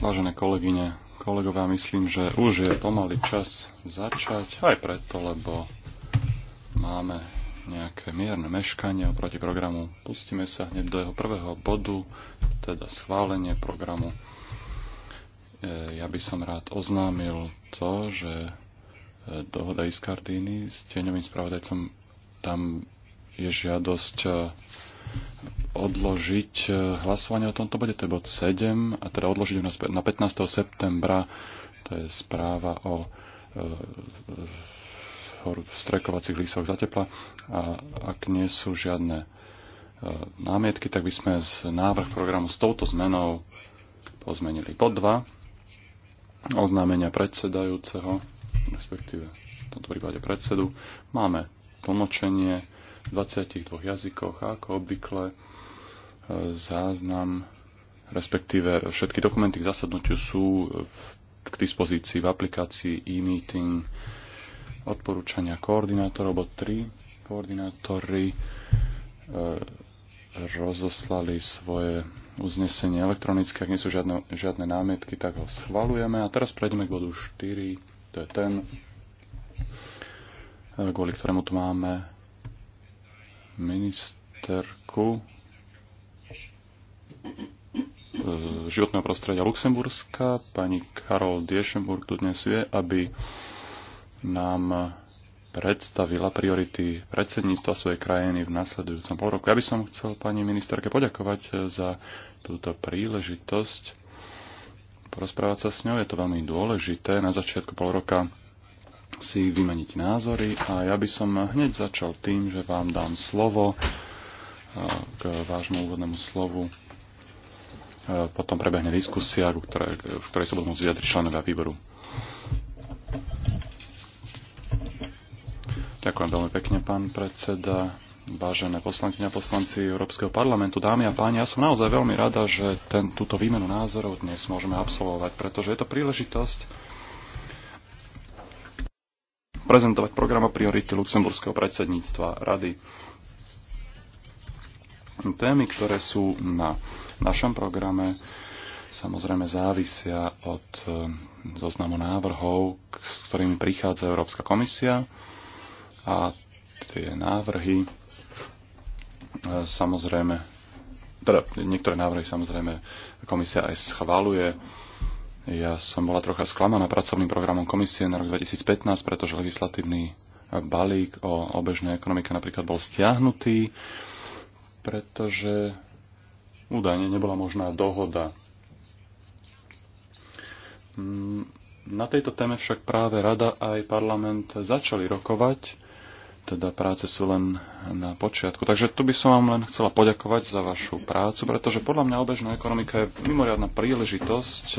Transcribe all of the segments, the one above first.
Vážené kolegyne, kolegovia, myslím, že už je pomaly čas začať, aj preto, lebo máme nejaké mierne meškanie oproti programu. Pustíme sa hneď do jeho prvého bodu, teda schválenie programu. E, ja by som rád oznámil to, že e, dohoda Iskardíny s tieňovým spravodajcom tam je žiadosť e, odložiť e, hlasovanie o tomto bode, to je bod 7, a teda odložiť na 15. septembra, to je správa o v e, strekovacích lísoch za tepla a ak nie sú žiadne námietky, tak by sme z návrh programu s touto zmenou pozmenili pod 2 oznámenia predsedajúceho, respektíve v tomto prípade predsedu. Máme tlmočenie 22 jazykoch a ako obvykle e, záznam, respektíve všetky dokumenty k zasadnutiu sú k dispozícii v aplikácii e-meeting odporúčania koordinátorov, bo tri koordinátory e, rozoslali svoje uznesenie elektronické. Ak nie sú žiadne, žiadne námietky, tak ho schvalujeme. A teraz prejdeme k bodu 4. To je ten, e, kvôli ktorému tu máme ministerku eh, životného prostredia Luxemburska, pani Karol Diešenburg tu dnes je, aby nám predstavila priority predsedníctva svojej krajiny v nasledujúcom polroku. Ja by som chcel pani ministerke poďakovať eh, za túto príležitosť porozprávať sa s ňou. Je to veľmi dôležité na začiatku polroka si vymeniť názory a ja by som hneď začal tým, že vám dám slovo k vášmu úvodnému slovu. Potom prebehne diskusia, v ktorej, v ktorej sa budú môcť vyjadriť členovia výboru. Ďakujem veľmi pekne, pán predseda. Vážené poslankyňa a poslanci Európskeho parlamentu, dámy a páni, ja som naozaj veľmi rada, že ten, túto výmenu názorov dnes môžeme absolvovať, pretože je to príležitosť prezentovať program a priority luxemburského predsedníctva rady. Témy, ktoré sú na našom programe, samozrejme závisia od e, zoznamu návrhov, s ktorými prichádza Európska komisia a tie návrhy e, samozrejme, teda niektoré návrhy samozrejme komisia aj schváluje ja som bola trocha sklamaná pracovným programom komisie na rok 2015, pretože legislatívny balík o obežnej ekonomike napríklad bol stiahnutý, pretože údajne nebola možná dohoda. Mm, na tejto téme však práve Rada aj parlament začali rokovať teda práce sú len na počiatku. Takže tu by som vám len chcela poďakovať za vašu prácu, pretože podľa mňa obežná ekonomika je mimoriadna príležitosť e,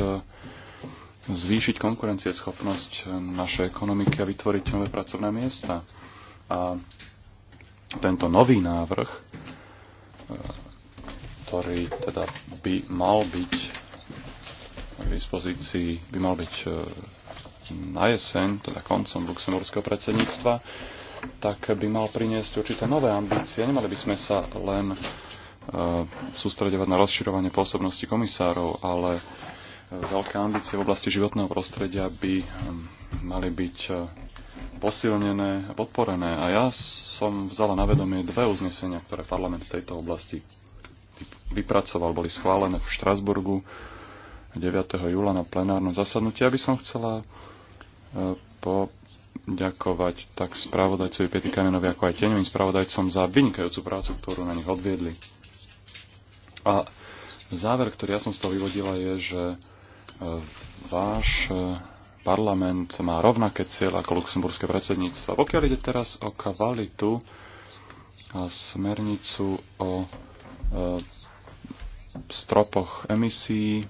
zvýšiť konkurencieschopnosť e, našej ekonomiky a vytvoriť nové pracovné miesta. A tento nový návrh, e, ktorý teda by mal byť v dispozícii, by mal byť na jeseň, teda koncom luxemburského predsedníctva, tak by mal priniesť určité nové ambície. Nemali by sme sa len e, sústredovať na rozširovanie pôsobnosti komisárov, ale e, veľké ambície v oblasti životného prostredia by e, mali byť posilnené a podporené. A ja som vzala na vedomie dve uznesenia, ktoré parlament v tejto oblasti vypracoval, boli schválené v Štrasburgu 9. júla na plenárnom zasadnutí. Ja by som chcela po ďakovať tak spravodajcovi Peti Kanenovi, ako aj teňovým spravodajcom za vynikajúcu prácu, ktorú na nich odviedli. A záver, ktorý ja som z toho vyvodila, je, že e, váš e, parlament má rovnaké cieľ ako luxemburské predsedníctvo. Pokiaľ ide teraz o kvalitu a smernicu o e, stropoch emisí,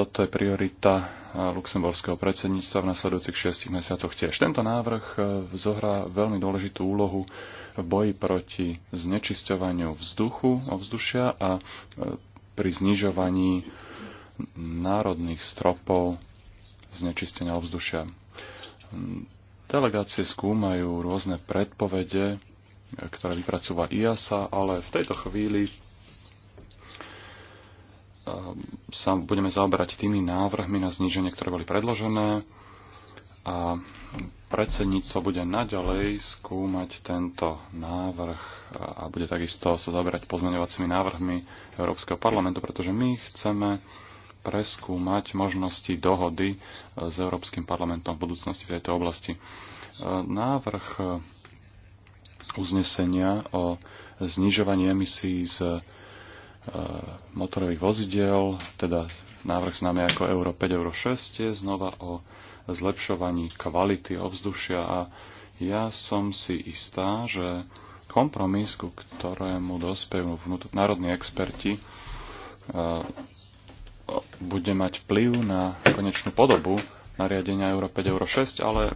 toto je priorita eh, luxemburského predsedníctva v nasledujúcich šiestich mesiacoch tiež. Tento návrh eh, zohrá veľmi dôležitú úlohu v boji proti znečisťovaniu vzduchu, ovzdušia a eh, pri znižovaní národných stropov znečistenia ovzdušia. Delegácie skúmajú rôzne predpovede, ktoré vypracúva IASA, ale v tejto chvíli Ehm, sa budeme zaoberať tými návrhmi na zníženie, ktoré boli predložené a predsedníctvo bude naďalej skúmať tento návrh a bude takisto sa zaoberať pozmeňovacími návrhmi Európskeho parlamentu, pretože my chceme preskúmať možnosti dohody e, s Európskym parlamentom v budúcnosti v tejto oblasti. E, návrh e, uznesenia o znižovaní emisí z Eh, motorových vozidiel, teda návrh známe ako Euro 5, Euro 6, je znova o zlepšovaní kvality ovzdušia a ja som si istá, že kompromis, ku ktorému dospejú národní experti, eh, bude mať vplyv na konečnú podobu nariadenia Euro 5, Euro 6, ale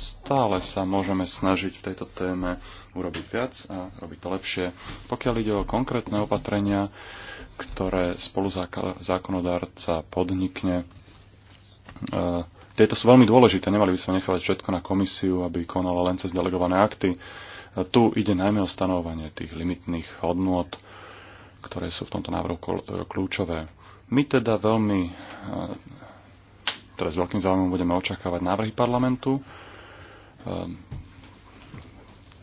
stále sa môžeme snažiť v tejto téme urobiť viac a robiť to lepšie. Pokiaľ ide o konkrétne opatrenia, ktoré spoluzákonodárca podnikne, e, tieto sú veľmi dôležité. Nemali by sme nechávať všetko na komisiu, aby konala len cez delegované akty. E, tu ide najmä o stanovanie tých limitných hodnôt, ktoré sú v tomto návrhu e, kľúčové. My teda veľmi ktoré s veľkým záujmom budeme očakávať návrhy parlamentu. Ehm,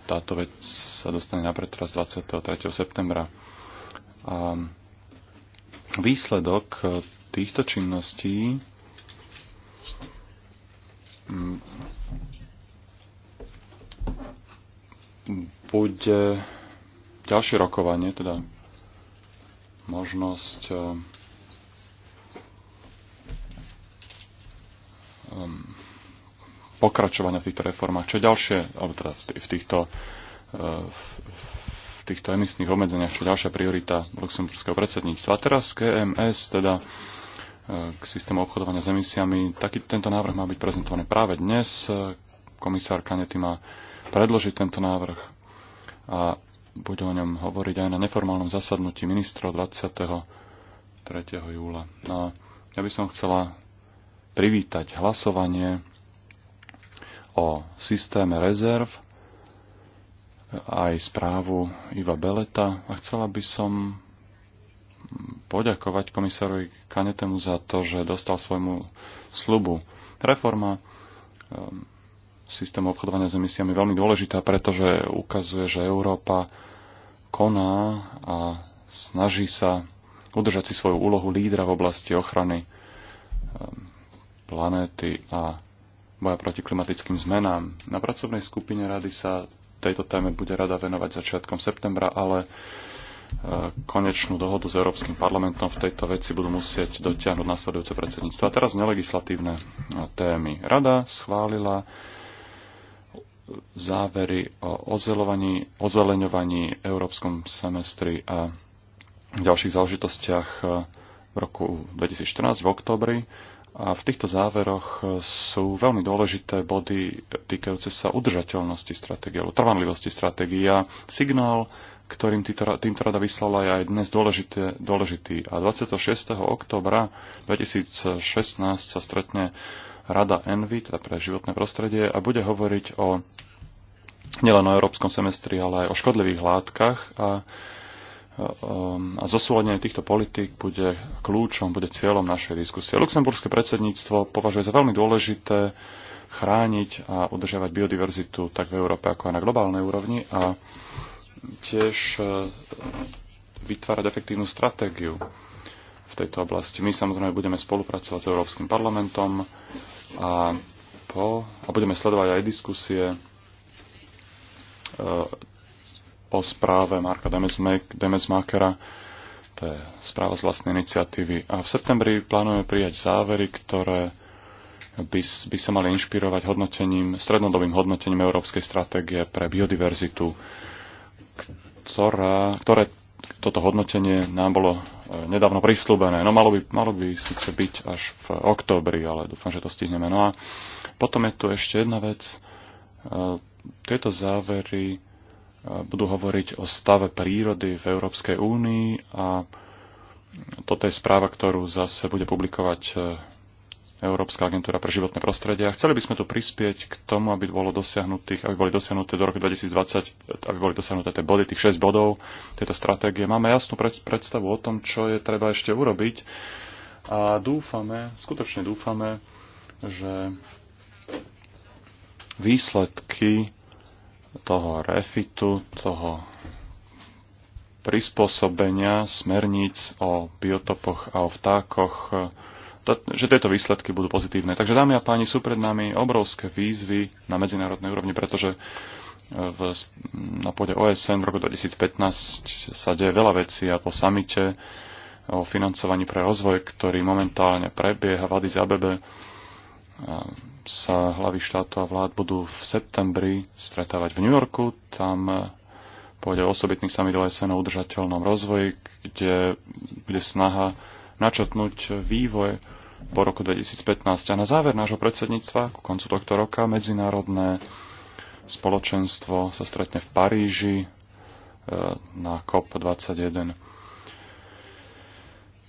táto vec sa dostane na teraz 23. septembra. A ehm, výsledok eh, týchto činností mm, bude ďalšie rokovanie, teda možnosť ehm, Um, pokračovania v týchto reformách. Čo ďalšie, alebo teda v týchto, uh, v týchto emisných obmedzeniach, čo ďalšia priorita luxemburského predsedníctva. A teraz k EMS, teda uh, k systému obchodovania s emisiami. Taký, tento návrh má byť prezentovaný práve dnes. Komisár Kanety má predložiť tento návrh a bude o ňom hovoriť aj na neformálnom zasadnutí ministrov 23. júla. No, ja by som chcela privítať hlasovanie o systéme rezerv aj správu Iva Beleta a chcela by som poďakovať komisárovi Kanetemu za to, že dostal svojmu slubu. Reforma ehm, systému obchodovania s emisiami je veľmi dôležitá, pretože ukazuje, že Európa koná a snaží sa udržať si svoju úlohu lídra v oblasti ochrany ehm, planéty a boja proti klimatickým zmenám. Na pracovnej skupine rady sa tejto téme bude rada venovať začiatkom septembra, ale e, konečnú dohodu s Európskym parlamentom v tejto veci budú musieť dotiahnuť nasledujúce predsedníctvo. A teraz nelegislatívne e, témy. Rada schválila závery o ozelovaní, ozeleňovaní európskom semestri a ďalších záležitostiach e, v roku 2014 v oktobri a v týchto záveroch e, sú veľmi dôležité body týkajúce sa udržateľnosti stratégie alebo trvanlivosti stratégie. A signál, ktorým týmto rada vyslala, je aj dnes dôležité, dôležitý. A 26. oktobra 2016 sa stretne Rada Envy, teda pre životné prostredie, a bude hovoriť o nielen o európskom semestri, ale aj o škodlivých látkach. A Ehm, a zosúladenie týchto politík bude kľúčom, bude cieľom našej diskusie. Luxemburské predsedníctvo považuje za veľmi dôležité chrániť a udržiavať biodiverzitu tak v Európe ako aj na globálnej úrovni a tiež e, vytvárať efektívnu stratégiu v tejto oblasti. My samozrejme budeme spolupracovať s Európskym parlamentom a, po, a budeme sledovať aj diskusie e, o správe Marka Demesmakera, to je správa z vlastnej iniciatívy. A v septembri plánujeme prijať závery, ktoré by, by sa mali inšpirovať hodnotením, strednodobým hodnotením Európskej stratégie pre biodiverzitu, ktorá, ktoré toto hodnotenie nám bolo e, nedávno prislúbené. No malo by, malo by síce byť až v októbri, ale dúfam, že to stihneme. No a potom je tu ešte jedna vec. E, tieto závery budú hovoriť o stave prírody v Európskej únii a toto je správa, ktorú zase bude publikovať e, Európska agentúra pre životné prostredie. A chceli by sme tu prispieť k tomu, aby, bolo dosiahnutých, aby boli dosiahnuté do roku 2020, aby boli dosiahnuté tie body, tých 6 bodov tejto stratégie. Máme jasnú predstavu o tom, čo je treba ešte urobiť a dúfame, skutočne dúfame, že výsledky toho refitu, toho prispôsobenia smerníc o biotopoch a o vtákoch, že tieto výsledky budú pozitívne. Takže, dámy a páni, sú pred nami obrovské výzvy na medzinárodnej úrovni, pretože v, na pôde OSN v roku 2015 sa deje veľa vecí a po samite o financovaní pre rozvoj, ktorý momentálne prebieha v Addis Abebe, sa hlavy štátov a vlád budú v septembri stretávať v New Yorku. Tam pôjde osobitný summit OSN o udržateľnom rozvoji, kde bude snaha načrtnúť vývoj po roku 2015. A na záver nášho predsedníctva, ku koncu tohto roka, medzinárodné spoločenstvo sa stretne v Paríži e, na COP21.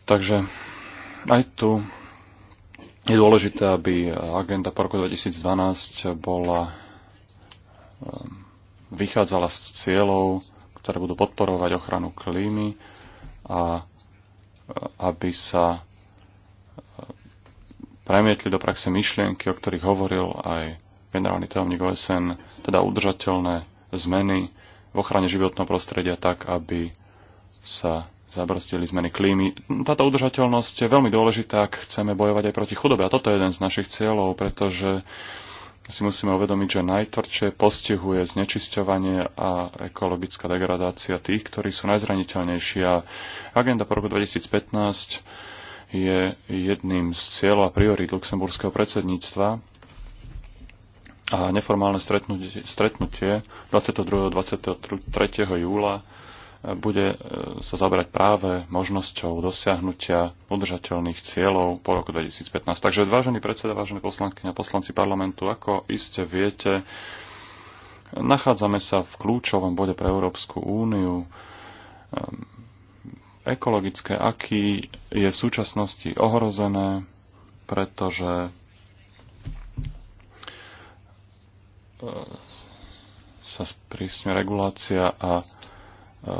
Takže aj tu je dôležité, aby agenda po roku 2012 bola, ehm, vychádzala z cieľov, ktoré budú podporovať ochranu klímy a e, aby sa e, premietli do praxe myšlienky, o ktorých hovoril aj generálny tajomník OSN, teda udržateľné zmeny v ochrane životného prostredia tak, aby sa zabrstili zmeny klímy. Táto udržateľnosť je veľmi dôležitá, ak chceme bojovať aj proti chudobe. A toto je jeden z našich cieľov, pretože si musíme uvedomiť, že najtvrdšie postihuje znečisťovanie a ekologická degradácia tých, ktorí sú najzraniteľnejší. A agenda po roku 2015 je jedným z cieľov a priorít luxemburského predsedníctva a neformálne stretnutie, stretnutie 22. 23. júla bude e, sa zaberať práve možnosťou dosiahnutia udržateľných cieľov po roku 2015. Takže, vážený predseda, vážené poslanky a poslanci parlamentu, ako iste viete, nachádzame sa v kľúčovom bode pre Európsku úniu. Ehm, ekologické aký je v súčasnosti ohrozené, pretože e, sa sprísňuje regulácia a E,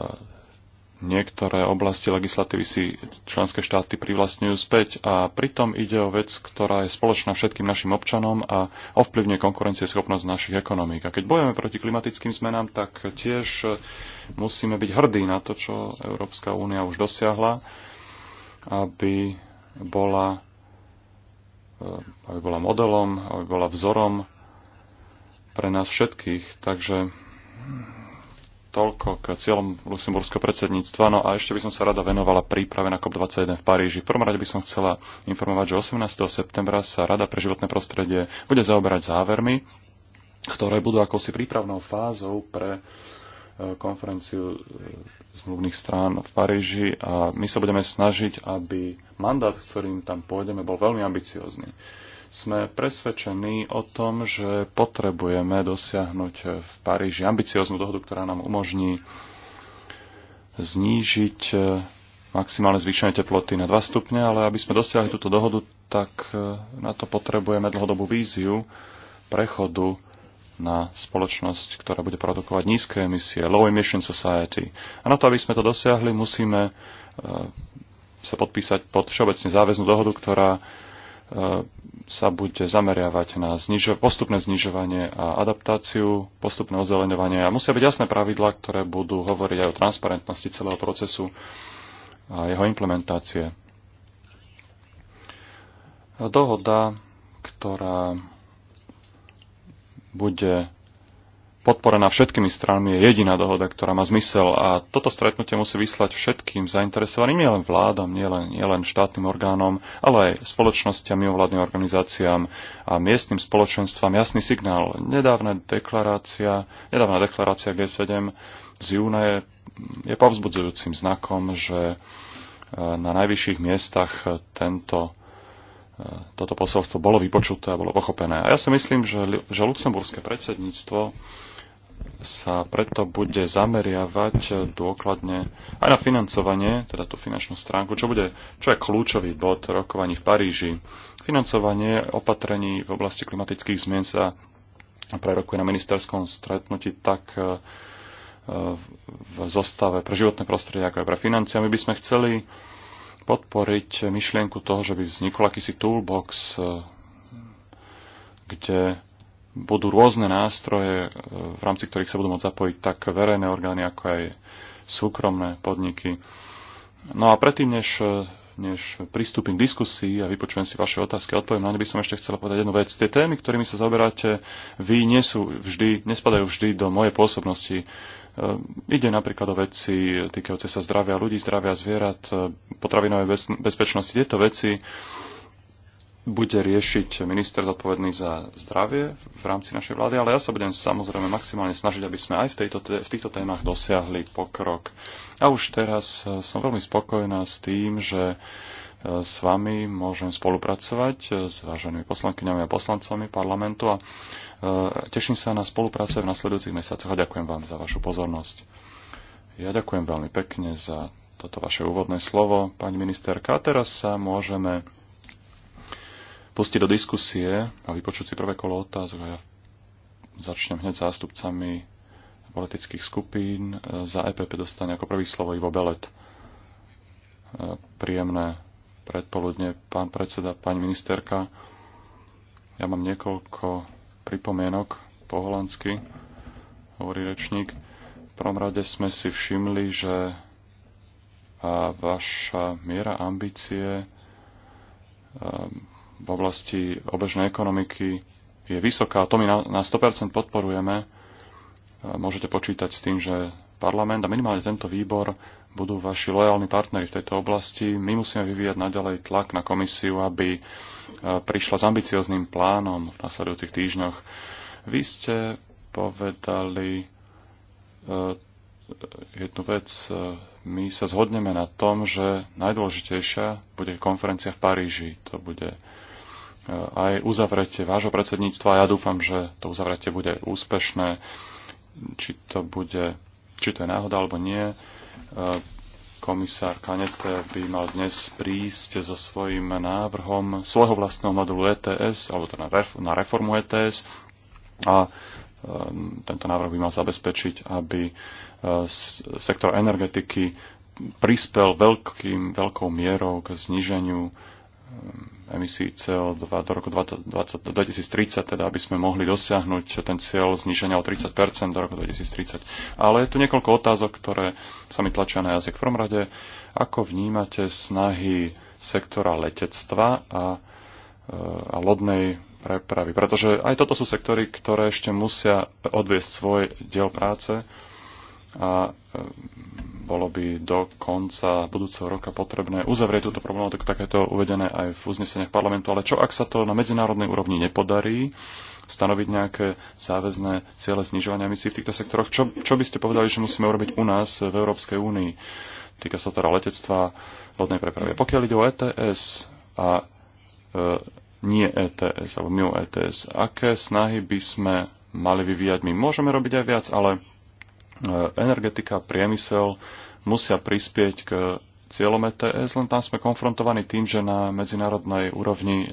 niektoré oblasti legislatívy si členské štáty privlastňujú späť a pritom ide o vec, ktorá je spoločná všetkým našim občanom a ovplyvňuje konkurencieschopnosť našich ekonomík. A keď bojujeme proti klimatickým zmenám, tak tiež e, musíme byť hrdí na to, čo Európska únia už dosiahla, aby bola, e, aby bola modelom, aby bola vzorom pre nás všetkých. Takže toľko k cieľom luxemburského predsedníctva. No a ešte by som sa rada venovala príprave na COP21 v Paríži. V prvom rade by som chcela informovať, že 18. septembra sa Rada pre životné prostredie bude zaoberať závermi, ktoré budú akousi prípravnou fázou pre e, konferenciu e, zmluvných strán v Paríži a my sa budeme snažiť, aby mandát, ktorým tam pôjdeme, bol veľmi ambiciózny sme presvedčení o tom, že potrebujeme dosiahnuť v Paríži ambicióznu dohodu, ktorá nám umožní znížiť eh, maximálne zvýšenie teploty na 2 stupne, ale aby sme dosiahli túto dohodu, tak eh, na to potrebujeme dlhodobú víziu prechodu na spoločnosť, ktorá bude produkovať nízke emisie, low emission society. A na to, aby sme to dosiahli, musíme eh, sa podpísať pod všeobecne záväznú dohodu, ktorá E, sa bude zameriavať na znižo- postupné znižovanie a adaptáciu, postupné ozeleňovanie a musia byť jasné pravidlá, ktoré budú hovoriť aj o transparentnosti celého procesu a jeho implementácie. Dohoda, ktorá bude podporená všetkými stranmi, je jediná dohoda, ktorá má zmysel. A toto stretnutie musí vyslať všetkým zainteresovaným, nielen vládam, nielen, nielen štátnym orgánom, ale aj spoločnostiam, mimovládnym organizáciám a miestnym spoločenstvám jasný signál. Nedávna deklarácia, nedávna deklarácia G7 z júna je, je povzbudzujúcim znakom, že e, na najvyšších miestach e, tento e, toto posolstvo bolo vypočuté a bolo pochopené. A ja si myslím, že, že luxemburské predsedníctvo sa preto bude zameriavať dôkladne aj na financovanie, teda tú finančnú stránku, čo, bude, čo je kľúčový bod rokovaní v Paríži. Financovanie opatrení v oblasti klimatických zmien sa prerokuje na ministerskom stretnutí tak eh, v zostave pre životné prostredie, ako aj pre financie. My by sme chceli podporiť myšlienku toho, že by vznikol akýsi toolbox, eh, kde budú rôzne nástroje, e, v rámci ktorých sa budú môcť zapojiť tak verejné orgány, ako aj súkromné podniky. No a predtým, než, e, než pristúpim k diskusii a vypočujem si vaše otázky a odpoviem na no, ne, by som ešte chcela povedať jednu vec. Tie témy, ktorými sa zaoberáte, vy nie sú vždy, nespadajú vždy do mojej pôsobnosti. E, ide napríklad o veci týkajúce sa zdravia ľudí, zdravia zvierat, potravinovej bezpečnosti. Tieto veci bude riešiť minister zodpovedný za zdravie v rámci našej vlády, ale ja sa budem samozrejme maximálne snažiť, aby sme aj v, tejto, v týchto témach dosiahli pokrok. A už teraz e, som veľmi spokojná s tým, že e, s vami môžem spolupracovať e, s váženými poslankyňami a poslancami parlamentu a teším sa na spoluprácu v nasledujúcich mesiacoch a ďakujem vám za vašu pozornosť. Ja ďakujem veľmi pekne za toto vaše úvodné slovo, pani ministerka. A teraz sa môžeme pustiť do diskusie a vypočuť si prvé kolo otázok. Ja začnem hneď zástupcami politických skupín. Za EPP dostane ako prvý slovo Ivo Belet. Príjemné predpoludne, pán predseda, pani ministerka. Ja mám niekoľko pripomienok po holandsky, hovorí rečník. V prvom rade sme si všimli, že vaša miera ambície v oblasti obežnej ekonomiky je vysoká. To my na 100% podporujeme. E, môžete počítať s tým, že parlament a minimálne tento výbor budú vaši lojálni partneri v tejto oblasti. My musíme vyvíjať naďalej tlak na komisiu, aby e, prišla s ambiciozným plánom v nasledujúcich týždňoch. Vy ste povedali e, jednu vec. My sa zhodneme na tom, že najdôležitejšia bude konferencia v Paríži. To bude Eh, aj uzavretie vášho predsedníctva. Ja dúfam, že to uzavretie bude úspešné, či to, bude, či to je náhoda alebo nie. Eh, komisár Kanete by mal dnes prísť so svojím návrhom svojho vlastného modulu ETS, alebo to teda na reformu ETS. A eh, tento návrh by mal zabezpečiť, aby sektor energetiky prispel veľkým, veľkou mierou k zniženiu emisí CO2 do roku 20, 20, do 2030, teda aby sme mohli dosiahnuť ten cieľ zníženia o 30 do roku 2030. Ale je tu niekoľko otázok, ktoré sa mi tlačia na jazyk. V prvom rade, ako vnímate snahy sektora letectva a, e, a lodnej prepravy? Pretože aj toto sú sektory, ktoré ešte musia odviesť svoj diel práce a e, bolo by do konca budúceho roka potrebné uzavrieť túto problematiku, tak je to uvedené aj v uzneseniach parlamentu. Ale čo ak sa to na medzinárodnej úrovni nepodarí stanoviť nejaké záväzné ciele znižovania emisí v týchto sektoroch? Čo, čo by ste povedali, že musíme urobiť u nás v Európskej únii? Týka sa teda letectva, lodnej prepravy. Pokiaľ ide o ETS a e, nie ETS alebo mimo ETS, aké snahy by sme mali vyvíjať my? Môžeme robiť aj viac, ale E, energetika priemysel musia prispieť k cieľom ETS, len tam sme konfrontovaní tým, že na medzinárodnej úrovni e,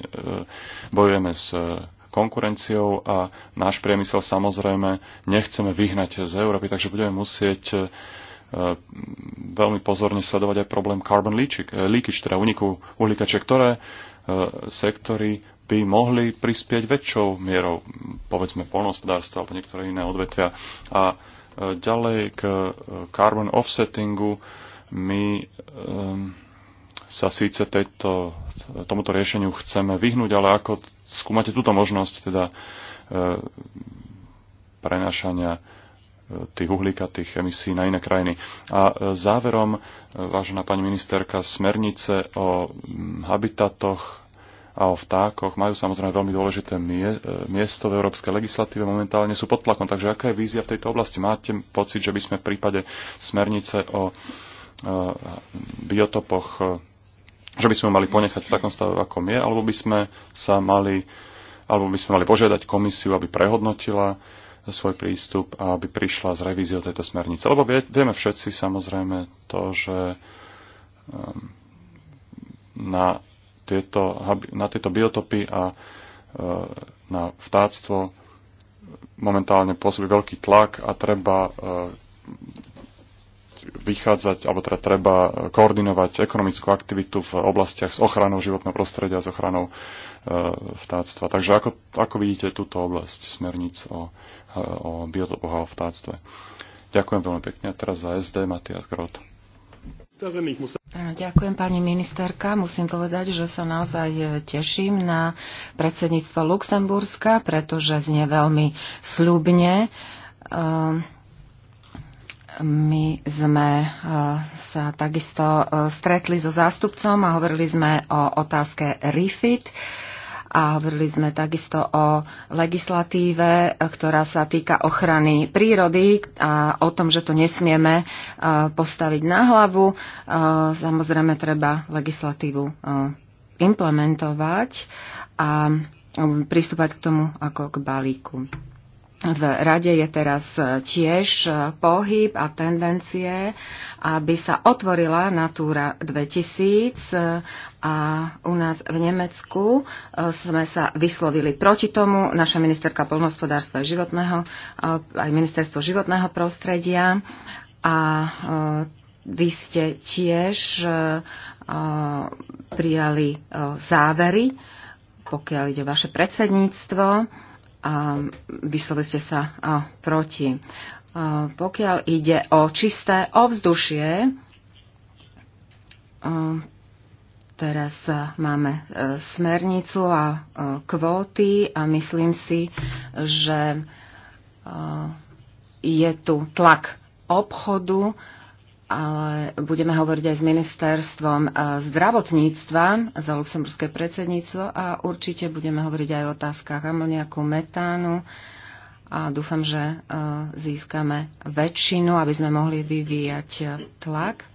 bojujeme s e, konkurenciou a náš priemysel samozrejme nechceme vyhnať z Európy, takže budeme musieť veľmi pozorne sledovať aj problém carbon leakage, teda uniku uhlíkače, ktoré sektory by mohli prispieť väčšou mierou, povedzme, polnohospodárstva alebo niektoré iné odvetvia. A Ďalej k e, carbon offsettingu my e, sa síce tejto, tomuto riešeniu chceme vyhnúť, ale ako skúmate túto možnosť teda e, prenašania tých uhlíkatých emisí na iné krajiny. A záverom, vážená pani ministerka, smernice o habitatoch a o vtákoch majú samozrejme veľmi dôležité e, miesto v európskej legislatíve, momentálne sú pod tlakom. Takže aká je vízia v tejto oblasti? Máte pocit, že by sme v prípade smernice o e, biotopoch, e, že by sme mali ponechať v takom stave, ako je, alebo by sme sa mali alebo by sme mali požiadať komisiu, aby prehodnotila svoj prístup a aby prišla z revíziou tejto smernice. Lebo vieme všetci samozrejme to, že na tieto, na tieto biotopy a e, na vtáctvo momentálne pôsobí veľký tlak a treba e, vychádzať, alebo teda treba e, koordinovať ekonomickú aktivitu v oblastiach s ochranou životného prostredia, s ochranou vtáctva. Takže ako, ako vidíte túto oblasť smerníc o, o biotopoch a o vtáctve? Ďakujem veľmi pekne. A teraz za SD Matias Grot. Ďakujem pani ministerka. Musím povedať, že sa naozaj e, teším na predsedníctvo Luxemburska, pretože znie veľmi sľubne. E, my sme e, sa takisto stretli so zástupcom a hovorili sme o otázke REFIT a hovorili sme takisto o legislatíve, ktorá sa týka ochrany prírody a o tom, že to nesmieme e, postaviť na hlavu. E, samozrejme, treba legislatívu e, implementovať a pristúpať k tomu ako k balíku v rade je teraz e, tiež e, pohyb a tendencie, aby sa otvorila Natúra 2000 e, a u nás v Nemecku sme sa vyslovili proti tomu. Naša ministerka polnohospodárstva a životného, aj ministerstvo životného prostredia a vy ste tiež prijali závery, pokiaľ ide vaše predsedníctvo a vyslovili ste sa a, proti. A, pokiaľ ide o čisté ovzdušie, a, teraz máme e, smernicu a e, kvóty a myslím si, že e, je tu tlak obchodu ale budeme hovoriť aj s ministerstvom e, zdravotníctva za luxemburské predsedníctvo a určite budeme hovoriť aj o otázkach amoniaku, metánu a dúfam, že e, získame väčšinu, aby sme mohli vyvíjať tlak.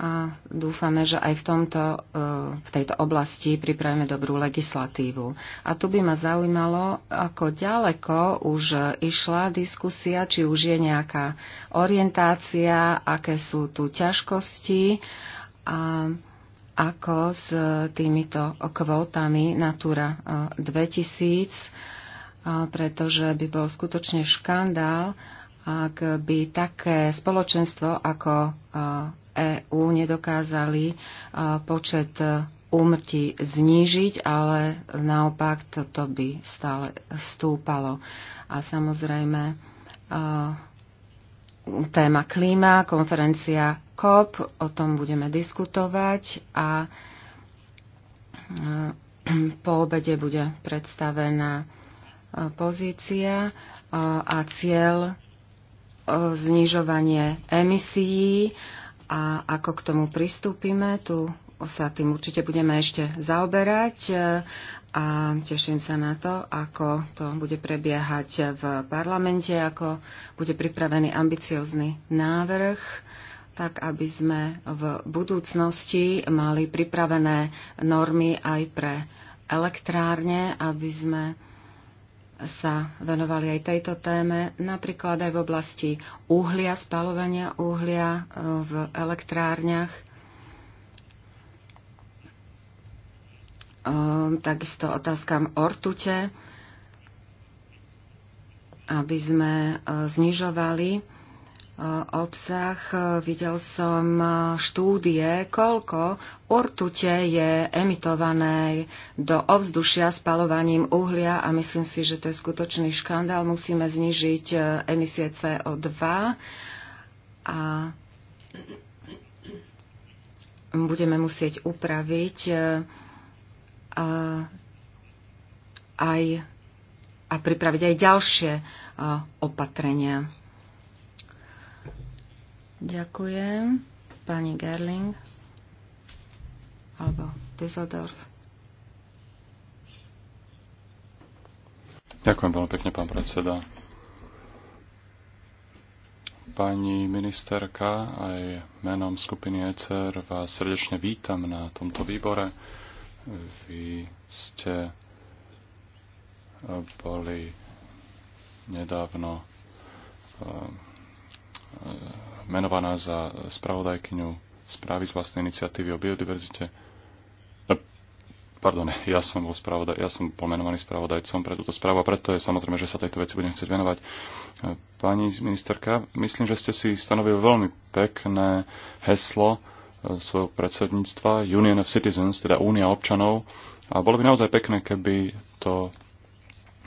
a dúfame, že aj v, tomto, eh, v tejto oblasti pripravíme dobrú legislatívu. A tu by ma zaujímalo, ako ďaleko už išla diskusia, či už je nejaká orientácia, aké sú tu ťažkosti a ako s týmito kvótami Natura 2000, eh, pretože by bol skutočne škandál, ak by také spoločenstvo ako eh, EÚ nedokázali e, počet e, úmrtí znížiť, ale naopak toto by stále stúpalo. A samozrejme e, téma klíma, konferencia COP, o tom budeme diskutovať a po obede bude predstavená pozícia a cieľ znižovanie emisií a ako k tomu pristúpime, tu sa tým určite budeme ešte zaoberať e, a teším sa na to, ako to bude prebiehať v parlamente, ako bude pripravený ambiciozný návrh tak aby sme v budúcnosti mali pripravené normy aj pre elektrárne, aby sme sa venovali aj tejto téme, napríklad aj v oblasti uhlia, spalovania uhlia e, v elektrárniach. Ehm, takisto otázkam ortute, aby sme e, znižovali obsah. E, videl som e, štúdie, koľko ortute je emitované do ovzdušia spalovaním uhlia a myslím si, že to je skutočný škandál. Musíme znižiť e, emisie CO2 a budeme musieť upraviť aj a pripraviť aj ďalšie opatrenia. Ďakujem. Pani Gerling. Alebo Düsseldorf. Ďakujem veľmi pekne, pán predseda. Pani ministerka, aj menom skupiny ECR vás srdečne vítam na tomto výbore. Vy ste boli nedávno eh, menovaná za spravodajkyňu správy z vlastnej iniciatívy o biodiverzite. No, pardon, ja som, bol spravodaj, ja som pomenovaný spravodajcom pre túto správu a preto je samozrejme, že sa tejto veci budem chcieť venovať. E, pani ministerka, myslím, že ste si stanovili veľmi pekné heslo e, svojho predsedníctva Union of Citizens, teda Únia občanov. A bolo by naozaj pekné, keby to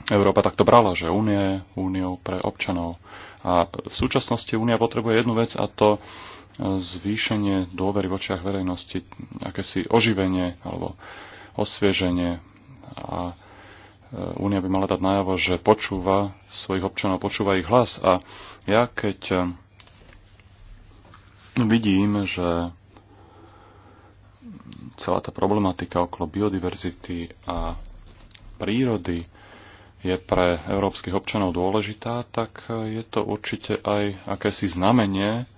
Európa takto brala, že Únie, Úniou pre občanov. A v súčasnosti Únia potrebuje jednu vec a to zvýšenie dôvery v očiach verejnosti, akési oživenie alebo osvieženie. A e, Únia by mala dať najavo, že počúva svojich občanov, počúva ich hlas. A ja keď e, vidím, že celá tá problematika okolo biodiverzity a prírody je pre európskych občanov dôležitá, tak je to určite aj akési znamenie,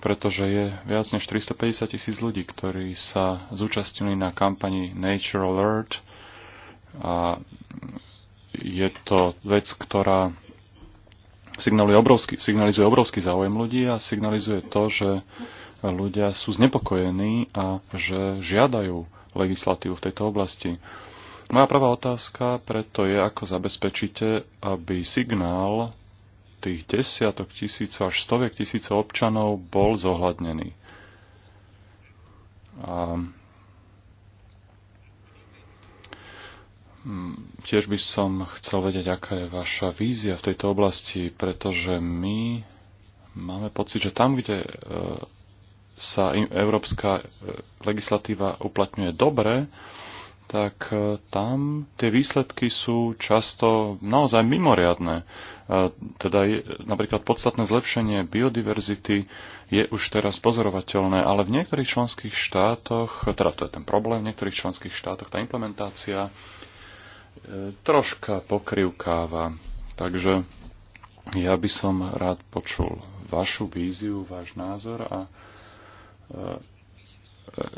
pretože je viac než 350 tisíc ľudí, ktorí sa zúčastnili na kampani Nature Alert a je to vec, ktorá signalizuje obrovský, signalizuje obrovský záujem ľudí a signalizuje to, že ľudia sú znepokojení a že žiadajú legislatívu v tejto oblasti. Moja prvá otázka preto je, ako zabezpečíte, aby signál tých desiatok tisíc až stoviek tisíc občanov bol zohľadnený. A mm, tiež by som chcel vedieť, aká je vaša vízia v tejto oblasti, pretože my máme pocit, že tam, kde e, sa európska e, legislatíva uplatňuje dobre, tak e, tam tie výsledky sú často naozaj mimoriadné. E, teda je, napríklad podstatné zlepšenie biodiverzity je už teraz pozorovateľné, ale v niektorých členských štátoch, teda to je ten problém, v niektorých členských štátoch tá implementácia e, troška pokrivkáva. Takže ja by som rád počul vašu víziu, váš názor a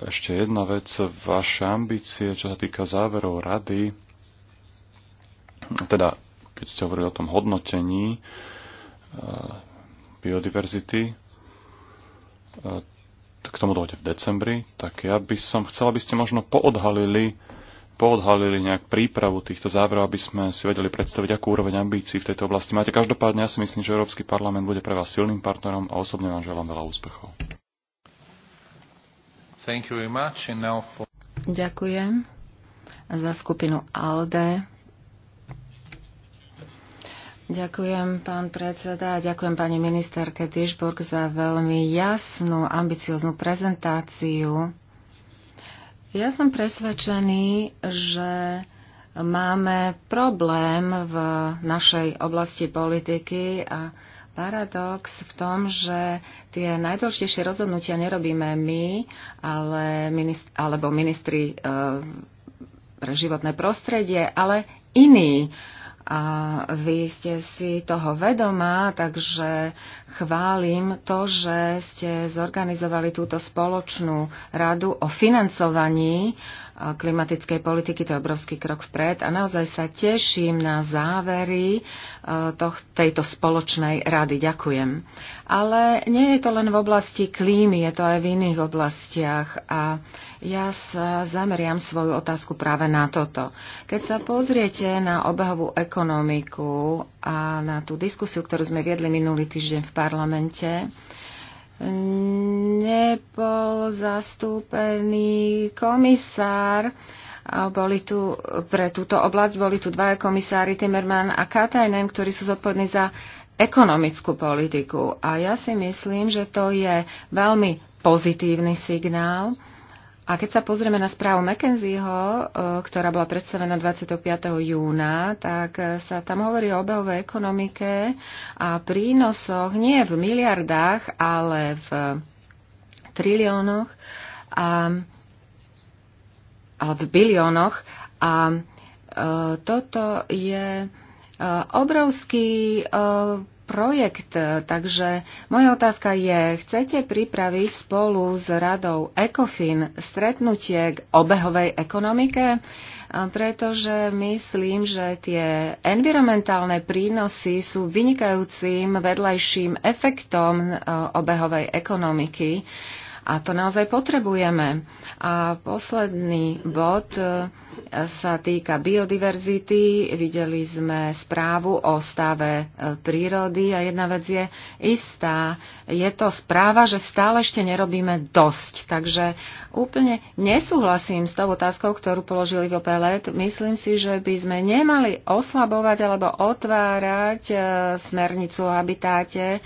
ešte jedna vec, vaše ambície, čo sa týka záverov rady, teda keď ste hovorili o tom hodnotení e, biodiverzity, e, k tomu dojde v decembri, tak ja by som chcela, aby ste možno poodhalili, poodhalili nejak prípravu týchto záverov, aby sme si vedeli predstaviť, akú úroveň ambícií v tejto oblasti máte. Každopádne ja si myslím, že Európsky parlament bude pre vás silným partnerom a osobne vám želám veľa úspechov. Thank you very much. And now for... Ďakujem za skupinu ALDE. Ďakujem, pán predseda, a ďakujem pani ministerke Dišburg za veľmi jasnú, ambicioznú prezentáciu. Ja som presvedčený, že máme problém v našej oblasti politiky a paradox v tom, že tie najdôležitejšie rozhodnutia nerobíme my, ale minist- alebo ministri e, pre životné prostredie, ale iní. A vy ste si toho vedomá, takže chválim to, že ste zorganizovali túto spoločnú radu o financovaní uh, klimatickej politiky. To je obrovský krok vpred a naozaj sa teším na závery e, toh, tejto spoločnej rady. Ďakujem. Ale nie je to len v oblasti klímy, je to aj v iných oblastiach a ja sa zameriam svoju otázku práve na toto. Keď sa pozriete na obehovú ekonomiku a na tú diskusiu, ktorú sme viedli minulý týždeň v parlamente, nebol zastúpený komisár. Boli tu, pre túto oblasť boli tu dvaja komisári Timmerman a Katajnen, ktorí sú zodpovední za ekonomickú politiku. A ja si myslím, že to je veľmi pozitívny signál a keď sa pozrieme na správu McKenzieho, e, ktorá bola predstavená 25. júna, tak e, sa tam hovorí o obehovej ekonomike a prínosoch nie v miliardách, ale v triliónoch a, ale v biliónoch. A e, toto je obrovský projekt. Takže moja otázka je, chcete pripraviť spolu s radou ECOFIN stretnutie k obehovej ekonomike? Pretože myslím, že tie environmentálne prínosy sú vynikajúcim vedľajším efektom e, obehovej ekonomiky a to naozaj potrebujeme. A posledný bod e, sa týka biodiverzity. Videli sme správu o stave e, prírody a jedna vec je istá. Je to správa, že stále ešte nerobíme dosť. Takže úplne nesúhlasím s tou otázkou, ktorú položili vo Pelet, Myslím si, že by sme nemali oslabovať alebo otvárať e, smernicu o habitáte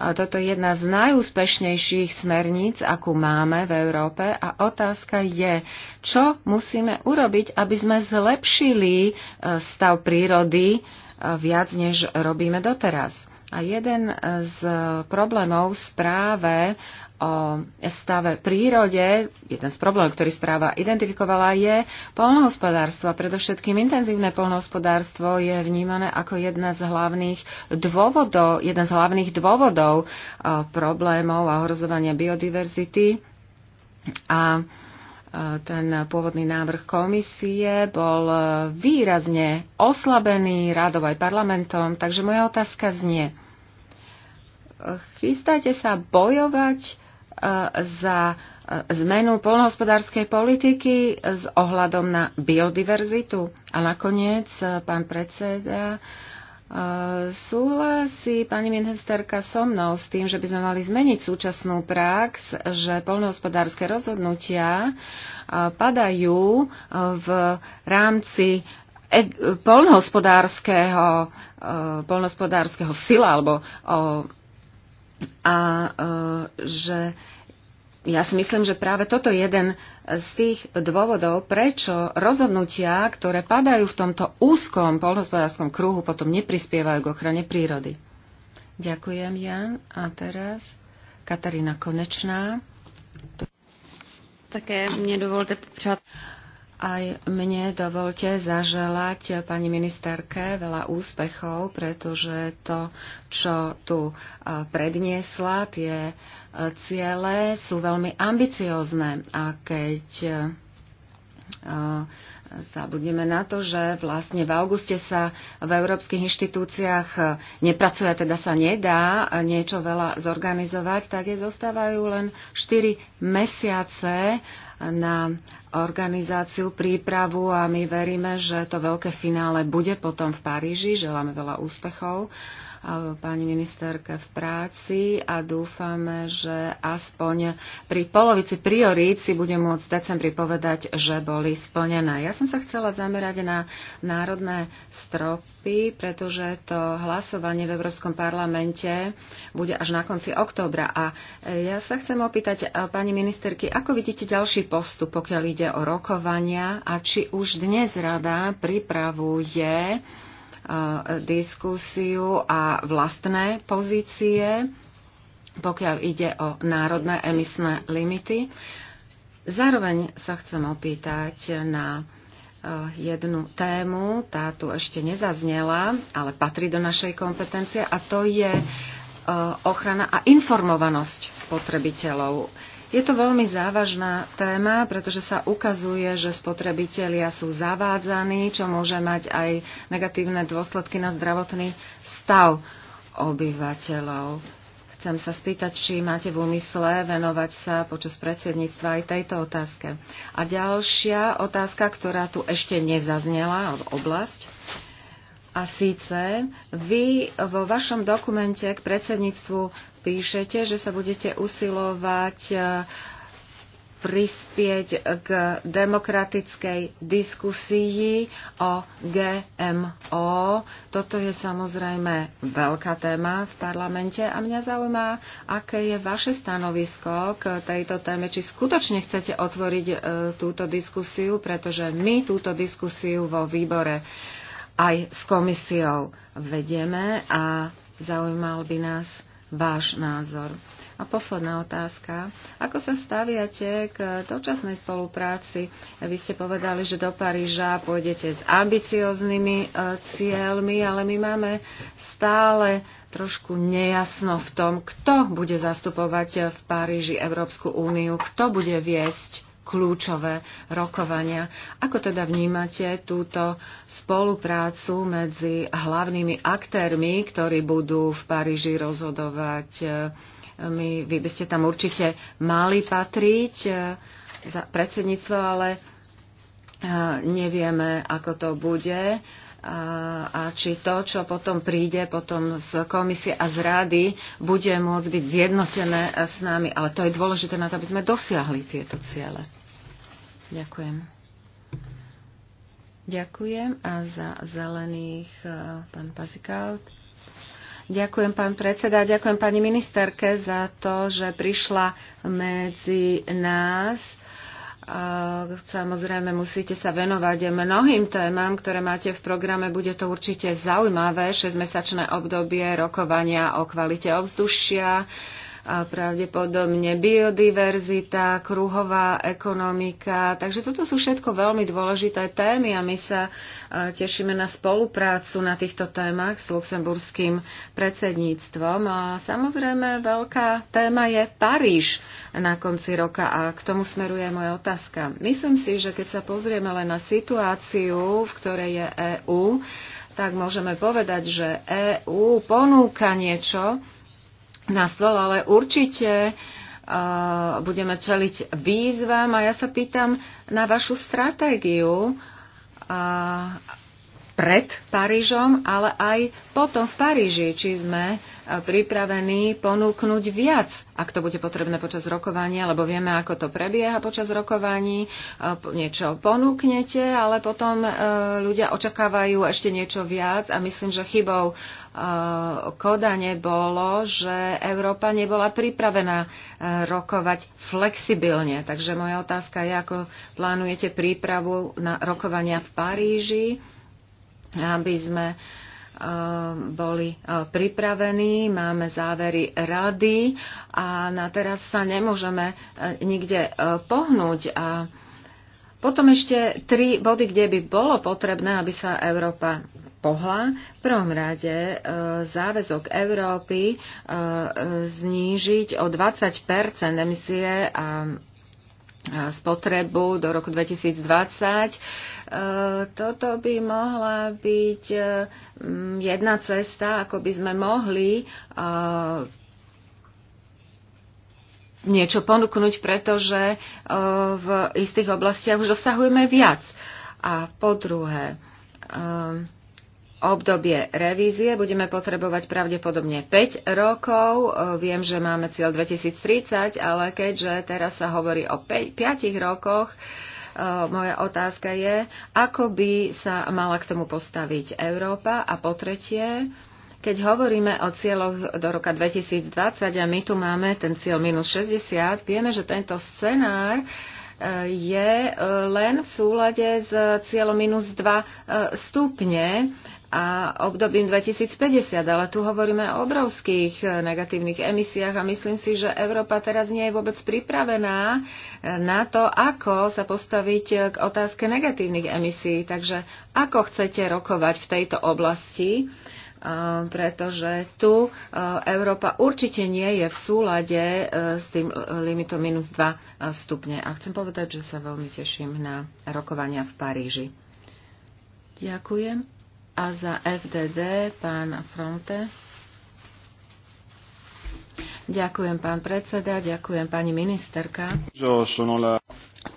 toto je jedna z najúspešnejších smerníc, akú máme v Európe a otázka je, čo musíme urobiť, aby sme zlepšili eh, stav prírody eh, viac, než robíme doteraz. A jeden z problémov v správe o stave prírode, jeden z problémov, ktorý správa identifikovala, je polnohospodárstvo. Predovšetkým intenzívne polnohospodárstvo je vnímané ako jedna z hlavných dôvodov, jeden z hlavných dôvodov eh, problémov a ohrozovania biodiverzity. A ten pôvodný návrh komisie bol výrazne oslabený radov aj parlamentom, takže moja otázka znie. Chystáte sa bojovať e, za e, zmenu polnohospodárskej politiky s ohľadom na biodiverzitu? A nakoniec, e, pán predseda, Súhlasí pani ministerka so mnou s tým, že by sme mali zmeniť súčasnú prax, že poľnohospodárske rozhodnutia padajú v rámci e-, polnohospodárskeho, poľnohospodárskeho sila alebo a že ja si myslím, že práve toto je jeden z tých dôvodov, prečo rozhodnutia, ktoré padajú v tomto úzkom polhospodárskom kruhu, potom neprispievajú k ochrane prírody. Ďakujem, Jan. A teraz Katarína Konečná. Také mne dovolte počať. Aj mne dovolte zaželať pani ministerke veľa úspechov, pretože to, čo tu e, predniesla, tie e, ciele sú veľmi ambiciozne. A keď e, Zabudneme na to, že vlastne v auguste sa v európskych inštitúciách nepracuje, teda sa nedá niečo veľa zorganizovať, tak je zostávajú len 4 mesiace na organizáciu, prípravu a my veríme, že to veľké finále bude potom v Paríži. Želáme veľa úspechov pani ministerke v práci a dúfame, že aspoň pri polovici priorít si budem môcť v decembri povedať, že boli splnené. Ja som sa chcela zamerať na národné stropy, pretože to hlasovanie v Európskom parlamente bude až na konci októbra. A ja sa chcem opýtať pani ministerky, ako vidíte ďalší postup, pokiaľ ide o rokovania a či už dnes rada pripravuje diskusiu a vlastné pozície, pokiaľ ide o národné emisné limity. Zároveň sa chcem opýtať na e, jednu tému, tá tu ešte nezaznela, ale patrí do našej kompetencie a to je e, ochrana a informovanosť spotrebiteľov. Je to veľmi závažná téma, pretože sa ukazuje, že spotrebitelia sú zavádzaní, čo môže mať aj negatívne dôsledky na zdravotný stav obyvateľov. Chcem sa spýtať, či máte v úmysle venovať sa počas predsedníctva aj tejto otázke. A ďalšia otázka, ktorá tu ešte nezaznela, oblasť, a síce vy vo vašom dokumente k predsedníctvu píšete, že sa budete usilovať e, prispieť k demokratickej diskusii o GMO. Toto je samozrejme veľká téma v parlamente a mňa zaujíma, aké je vaše stanovisko k tejto téme. Či skutočne chcete otvoriť e, túto diskusiu, pretože my túto diskusiu vo výbore aj s komisiou vedieme a zaujímal by nás váš názor. A posledná otázka. Ako sa staviate k dočasnej spolupráci? Vy ste povedali, že do Paríža pôjdete s ambicioznými e, cieľmi, ale my máme stále trošku nejasno v tom, kto bude zastupovať v Paríži Európsku úniu, kto bude viesť kľúčové rokovania. Ako teda vnímate túto spoluprácu medzi hlavnými aktérmi, ktorí budú v Paríži rozhodovať? My, vy by ste tam určite mali patriť eh, za predsedníctvo, ale eh, nevieme, ako to bude eh, a či to, čo potom príde potom z komisie a z rady, bude môcť byť zjednotené s nami. Ale to je dôležité na to, aby sme dosiahli tieto ciele. Ďakujem. Ďakujem a za zelených e, pán Pazikaut. Ďakujem, pán predseda, ďakujem pani ministerke za to, že prišla medzi nás. Samozrejme, musíte sa venovať mnohým témam, ktoré máte v programe. Bude to určite zaujímavé 6-mesačné obdobie rokovania o kvalite ovzdušia a pravdepodobne biodiverzita, kruhová ekonomika. Takže toto sú všetko veľmi dôležité témy a my sa e, tešíme na spoluprácu na týchto témach s luxemburským predsedníctvom. A samozrejme, veľká téma je Paríž na konci roka a k tomu smeruje moja otázka. Myslím si, že keď sa pozrieme len na situáciu, v ktorej je EÚ, tak môžeme povedať, že EÚ ponúka niečo, na stôl, ale určite e, budeme čeliť výzvam a ja sa pýtam na vašu stratégiu e, pred Parížom, ale aj potom v Paríži, či sme pripravení ponúknuť viac, ak to bude potrebné počas rokovania, lebo vieme, ako to prebieha počas rokovaní. E, niečo ponúknete, ale potom e, ľudia očakávajú ešte niečo viac a myslím, že chybou e, Kodane bolo, že Európa nebola pripravená rokovať flexibilne. Takže moja otázka je, ako plánujete prípravu na rokovania v Paríži, aby sme uh, Ehm, boli e, pripravení, máme závery rady a na teraz sa nemôžeme e, nikde e, pohnúť. A potom ešte tri body, kde by bolo potrebné, aby sa Európa pohla. V prvom rade záväzok Európy znížiť o 20 emisie a spotrebu do roku 2020. E, toto by mohla byť e, jedna cesta, ako by sme mohli e, niečo ponúknuť, pretože v istých oblastiach už dosahujeme viac. A po druhé, obdobie revízie. Budeme potrebovať pravdepodobne 5 rokov. E, Viem, že máme cieľ 2030, ale keďže teraz sa hovorí o 5 rokoch, e, moja otázka je, ako by sa mala k tomu postaviť Európa a po tretie, keď hovoríme o cieľoch do roka 2020 a my tu máme ten cieľ minus 60, vieme, že tento scenár e, je len v súlade s cieľom minus 2 stupne a obdobím 2050, ale tu hovoríme o obrovských eh, negatívnych emisiách a myslím si, že Európa teraz nie je vôbec pripravená eh, na to, ako sa postaviť eh, k otázke negatívnych emisí. Takže ako chcete rokovať v tejto oblasti, pretože tu Európa určite nie je v súlade s tým limitom minus 2 stupne. A chcem povedať, že sa veľmi teším na rokovania v Paríži. Ďakujem a za FDD pán Fronte. Ďakujem, pán predseda, ďakujem, pani ministerka.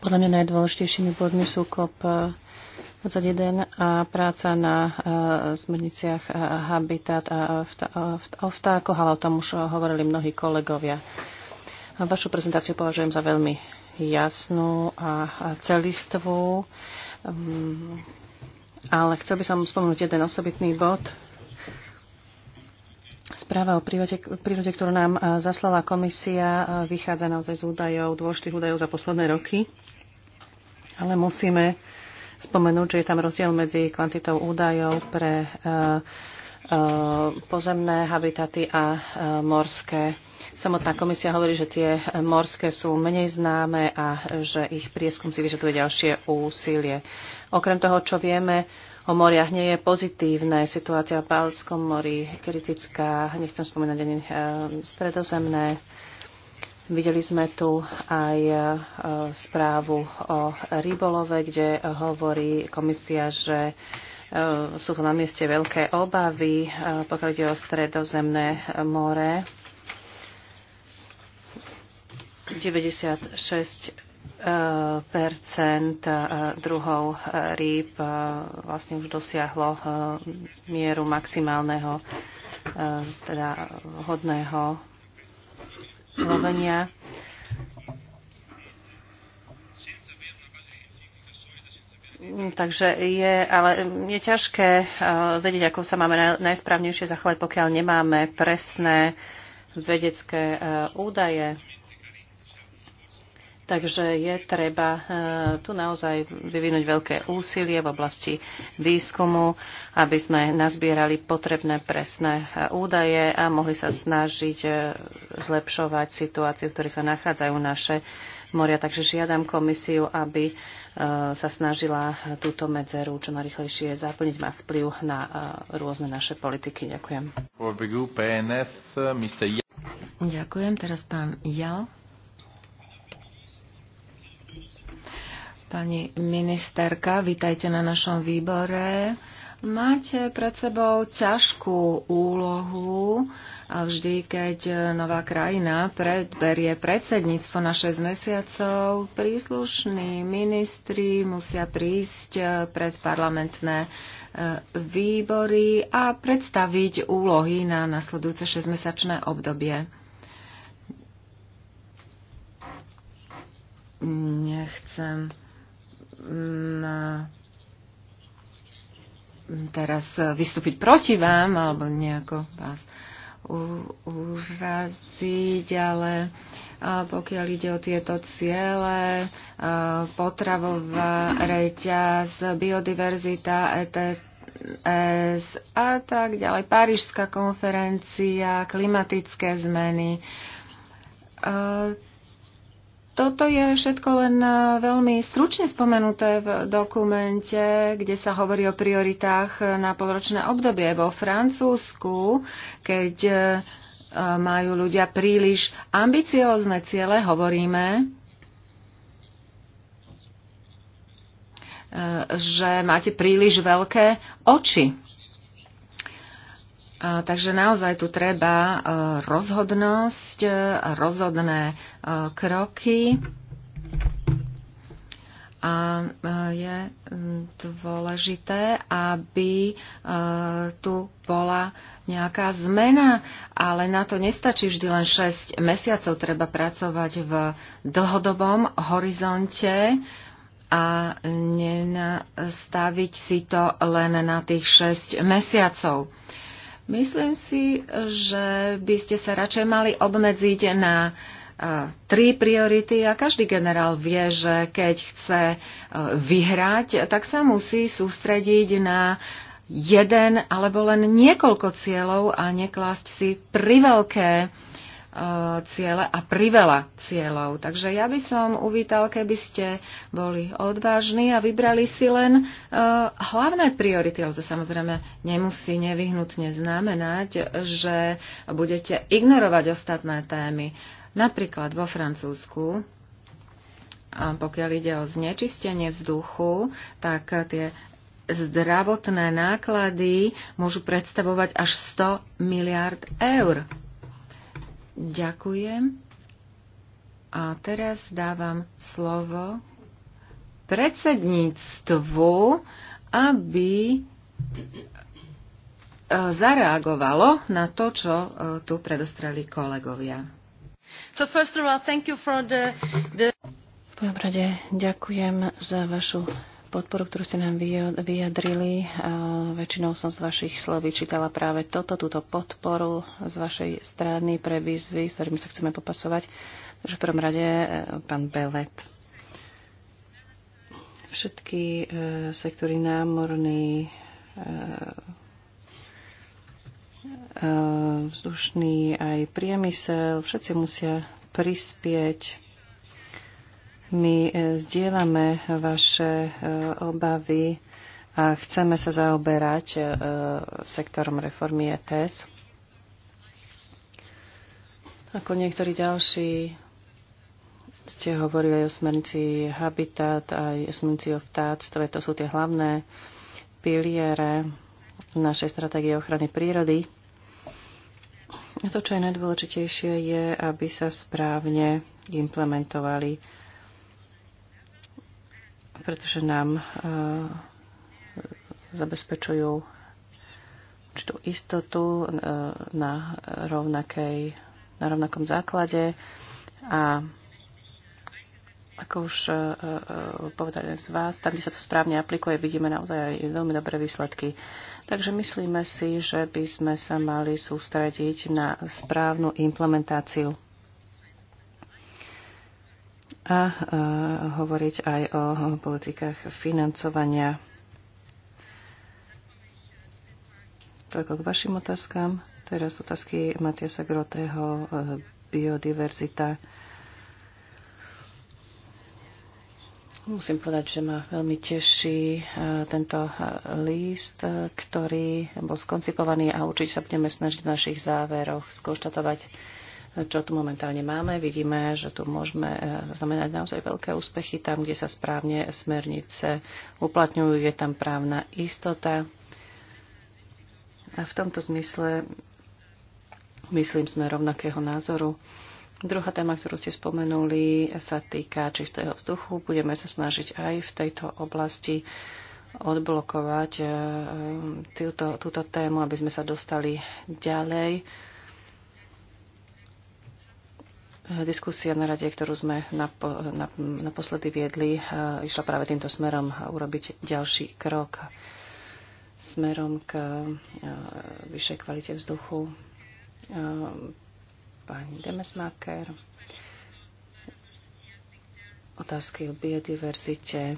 Podľa mňa najdôležitejšími bodmi sú COP 21 eh, a práca na uh, uh, habitat a o vtákoch, ale o tom už hovorili mnohí kolegovia. Vašu prezentáciu považujem za veľmi jasnú a celistvú. Mm, ale chcel by som spomenúť jeden osobitný bod. Správa o prírode, prírode, ktorú nám eh, zaslala komisia, eh, vychádza naozaj z údajov, dôležitých údajov za posledné roky. Ale musíme spomenúť, že je tam rozdiel medzi kvantitou údajov pre eh, pozemné habitaty a morské Samotná komisia hovorí, že tie morské sú menej známe a že ich prieskum si vyžaduje ďalšie úsilie. Okrem toho, čo vieme, o moriach nie je pozitívne. Situácia v Balckom mori kritická, nechcem spomínať ani eh, stredozemné. Videli sme tu aj eh, správu o rybolove, kde hovorí komisia, že eh, sú tu na mieste veľké obavy, pokiaľ ide o stredozemné more 96 eh, percent eh, druhov eh, rýb vlastne už dosiahlo mieru maximálneho, teda hodného lovenia. Takže je, ale je ťažké vedieť, ako sa máme najsprávnejšie zachovať, pokiaľ nemáme presné vedecké údaje. Takže je treba e, tu naozaj vyvinúť veľké úsilie v oblasti výskumu, aby sme nazbierali potrebné presné e, údaje a mohli sa snažiť e, zlepšovať situáciu, v ktorej sa nachádzajú naše moria. Takže žiadam komisiu, aby sa snažila túto medzeru čo najrychlejšie zaplniť. Má vplyv na rôzne naše politiky. Ďakujem. Ďakujem. Teraz pán Jal. Pani ministerka, vítajte na našom výbore. Máte pred sebou ťažkú úlohu a vždy, keď nová krajina predberie predsedníctvo na 6 mesiacov, príslušní ministri musia prísť pred parlamentné e, výbory a predstaviť úlohy na nasledujúce 6-mesačné obdobie. Nechcem na teraz vystúpiť proti vám alebo nejako vás uraziť, ale pokiaľ ide o tieto ciele, potravová reťaz, biodiverzita, ETS a tak ďalej, Parížská konferencia, klimatické zmeny toto je všetko len e, veľmi stručne spomenuté v dokumente, kde sa hovorí o prioritách e, na polročné obdobie. Vo Francúzsku, keď e, majú ľudia príliš ambiciózne ciele, hovoríme, že máte príliš veľké oči. Takže naozaj tu treba e, rozhodnosť, rozhodné e, kroky a e, je dôležité, aby tu bola nejaká zmena, ale na to nestačí vždy len 6 mesiacov. Treba pracovať v dlhodobom horizonte a nenastaviť si to len na tých 6 mesiacov. Myslím si, že by ste sa radšej mali obmedziť na tri priority a každý generál vie, že keď chce vyhrať, tak sa musí sústrediť na jeden alebo len niekoľko cieľov a neklásť si priveľké E, ciele a priveľa cieľov. Takže ja by som uvítal, keby ste boli odvážni a vybrali si len e, hlavné priority, ale to samozrejme nemusí nevyhnutne znamenať, že budete ignorovať ostatné témy. Napríklad vo Francúzsku a pokiaľ ide o znečistenie vzduchu, tak tie zdravotné náklady môžu predstavovať až 100 miliard eur. Ďakujem. A teraz dávam slovo predsedníctvu, aby e, zareagovalo na to, čo e, tu predostreli kolegovia. So first of all, thank you for the, the... V prvom rade ďakujem za vašu podporu, ktorú ste nám vyjadrili. Väčšinou som z vašich slov vyčítala práve toto, túto podporu z vašej strany pre výzvy, s ktorými sa chceme popasovať. Takže v prvom rade e, pán Belet. Všetky e, sektory námorný, e, vzdušný aj priemysel, všetci musia prispieť my e, zdieľame vaše e, obavy a chceme sa zaoberať e, sektorom reformy ETS. Ako niektorí ďalší ste hovorili aj o smernici Habitat, aj o smernici o vtáctve. To sú tie hlavné piliere našej stratégie ochrany prírody. A to, čo je najdôležitejšie, je, aby sa správne implementovali pretože nám e, zabezpečujú určitú istotu e, na, rovnakej, na rovnakom základe a ako už e, povedali z vás, tam, kde sa to správne aplikuje, vidíme naozaj aj veľmi dobré výsledky. Takže myslíme si, že by sme sa mali sústrediť na správnu implementáciu a hovoriť aj o politikách financovania. Toľko k vašim otázkám. Teraz otázky Matiasa Groteho, e, biodiverzita. Musím povedať, že ma veľmi teší e, tento e, list, ktorý bol skoncipovaný a určite sa budeme snažiť v našich záveroch skonštatovať čo tu momentálne máme. Vidíme, že tu môžeme zaznamenať e, naozaj veľké úspechy tam, kde sa správne smernice uplatňujú, je tam právna istota. A v tomto zmysle, myslím, sme rovnakého názoru. Druhá téma, ktorú ste spomenuli, sa týka čistého vzduchu. Budeme sa snažiť aj v tejto oblasti odblokovať e, e, túto, túto tému, aby sme sa dostali ďalej Diskusia na rade, ktorú sme naposledy viedli, eh, išla práve týmto smerom eh, urobiť ďalší krok smerom k eh, vyššej kvalite vzduchu. Pani Demesmaker, otázky o biodiverzite.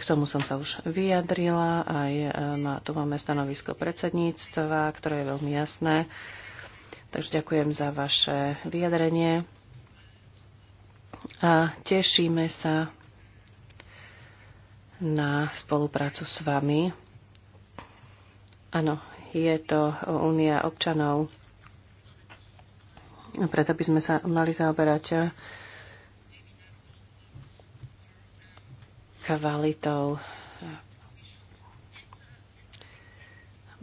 K tomu som sa už vyjadrila, aj tu máme stanovisko predsedníctva, ktoré je veľmi jasné Takže ďakujem za vaše vyjadrenie a tešíme sa na spoluprácu s vami. Áno, je to únia občanov. Preto by sme sa mali zaoberať kvalitou.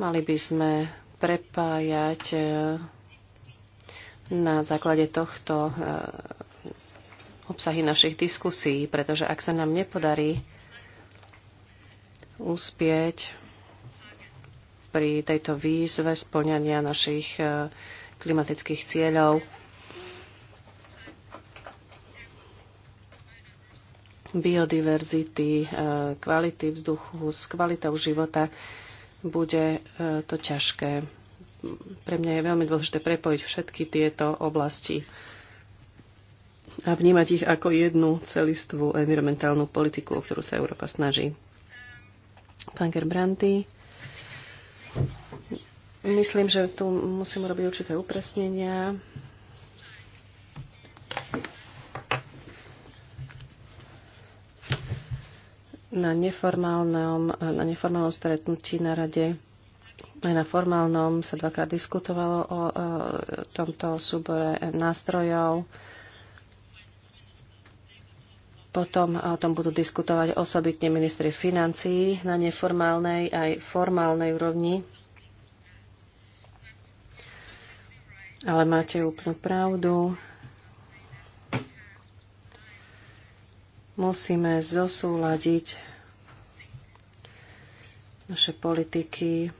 Mali by sme prepájať na základe tohto eh, obsahy našich diskusí, pretože ak sa nám nepodarí uspieť pri tejto výzve splňania našich eh, klimatických cieľov, biodiverzity, eh, kvality vzduchu, s kvalitou života, bude to ťažké pre mňa je veľmi dôležité prepojiť všetky tieto oblasti a vnímať ich ako jednu celistvú environmentálnu politiku, o ktorú sa Európa snaží. Pán Gerbrandy, myslím, že tu musím robiť určité upresnenia. Na neformálnom, na neformálnom stretnutí na rade aj na formálnom sa dvakrát diskutovalo o e, tomto súbore nástrojov. Potom o tom budú diskutovať osobitne ministri financií na neformálnej aj formálnej úrovni. Ale máte úplnú pravdu. Musíme zosúľadiť naše politiky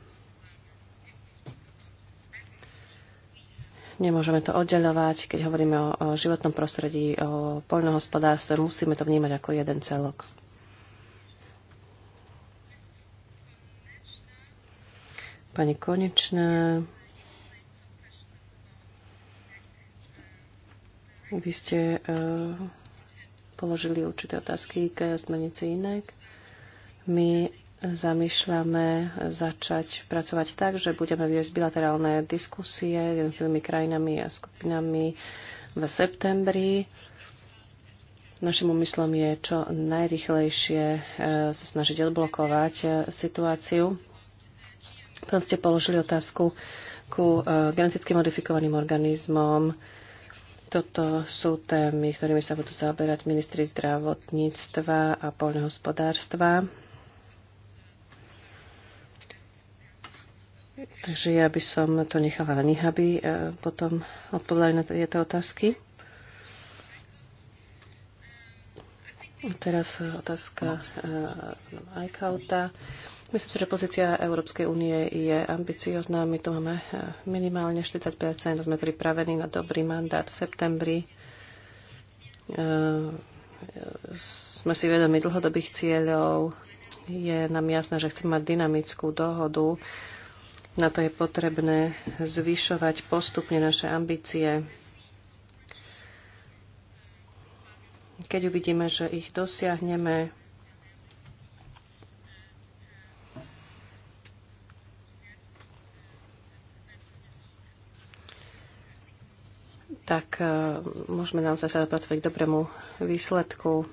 Nemôžeme to oddelovať. Keď hovoríme o, o životnom prostredí, o poľnohospodárstve, musíme to vnímať ako jeden celok. Pani Konečná. Vy ste uh, položili určité otázky k zmenici inak. My zamýšľame začať pracovať tak, že budeme viesť bilaterálne diskusie s jednotlivými krajinami a skupinami v septembri. Našim úmyslom je čo najrychlejšie e, sa snažiť odblokovať e, situáciu. Potom ste položili otázku ku e, geneticky modifikovaným organizmom. Toto sú témy, ktorými sa budú zaoberať ministri zdravotníctva a poľnohospodárstva Takže ja by som to nechala na nich, aby e, potom odpovedali na tieto otázky. Teraz otázka Aikauta. E, Myslím si, že pozícia Európskej únie je ambiciozná. My tu máme e, minimálne 40 sme pripravení na dobrý mandát v septembri. Sme si vedomi dlhodobých cieľov. Je nám jasné, že chceme mať dynamickú dohodu na to je potrebné zvyšovať postupne naše ambície. Keď uvidíme, že ich dosiahneme, tak e, môžeme naozaj sa dopracovať k dobrému výsledku.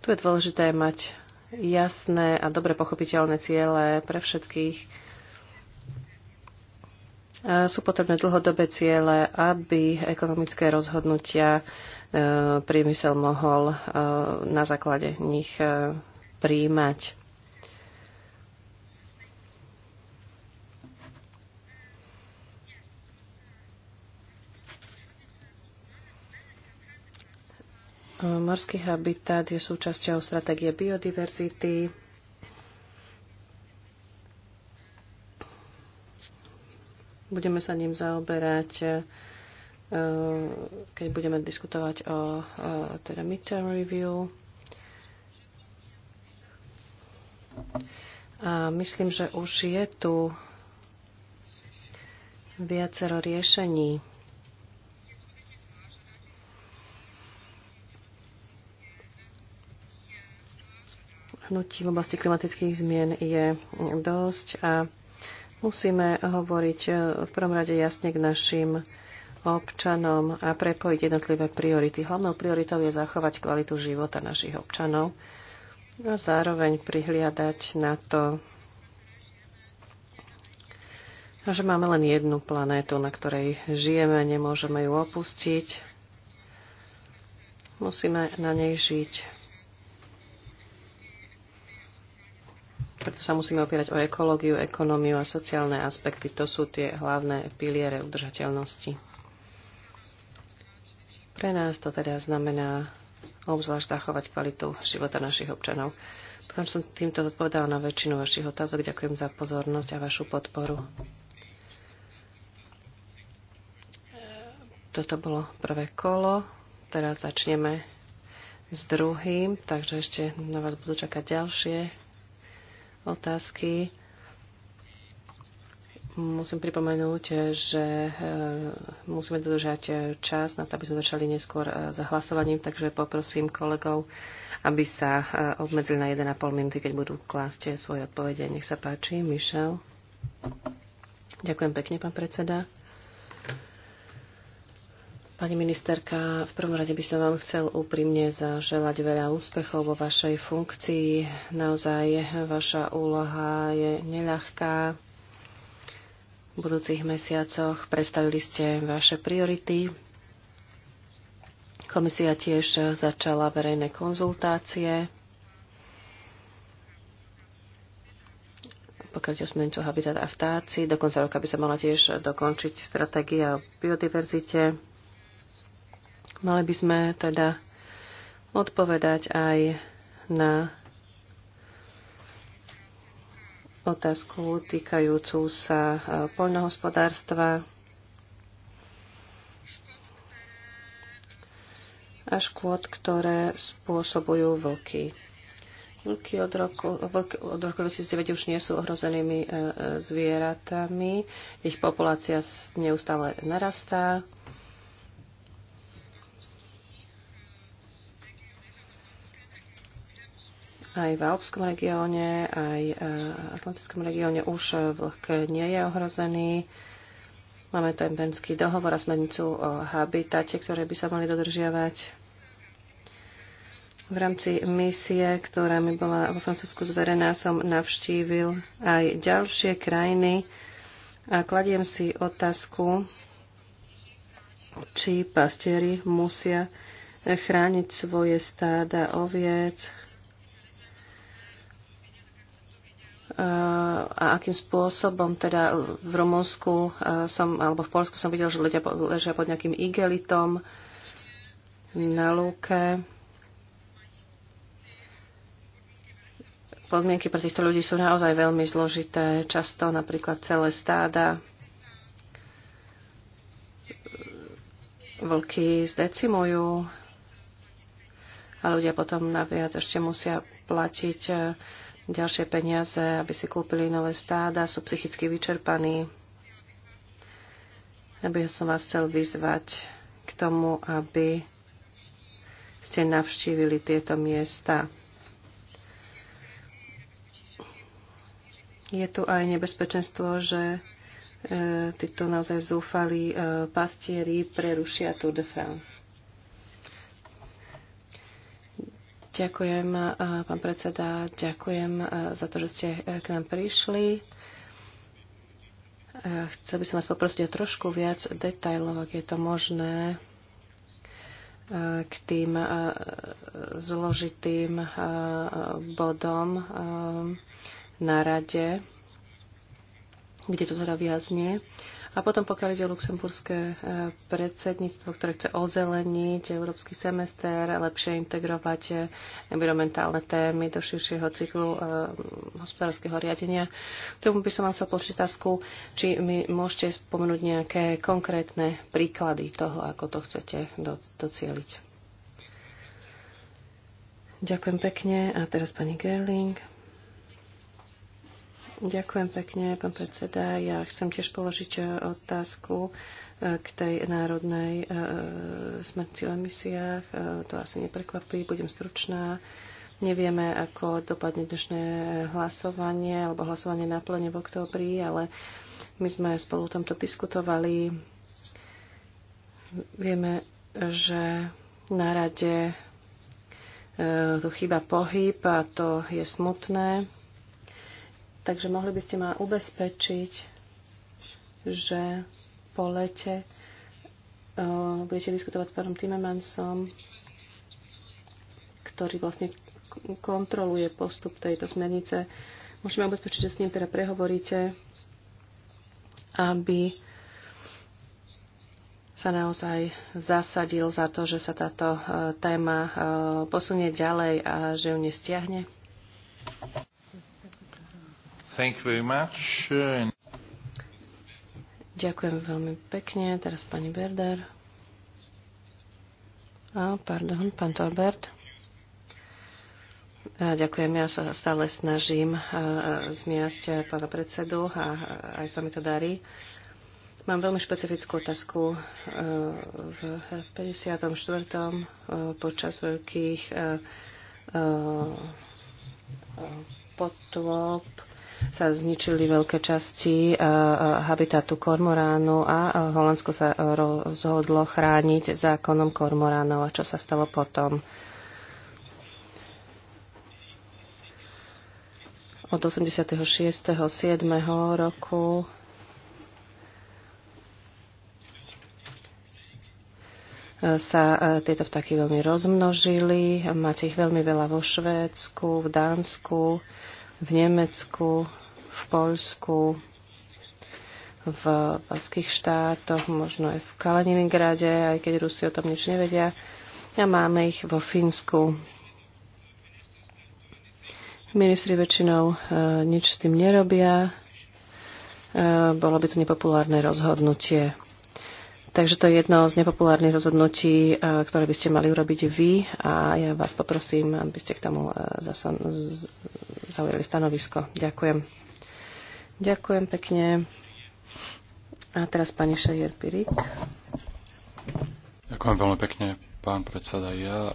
Tu je dôležité mať jasné a dobre pochopiteľné ciele pre všetkých, sú potrebné dlhodobé ciele, aby ekonomické rozhodnutia e, priemysel mohol e, na základe nich e, príjmať. Morský habitat je súčasťou stratégie biodiverzity Budeme sa ním zaoberať, e, keď budeme diskutovať o e, teda midterm review. A myslím, že už je tu viacero riešení. Hnutí v oblasti klimatických zmien je dosť a Musíme hovoriť e, v prvom rade jasne k našim občanom a prepojiť jednotlivé priority. Hlavnou prioritou je zachovať kvalitu života našich občanov a zároveň prihliadať na to, že máme len jednu planétu, na ktorej žijeme, nemôžeme ju opustiť. Musíme na nej žiť Preto sa musíme opierať o ekológiu, ekonómiu a sociálne aspekty. To sú tie hlavné piliere udržateľnosti. Pre nás to teda znamená obzvlášť zachovať kvalitu života našich občanov. Dúfam, som týmto zodpovedala na väčšinu vašich otázok. Ďakujem za pozornosť a vašu podporu. Toto bolo prvé kolo. Teraz začneme s druhým, takže ešte na vás budú čakať ďalšie otázky. Musím pripomenúť, že eh, musíme dodržať eh, čas na to, aby sme začali neskôr eh, s hlasovaním, takže poprosím kolegov, aby sa obmedzili na 1,5 minúty, keď budú klásť svoje odpovede. Nech sa páči, Mišel. Ďakujem pekne, pán predseda. Pani ministerka, v prvom rade by som vám chcel úprimne zaželať veľa úspechov vo vašej funkcii. Naozaj vaša úloha je neľahká. V budúcich mesiacoch predstavili ste vaše priority. Komisia tiež začala verejné konzultácie. pokiaľ ide o smernicu Habitat a vtáci. Do konca roka by sa mala tiež dokončiť stratégia o biodiverzite. Mali by sme teda odpovedať aj na otázku týkajúcu sa e, poľnohospodárstva a škôd, ktoré spôsobujú vlky. Vlky od roku, vlky od roku 2009 už nie sú ohrozenými e, e, zvieratami. Ich populácia neustále narastá. aj v Alpskom regióne, aj v e, Atlantickom regióne už e, vlhk nie je ohrozený. Máme ten Bernský dohovor a smernicu o habitate, ktoré by sa mali dodržiavať. V rámci misie, ktorá mi bola vo Francúzsku zverená, som navštívil aj ďalšie krajiny a kladiem si otázku, či pastieri musia chrániť svoje stáda oviec, Eh, a akým spôsobom teda v Rumunsku eh, som, alebo v Polsku som videl, že ľudia ležia pod nejakým igelitom na lúke. Podmienky pre týchto ľudí sú naozaj veľmi zložité. Často napríklad celé stáda vlky zdecimujú a ľudia potom naviac ešte musia platiť eh, ďalšie peniaze, aby si kúpili nové stáda, sú psychicky vyčerpaní. Aby som vás chcel vyzvať k tomu, aby ste navštívili tieto miesta. Je tu aj nebezpečenstvo, že e, títo naozaj zúfali e, pastieri prerušia Tour de France. Ďakujem, pán predseda, ďakujem za to, že ste e, k nám prišli. E, chcel by som vás poprosiť o trošku viac detajlov, ak je to možné, e, k tým zložitým bodom na rade, kde to teda vyjaznie. A potom pokiaľ ide o luxemburské e, predsedníctvo, ktoré chce ozeleniť európsky semester, lepšie integrovať environmentálne témy do širšieho cyklu e, hospodárskeho riadenia. K tomu by som vám chcel položiť otázku, či mi môžete spomenúť nejaké konkrétne príklady toho, ako to chcete docieliť. Ďakujem pekne. A teraz pani Gerling. Ďakujem pekne, pán predseda. Ja chcem tiež položiť e, otázku e, k tej národnej e, smrti o emisiách. To asi neprekvapí, budem stručná. Nevieme, ako dopadne dnešné hlasovanie alebo hlasovanie na plene v októbri, ale my sme spolu o tomto diskutovali. Vieme, že na rade tu chýba pohyb a to je smutné Takže mohli by ste ma ubezpečiť, že po lete uh, budete diskutovať s pánom Timmermansom, ktorý vlastne kontroluje postup tejto smernice. Môžeme ubezpečiť, že s ním teda prehovoríte, aby sa naozaj zasadil za to, že sa táto eh, téma eh, posunie ďalej a že ju nestiahne. Thank you very much. Ďakujem veľmi pekne. Teraz pani Berder. A, pardon, pán Torbert. Ďakujem, ja sa stále snažím zmiasť pána predsedu a aj sa mi to darí. Mám veľmi špecifickú otázku. E, v 54. E, počas veľkých e, potôb sa zničili veľké časti e, e, habitatu kormoránu a e, Holandsko sa rozhodlo chrániť zákonom kormoránov. A čo sa stalo potom? Od 86. roku sa tieto vtáky veľmi rozmnožili. Máte ich veľmi veľa vo Švédsku, v Dánsku v Nemecku, v Polsku, v balských štátoch, možno aj v Kaliningrade, aj keď Rusi o tom nič nevedia. A máme ich vo Fínsku. Ministri väčšinou e, nič s tým nerobia. E, bolo by to nepopulárne rozhodnutie. Takže to je jedno z nepopulárnych rozhodnutí, e, ktoré by ste mali urobiť vy a ja vás poprosím, aby ste k tomu e, zasa zaujali stanovisko. Ďakujem. Ďakujem pekne. A teraz pani Šajer Pirik. Ďakujem veľmi pekne, pán predseda. Ja e,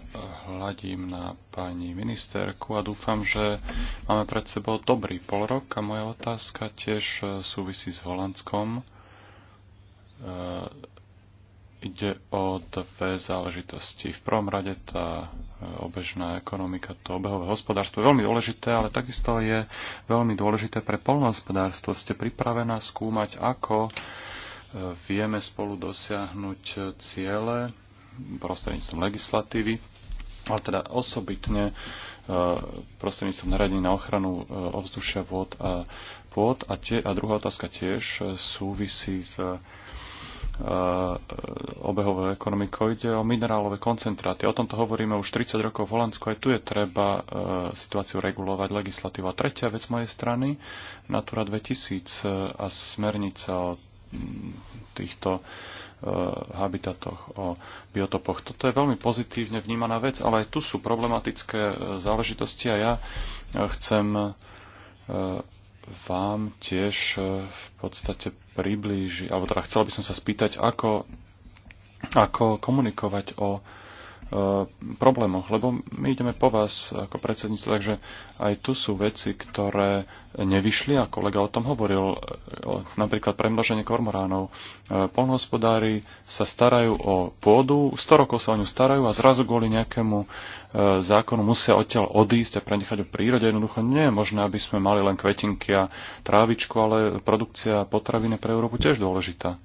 hľadím na pani ministerku a dúfam, že máme pred sebou dobrý pol rok a moja otázka tiež súvisí s Holandskom Ide o dve záležitosti. V prvom rade tá e, obežná ekonomika, to obehové hospodárstvo je veľmi dôležité, ale takisto je veľmi dôležité pre polnohospodárstvo. Ste pripravená skúmať, ako e, vieme spolu dosiahnuť ciele prostredníctvom legislatívy, ale teda osobitne e, prostredníctvom naradení na ochranu ovzdušia vôd a pôd. A, tie, a druhá otázka tiež súvisí s Eh, obehovou ekonomikou, ide o minerálové koncentráty. O tomto hovoríme už 30 rokov v Holandsku, aj tu je treba eh, situáciu regulovať legislatíva. Tretia vec mojej strany, Natura 2000 eh, a smernica o mm, týchto habitatoch, o biotopoch. Toto je veľmi pozitívne vnímaná vec, ale aj tu sú problematické záležitosti a ja chcem vám tiež e, v podstate priblíži, alebo teda chcel by som sa spýtať, ako, ako komunikovať o Eh, problémoch, lebo my ideme po vás ako predsedníctvo, takže aj tu sú veci, ktoré nevyšli a kolega o tom hovoril, eh, napríklad premnoženie kormoránov. Eh, polnohospodári sa starajú o pôdu, 100 rokov sa o ňu starajú a zrazu kvôli nejakému zákonu musia odtiaľ odísť a prenechať o prírode. Jednoducho nie je možné, aby sme mali len kvetinky a trávičku, ale produkcia potraviny pre Európu tiež dôležitá.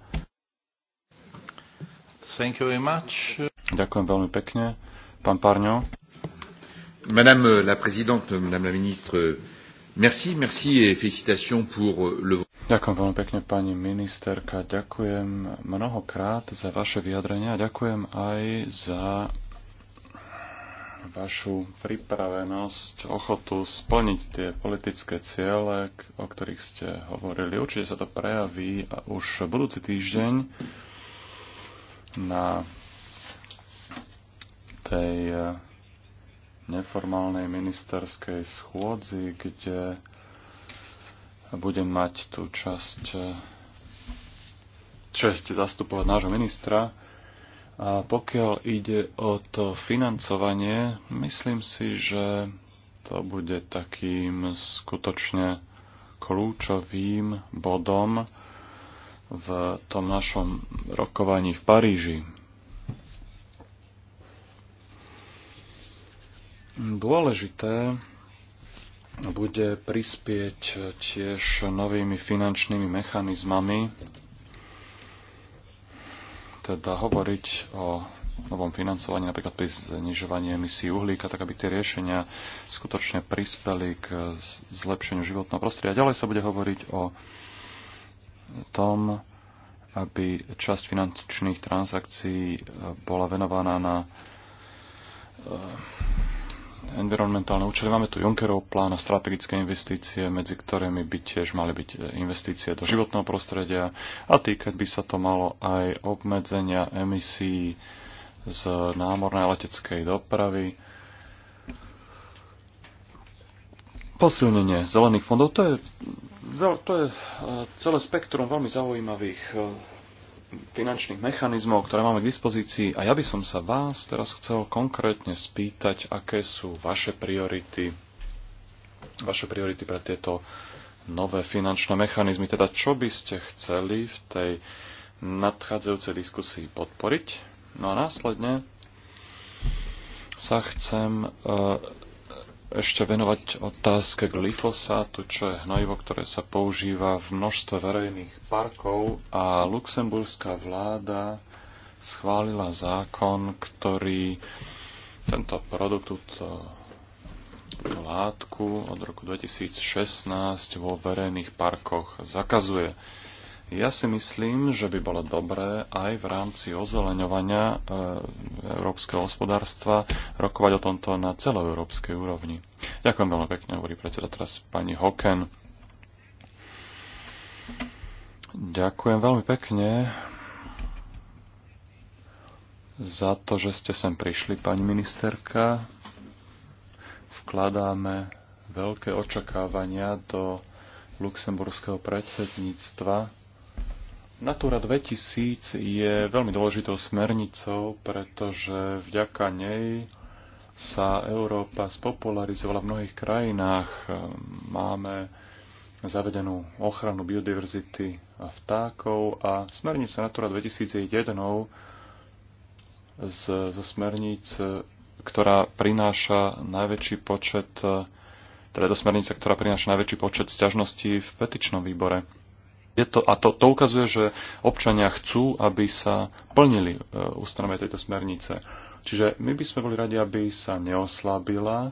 Thank you very much. Ďakujem veľmi pekne. Pán Parňo. Madame la présidente, madame la ministre, merci, merci et félicitations pour le... Ďakujem veľmi pekne, pani ministerka. Ďakujem mnohokrát za vaše vyjadrenie a ďakujem aj za vašu pripravenosť, ochotu splniť tie politické ciele, o ktorých ste hovorili. Určite sa to prejaví už budúci týždeň na tej eh, neformálnej ministerskej schôdzi, kde budem mať tú časť eh, čest zastupovať nášho ministra. A pokiaľ ide o to financovanie, myslím si, že to bude takým skutočne kľúčovým bodom v tom našom rokovaní v Paríži. Dôležité bude prispieť tiež novými finančnými mechanizmami, teda hovoriť o novom financovaní, napríklad pri znižovaní emisí uhlíka, tak aby tie riešenia skutočne prispeli k zlepšeniu životného prostredia. Ďalej sa bude hovoriť o tom, aby časť finančných transakcií bola venovaná na environmentálne účely. Máme tu Junckerov plán a strategické investície, medzi ktorými by tiež mali byť e, investície do životného prostredia a týkať by sa to malo aj obmedzenia emisí z námornej leteckej dopravy. Posilnenie zelených fondov, to je, to je e, celé spektrum veľmi zaujímavých e, finančných mechanizmov, ktoré máme k dispozícii. A ja by som sa vás teraz chcel konkrétne spýtať, aké sú vaše priority, vaše priority pre tieto nové finančné mechanizmy. Teda čo by ste chceli v tej nadchádzajúcej diskusii podporiť. No a následne sa chcem eh, ešte venovať otázke glyfosátu, čo je hnojivo, ktoré sa používa v množstve verejných parkov a luxemburská vláda schválila zákon, ktorý tento produkt, túto látku od roku 2016 vo verejných parkoch zakazuje. Ja si myslím, že by bolo dobré aj v rámci ozeleňovania e, európskeho hospodárstva rokovať o tomto na celoeurópskej úrovni. Ďakujem veľmi pekne, hovorí predseda teraz pani Hoken. Ďakujem veľmi pekne za to, že ste sem prišli, pani ministerka. Vkladáme veľké očakávania do luxemburského predsedníctva Natura 2000 je veľmi dôležitou smernicou, pretože vďaka nej sa Európa spopularizovala v mnohých krajinách. Máme zavedenú ochranu biodiverzity a vtákov a smernica Natura 2000 je jednou z, zo smerníc, ktorá prináša najväčší počet, teda do smernice, ktorá prináša najväčší počet sťažností v petičnom výbore. Je to, a to, to ukazuje, že občania chcú, aby sa plnili e, ustanovenia tejto smernice. Čiže my by sme boli radi, aby sa neoslabila e,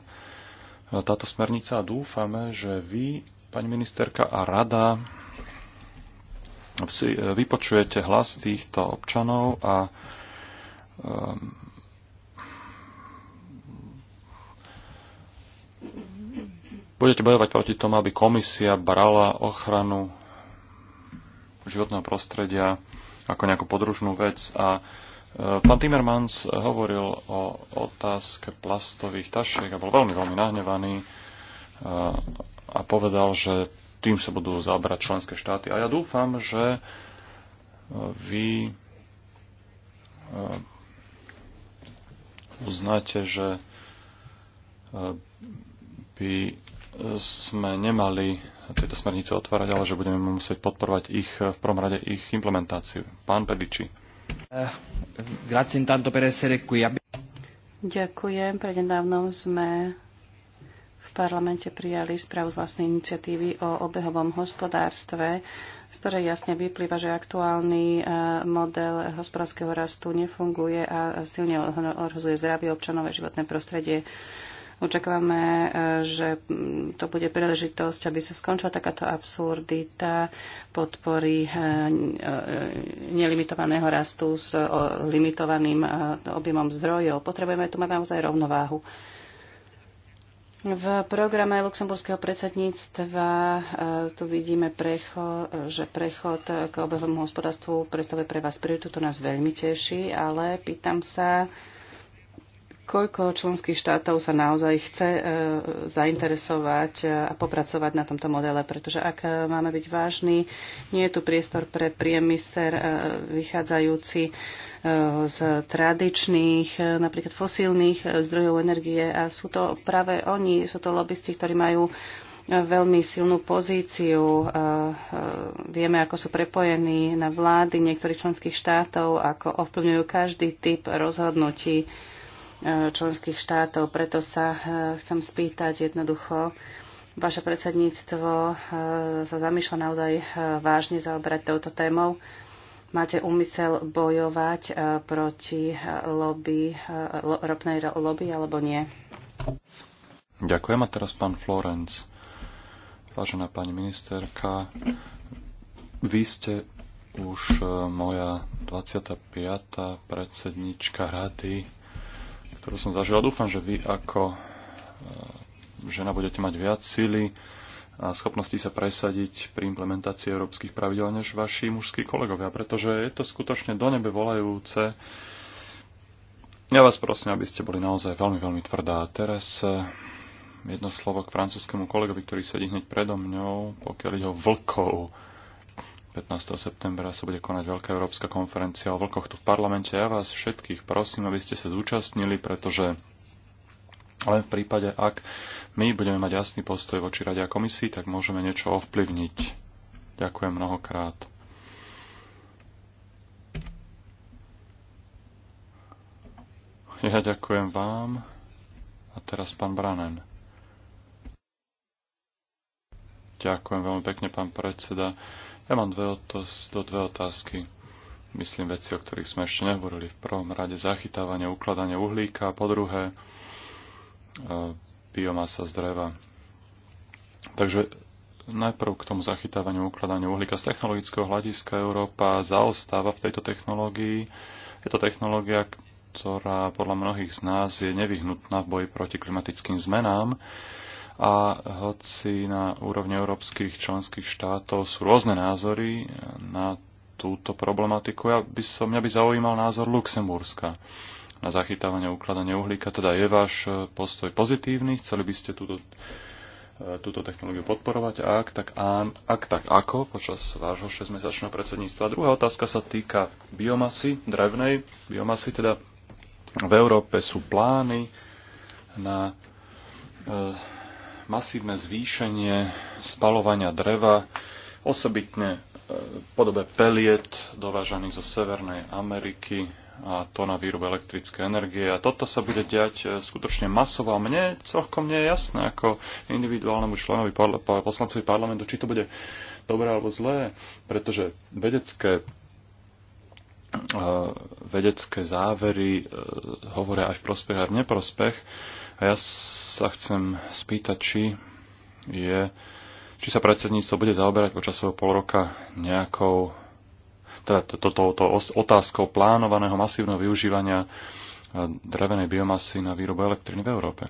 táto smernica a dúfame, že vy, pani ministerka a rada, si e, vypočujete hlas týchto občanov a um, budete bojovať proti tomu, aby komisia brala ochranu životného prostredia ako nejakú podružnú vec. A e, pán Timmermans hovoril o otázke plastových tašiek a bol veľmi, veľmi nahnevaný a, e, a povedal, že tým sa budú zaoberať členské štáty. A ja dúfam, že e, vy uznáte, že by sme nemali tieto smernice otvárať, ale že budeme musieť podporovať ich, v prvom rade ich implementáciu. Pán Pediči. Eh, Ďakujem. Prednedávno sme v parlamente prijali správu z vlastnej iniciatívy o obehovom hospodárstve, z ktorej jasne vyplýva, že aktuálny eh, model hospodárskeho rastu nefunguje a silne ohrozuje zdravie občanové životné prostredie Očakávame, e, že mm, to bude príležitosť, aby sa skončila takáto absurdita podpory e, e, nelimitovaného rastu s limitovaným objemom zdrojov. Potrebujeme tu mať naozaj rovnováhu. V programe luxemburského predsedníctva tu vidíme, precho, že prechod k obehovému hospodárstvu predstavuje pre vás prioritu, to nás veľmi teší, ale pýtam sa, koľko členských štátov sa naozaj chce e, zainteresovať e, a popracovať na tomto modele, pretože ak e, máme byť vážni, nie je tu priestor pre priemysel vychádzajúci z tradičných, napríklad fosílnych zdrojov energie a sú to práve oni, sú to lobbysti, ktorí majú veľmi silnú pozíciu. Vieme, ako sú prepojení na vlády niektorých členských štátov, ako ovplyvňujú každý typ rozhodnutí členských štátov. Preto sa e, chcem spýtať jednoducho, vaše predsedníctvo e, sa zamýšľa naozaj e, vážne zaobrať touto témou. Máte úmysel bojovať proti lobby, ropnej lobby alebo nie? Ďakujem a teraz pán Florenc. Vážená pani ministerka, vy ste už moja 25. predsednička rady ktorú som zažil. Dúfam, že vy ako e, žena budete mať viac síly a schopnosti sa presadiť pri implementácii európskych pravidel než vaši mužskí kolegovia, pretože je to skutočne do nebe volajúce. Ja vás prosím, aby ste boli naozaj veľmi, veľmi tvrdá. Teraz e, jedno slovo k francúzskému kolegovi, ktorý sedí hneď predo mňou, pokiaľ ide o vlkov. 15. septembra sa bude konať Veľká európska konferencia o vlkoch tu v parlamente. Ja vás všetkých prosím, aby ste sa zúčastnili, pretože len v prípade, ak my budeme mať jasný postoj voči Rade a komisii, tak môžeme niečo ovplyvniť. Ďakujem mnohokrát. Ja ďakujem vám. A teraz pán Branen. Ďakujem veľmi pekne, pán predseda. Ja mám dve, otos, do dve otázky. Myslím veci, o ktorých sme ešte nehovorili. V prvom rade zachytávanie, ukladanie uhlíka, po druhé e, biomasa z dreva. Takže najprv k tomu zachytávaniu, ukladaniu uhlíka. Z technologického hľadiska Európa zaostáva v tejto technológii. Je to technológia, ktorá podľa mnohých z nás je nevyhnutná v boji proti klimatickým zmenám a hoci na úrovni európskych členských štátov sú rôzne názory eh, na túto problematiku, ja by som, mňa by zaujímal názor Luxemburska na zachytávanie a ukladanie uhlíka. Teda je váš eh, postoj pozitívny? Chceli by ste túto, eh, túto technológiu podporovať? A ak tak, án, ak tak ako počas vášho 6-mesačného predsedníctva? Druhá otázka sa týka biomasy, drevnej biomasy. Teda v Európe sú plány na masívne zvýšenie spalovania dreva, osobitne e, v podobe peliet dovážaných zo Severnej Ameriky a to na výrobu elektrické energie. A toto sa bude diať e, skutočne masovo. A mne celkom nie je jasné, ako individuálnemu členovi poslancovi parlamentu, či to bude dobré alebo zlé, pretože vedecké e, vedecké závery hovoria aj v prospech a v neprospech a ja sa chcem spýtať, či, je, či sa predsedníctvo bude zaoberať počas svojho pol roka nejakou teda to otázkou plánovaného masívneho využívania e, drevenej biomasy na výrobu elektriny v Európe.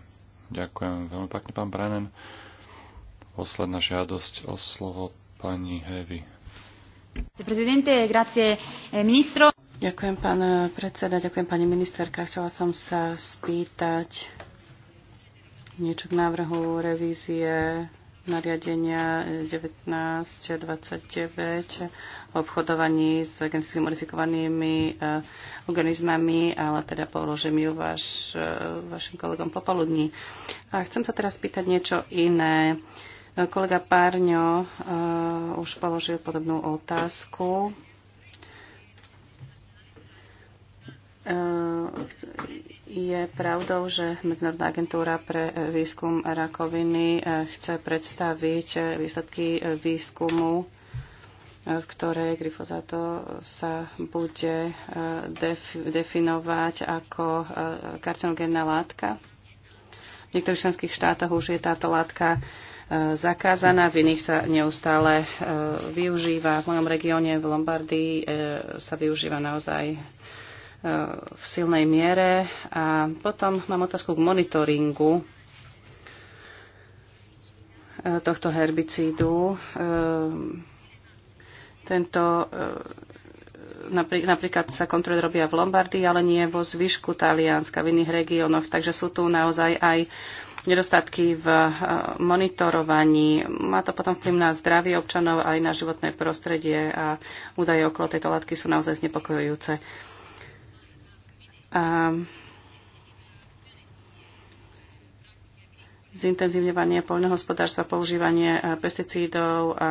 Ďakujem veľmi pekne, pán Brennan. Posledná žiadosť o slovo pani Hevy. Eh, ďakujem, pán eh, predseda, ďakujem, pani ministerka. Chcela som sa spýtať niečo k návrhu revízie nariadenia 1929 o obchodovaní s geneticky modifikovanými eh, organizmami, ale teda položím ju vaš, eh, vašim kolegom popoludní. A chcem sa teraz spýtať niečo iné. Kolega Párňo eh, už položil podobnú otázku je pravdou, že Medzinárodná agentúra pre výskum rakoviny eh, chce predstaviť eh, výsledky eh, výskumu, v ktorej glyfozato sa bude definovať ako karcinogénna látka. V niektorých členských štátoch už je táto látka zakázaná, v iných sa neustále využíva. V mojom regióne v Lombardii sa využíva naozaj v silnej miere. A potom mám otázku k monitoringu e, tohto herbicídu. E, tento e, napríklad sa kontroly robia v Lombardii, ale nie vo zvyšku Talianska, v iných regiónoch. Takže sú tu naozaj aj nedostatky v monitorovaní. Má to potom vplyv na zdravie občanov aj na životné prostredie a údaje okolo tejto látky sú naozaj znepokojujúce a zintenzívňovanie poľnohospodárstva, používanie e, pesticídov a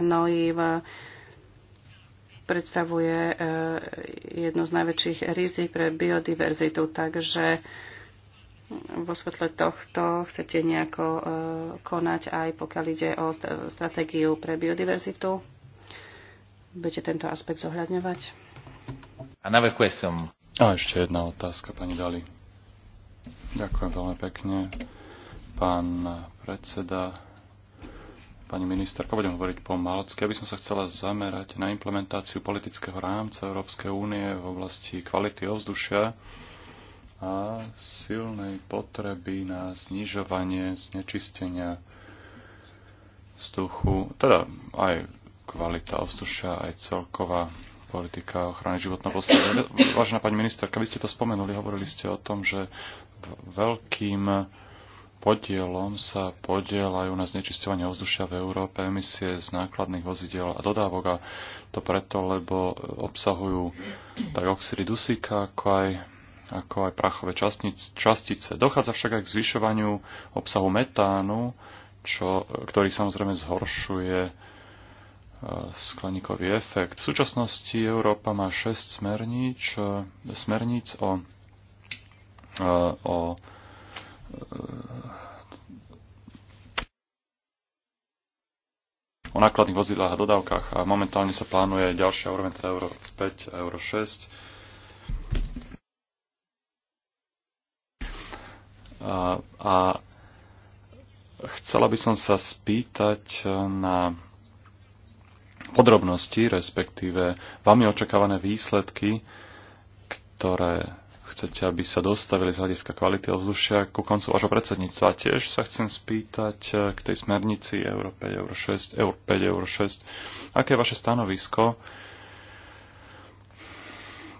hnojív predstavuje e, jedno z najväčších rizik pre biodiverzitu. Takže vo svetle tohto chcete nejako e, konať aj pokiaľ ide o stratégiu pre biodiverzitu? Budete tento aspekt zohľadňovať? A a ešte jedna otázka, pani Dali. Ďakujem veľmi pekne. Pán predseda, pani ministerka, budem hovoriť po malcky. by som sa chcela zamerať na implementáciu politického rámca Európskej únie v oblasti kvality ovzdušia a silnej potreby na znižovanie znečistenia vzduchu, teda aj kvalita ovzdušia, aj celková politika ochrany životného prostredia. Vážená pani ministerka, vy ste to spomenuli, hovorili ste o tom, že veľkým podielom sa podielajú na znečisťovanie ovzdušia v Európe emisie z nákladných vozidiel a dodávok a to preto, lebo obsahujú tak oxidy dusíka, ako aj, ako aj prachové častice. Dochádza však aj k zvyšovaniu obsahu metánu, čo, ktorý samozrejme zhoršuje E, skleníkový efekt. V súčasnosti Európa má 6 smerníc, e, smerníc o, e, o o nákladných vozidlách a dodávkach a momentálne sa plánuje ďalšia úroveň, teda euro 5 a euro 6. A, a chcela by som sa spýtať na podrobnosti, respektíve vami očakávané výsledky, ktoré chcete, aby sa dostavili z hľadiska kvality ovzdušia ku koncu vášho predsedníctva. Tiež sa chcem spýtať eh, k tej smernici Euro 5, Euro 6, Euro 5, Euro 6. Aké je vaše stanovisko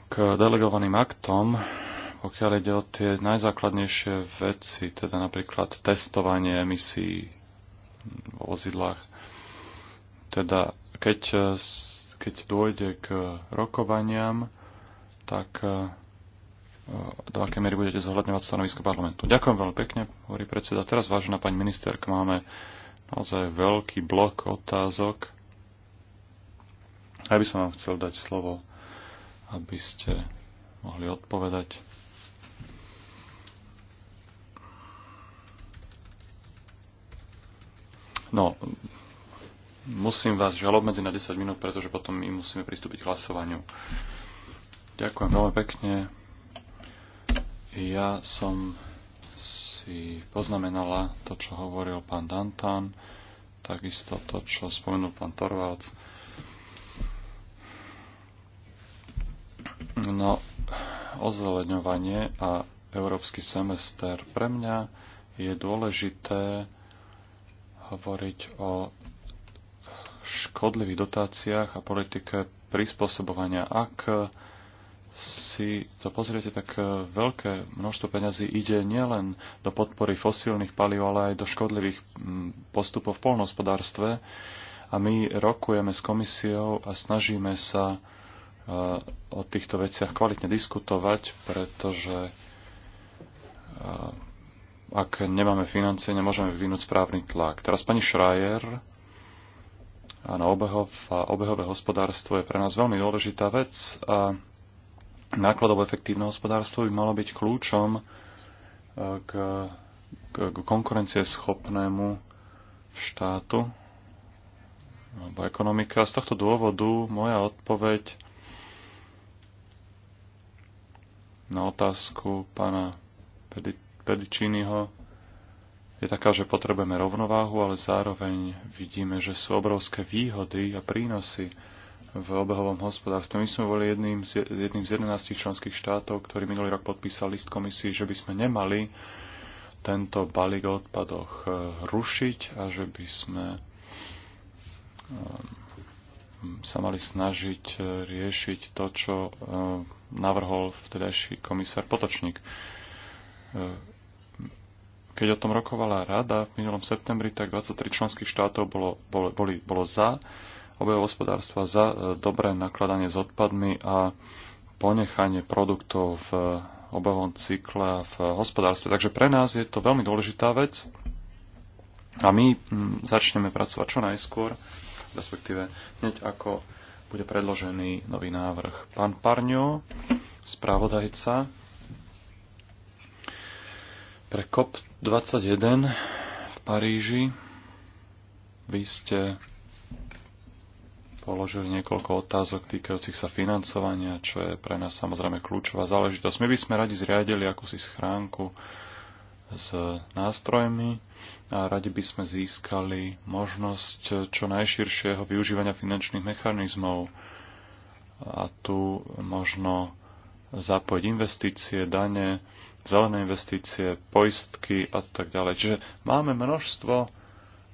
k delegovaným aktom, pokiaľ ide o tie najzákladnejšie veci, teda napríklad testovanie emisí vo vozidlách, teda keď, eh, keď dôjde k rokovaniam, tak eh, eh, do akej miery budete zohľadňovať stanovisko parlamentu. Ďakujem veľmi pekne, hovorí predseda. Teraz, vážená pani ministerka, máme naozaj veľký blok otázok. Aj by som vám chcel dať slovo, aby ste mohli odpovedať. No, musím vás žiaľ obmedziť na 10 minút, pretože potom my musíme pristúpiť k hlasovaniu. Ďakujem veľmi pekne. Ja som si poznamenala to, čo hovoril pán Dantan, takisto to, čo spomenul pán Torvalds. No, ozeleňovanie a európsky semester pre mňa je dôležité hovoriť o škodlivých dotáciách a politike prispôsobovania. Ak si to pozriete, tak e, veľké množstvo peňazí ide nielen do podpory fosílnych palív, ale aj do škodlivých postupov v polnohospodárstve. A my rokujeme s komisiou a snažíme sa e, o týchto veciach kvalitne diskutovať, pretože e, ak nemáme financie, nemôžeme vyvinúť správny tlak. Teraz pani Schreier Áno, obehov a obehové hospodárstvo je pre nás veľmi dôležitá vec a nákladov efektívne hospodárstvo by malo byť kľúčom e, k, k, k konkurencieschopnému štátu alebo ekonomika. Z tohto dôvodu moja odpoveď na otázku pána Pedičínyho je taká, že potrebujeme rovnováhu, ale zároveň vidíme, že sú obrovské výhody a prínosy v obehovom hospodárstve. My sme boli jedným z, jedným z 11 členských štátov, ktorý minulý rok podpísal list komisii, že by sme nemali tento balík o odpadoch eh, rušiť a že by sme ehm, sa mali snažiť eh, riešiť to, čo eh, navrhol vtedajší komisár Potočník. Keď o tom rokovala rada v minulom septembri, tak 23 členských štátov bolo, bol, boli, bolo za obeho hospodárstva, za e, dobré nakladanie s odpadmi a ponechanie produktov v obehovom cykle v hospodárstve. Takže pre nás je to veľmi dôležitá vec a my začneme pracovať čo najskôr, respektíve hneď ako bude predložený nový návrh. Pán Parňo, spravodajca, pre COP21 v Paríži. Vy ste položili niekoľko otázok týkajúcich sa financovania, čo je pre nás samozrejme kľúčová záležitosť. My by sme radi zriadili akúsi schránku s nástrojmi a radi by sme získali možnosť čo najširšieho využívania finančných mechanizmov a tu možno zapojiť investície, dane, zelené investície, poistky a tak ďalej. Čiže máme množstvo,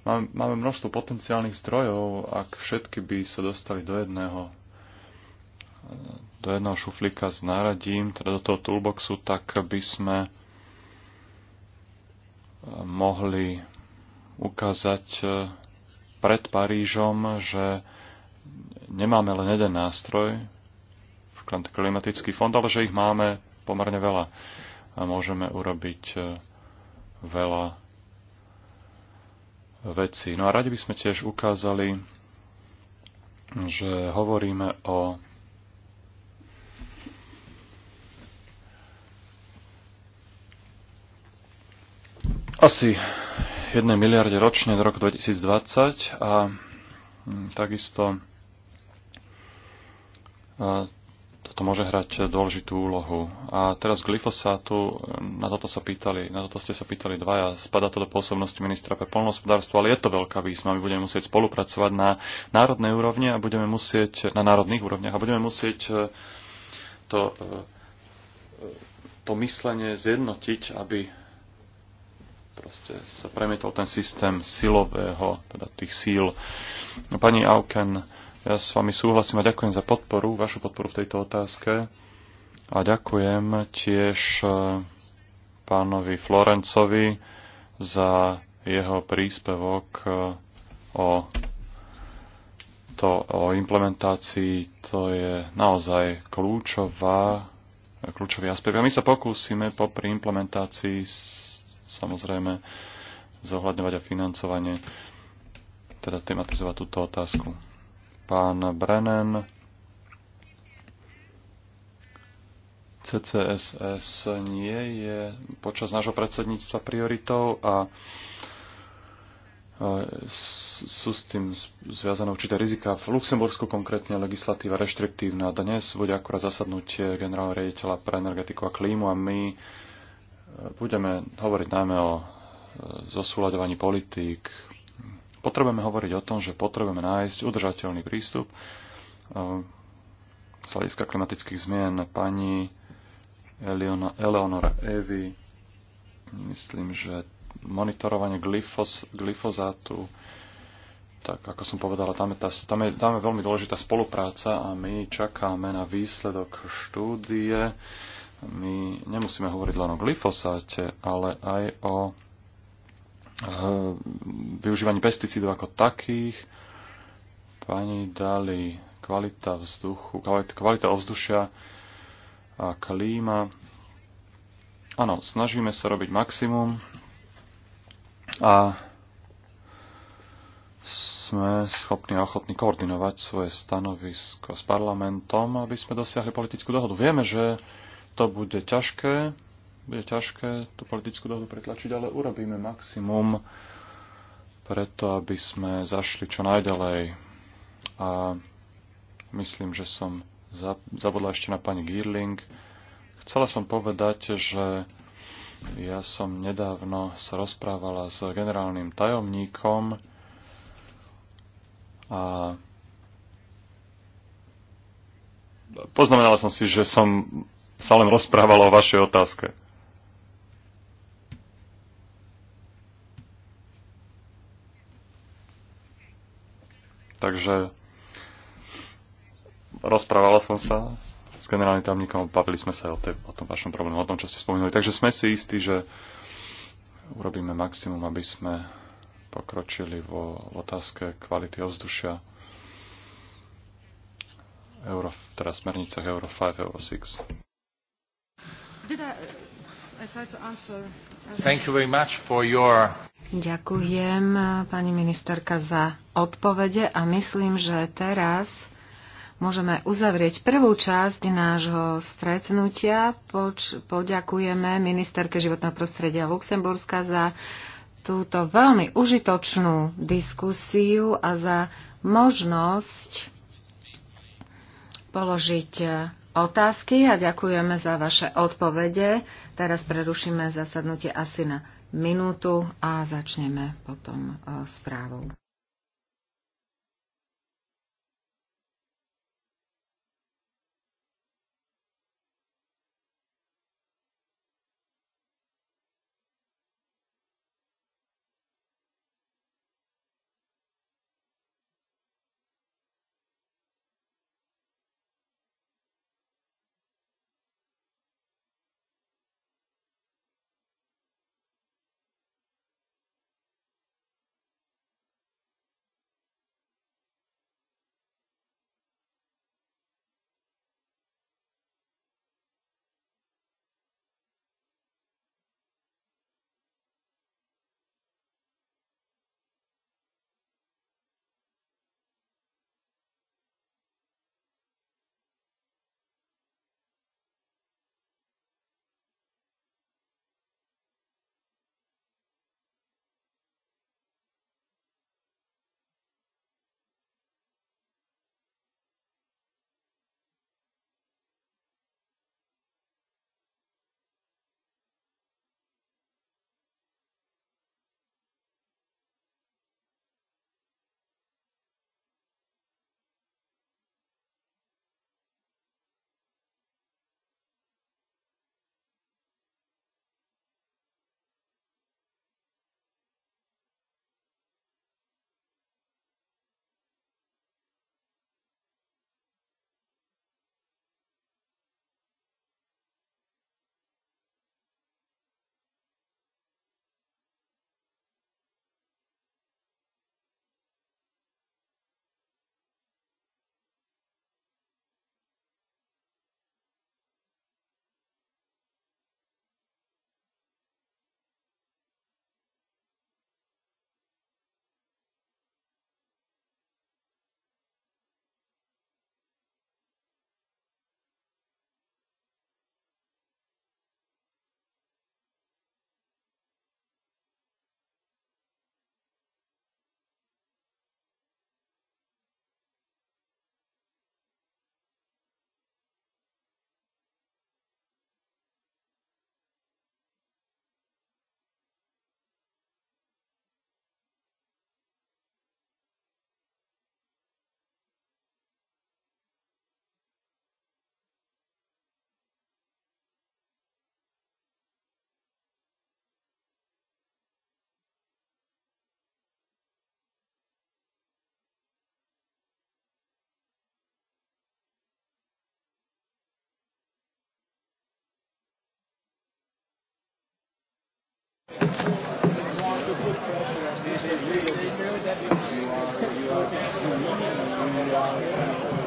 máme, máme množstvo potenciálnych zdrojov, ak všetky by sa dostali do jedného do jedného šuflíka s náradím, teda do toho toolboxu, tak by sme mohli ukázať eh, pred Parížom, že nemáme len jeden nástroj, klimatický fond, ale že ich máme pomerne veľa a môžeme urobiť e, veľa vecí. No a radi by sme tiež ukázali, že hovoríme o asi 1 miliarde ročne do roku 2020 a mm, takisto toto môže hrať dôležitú úlohu. A teraz glyfosátu, na toto, sa pýtali, na toto ste sa pýtali dvaja, spadá to do pôsobnosti ministra pre polnohospodárstvo, ale je to veľká výzva. My budeme musieť spolupracovať na národnej úrovni a budeme musieť, na národných úrovniach a budeme musieť e, to, e, e, to myslenie zjednotiť, aby proste sa premietol ten systém silového, teda tých síl. No, pani Auken, ja s vami súhlasím a ďakujem za podporu, vašu podporu v tejto otázke. A ďakujem tiež e, pánovi Florencovi za jeho príspevok e, o, to, o implementácii. To je naozaj kľúčová, kľúčový aspekt. A my sa pokúsime popri implementácii samozrejme zohľadňovať a financovanie, teda tematizovať túto otázku pán Brennan. CCSS nie je počas nášho predsedníctva prioritou a sú s tým zviazané určité rizika. V Luxembursku konkrétne legislatíva reštriktívna. Dnes bude akurát zasadnutie generálneho riaditeľa pre energetiku a klímu a my e, budeme hovoriť najmä o e, zosúľadovaní politík, Potrebujeme hovoriť o tom, že potrebujeme nájsť udržateľný prístup eh, z hľadiska klimatických zmien. Pani Eleona, Eleonora Evi, myslím, že monitorovanie glyfos, glyfozátu, tak ako som povedala, tam je, tá, tam, je, tam je veľmi dôležitá spolupráca a my čakáme na výsledok štúdie. My nemusíme hovoriť len o glyfosáte, ale aj o Eh, využívaní pesticídov ako takých. Pani dali kvalita vzduchu, kvalita ovzdušia a klíma. Áno, snažíme sa robiť maximum a sme schopní a ochotní koordinovať svoje stanovisko s parlamentom, aby sme dosiahli politickú dohodu. Vieme, že to bude ťažké, bude ťažké tú politickú dohodu pretlačiť, ale urobíme maximum preto, aby sme zašli čo najďalej. A myslím, že som zabudla ešte na pani Girling. Chcela som povedať, že ja som nedávno sa rozprávala s generálnym tajomníkom a poznamenala som si, že som sa len rozprávala o vašej otázke. Takže rozprávala som sa s generálnym tajomníkom, bavili sme sa aj o, tej, o tom vašom probléme, o tom, čo ste spomínali. Takže sme si istí, že urobíme maximum, aby sme pokročili vo v otázke kvality ovzdušia. Euro, teda smernicách Euro 5, Euro 6. Did I, uh, I uh, Thank you very much for your... Ďakujem, pani ministerka, za odpovede a myslím, že teraz môžeme uzavrieť prvú časť nášho stretnutia. Poč- poďakujeme ministerke životného prostredia Luxemburska za túto veľmi užitočnú diskusiu a za možnosť položiť otázky a ďakujeme za vaše odpovede. Teraz prerušíme zasadnutie asi na minútu a začneme potom e, správou.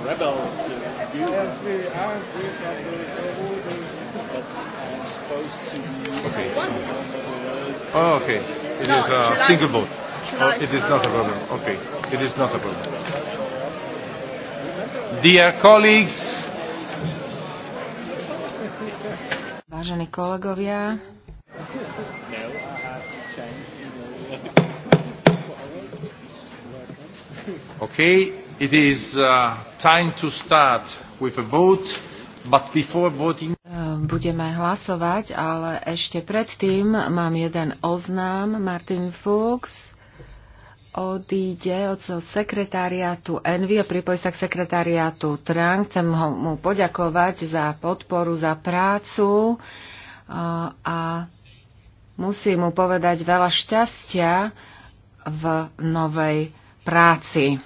rebels. Okay. Oh, okay. It no, is a single I, boat. oh, it is not a problem. Okay. It is not a problem. Dear colleagues. Vážení kolegovia. Okay, it is uh, time to start with a vote, but before voting... Ehm, budeme hlasovať, ale ešte predtým mám jeden oznám. Martin Fuchs odíde od sekretariátu Envy a pripoj sa k sekretariátu Trang. Chcem ho, mu poďakovať za podporu, za prácu a, a musím mu povedať veľa šťastia v novej práci.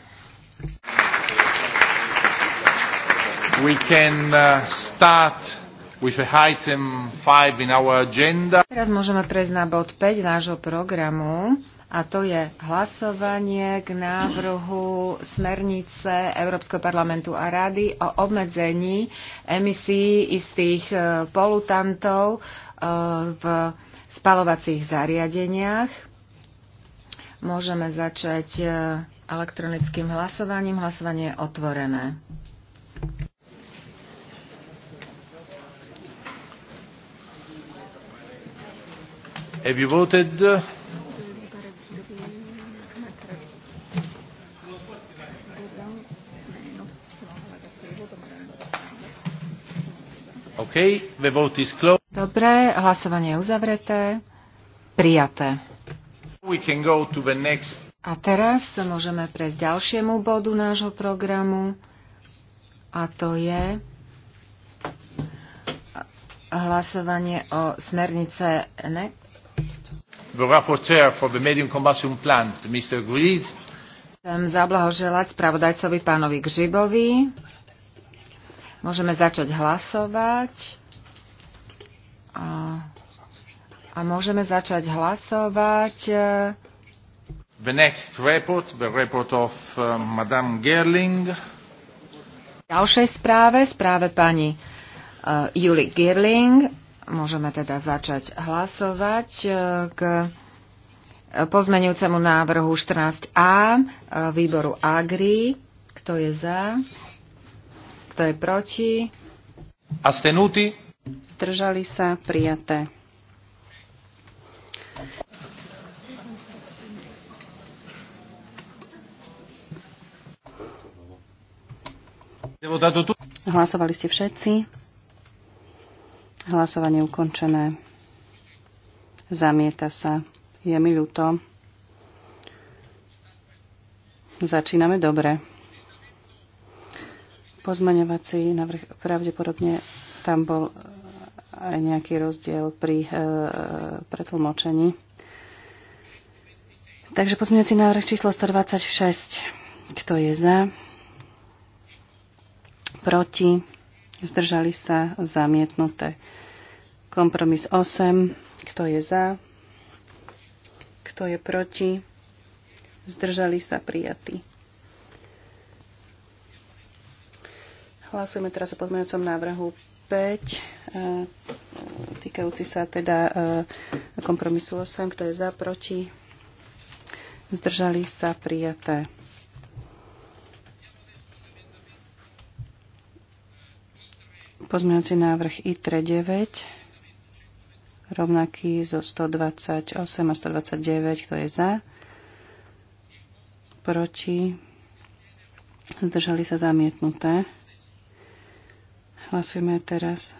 We can uh, start with item 5 in our agenda. Teraz môžeme prejsť na bod 5 nášho programu a to je hlasovanie k návrhu smernice Európskeho parlamentu a rady o obmedzení emisí istých e, polutantov e, v spalovacích zariadeniach. Môžeme začať e, elektronickým hlasovaním. Hlasovanie je otvorené. Have you voted? Okay, the vote is closed. Dobre, hlasovanie je uzavreté. Prijaté. A teraz môžeme prejsť ďalšiemu bodu nášho programu a to je hlasovanie o smernice NEC. The rapporteur for the medium combustion plant, Mr. Chcem zablahoželať spravodajcovi pánovi Gžibovi. Môžeme začať hlasovať. A môžeme začať hlasovať. The next report, the report of uh, Madame Gerling. V ďalšej správe, správe pani uh, Julie Gerling. Môžeme teda začať hlasovať uh, k pozmenujúcemu návrhu 14a uh, výboru AGRI. Kto je za? Kto je proti? Astenuti? Zdržali sa prijaté. Hlasovali ste všetci. Hlasovanie ukončené. Zamieta sa. Je mi ľúto. Začíname dobre. Pozmaňovací navrh pravdepodobne tam bol e, aj nejaký rozdiel pri e, pretlmočení. Takže pozmeňovací návrh číslo 126. Kto je za? proti, zdržali sa zamietnuté. Kompromis 8, kto je za, kto je proti, zdržali sa prijatí. Hlasujeme teraz o pozmeňujúcom návrhu 5, e, týkajúci sa teda e, kompromisu 8, kto je za, proti, zdržali sa prijaté. Pozmeňujúci návrh ITRE 9, rovnaký zo 128 a 129, kto je za, proti, zdržali sa zamietnuté. Hlasujeme teraz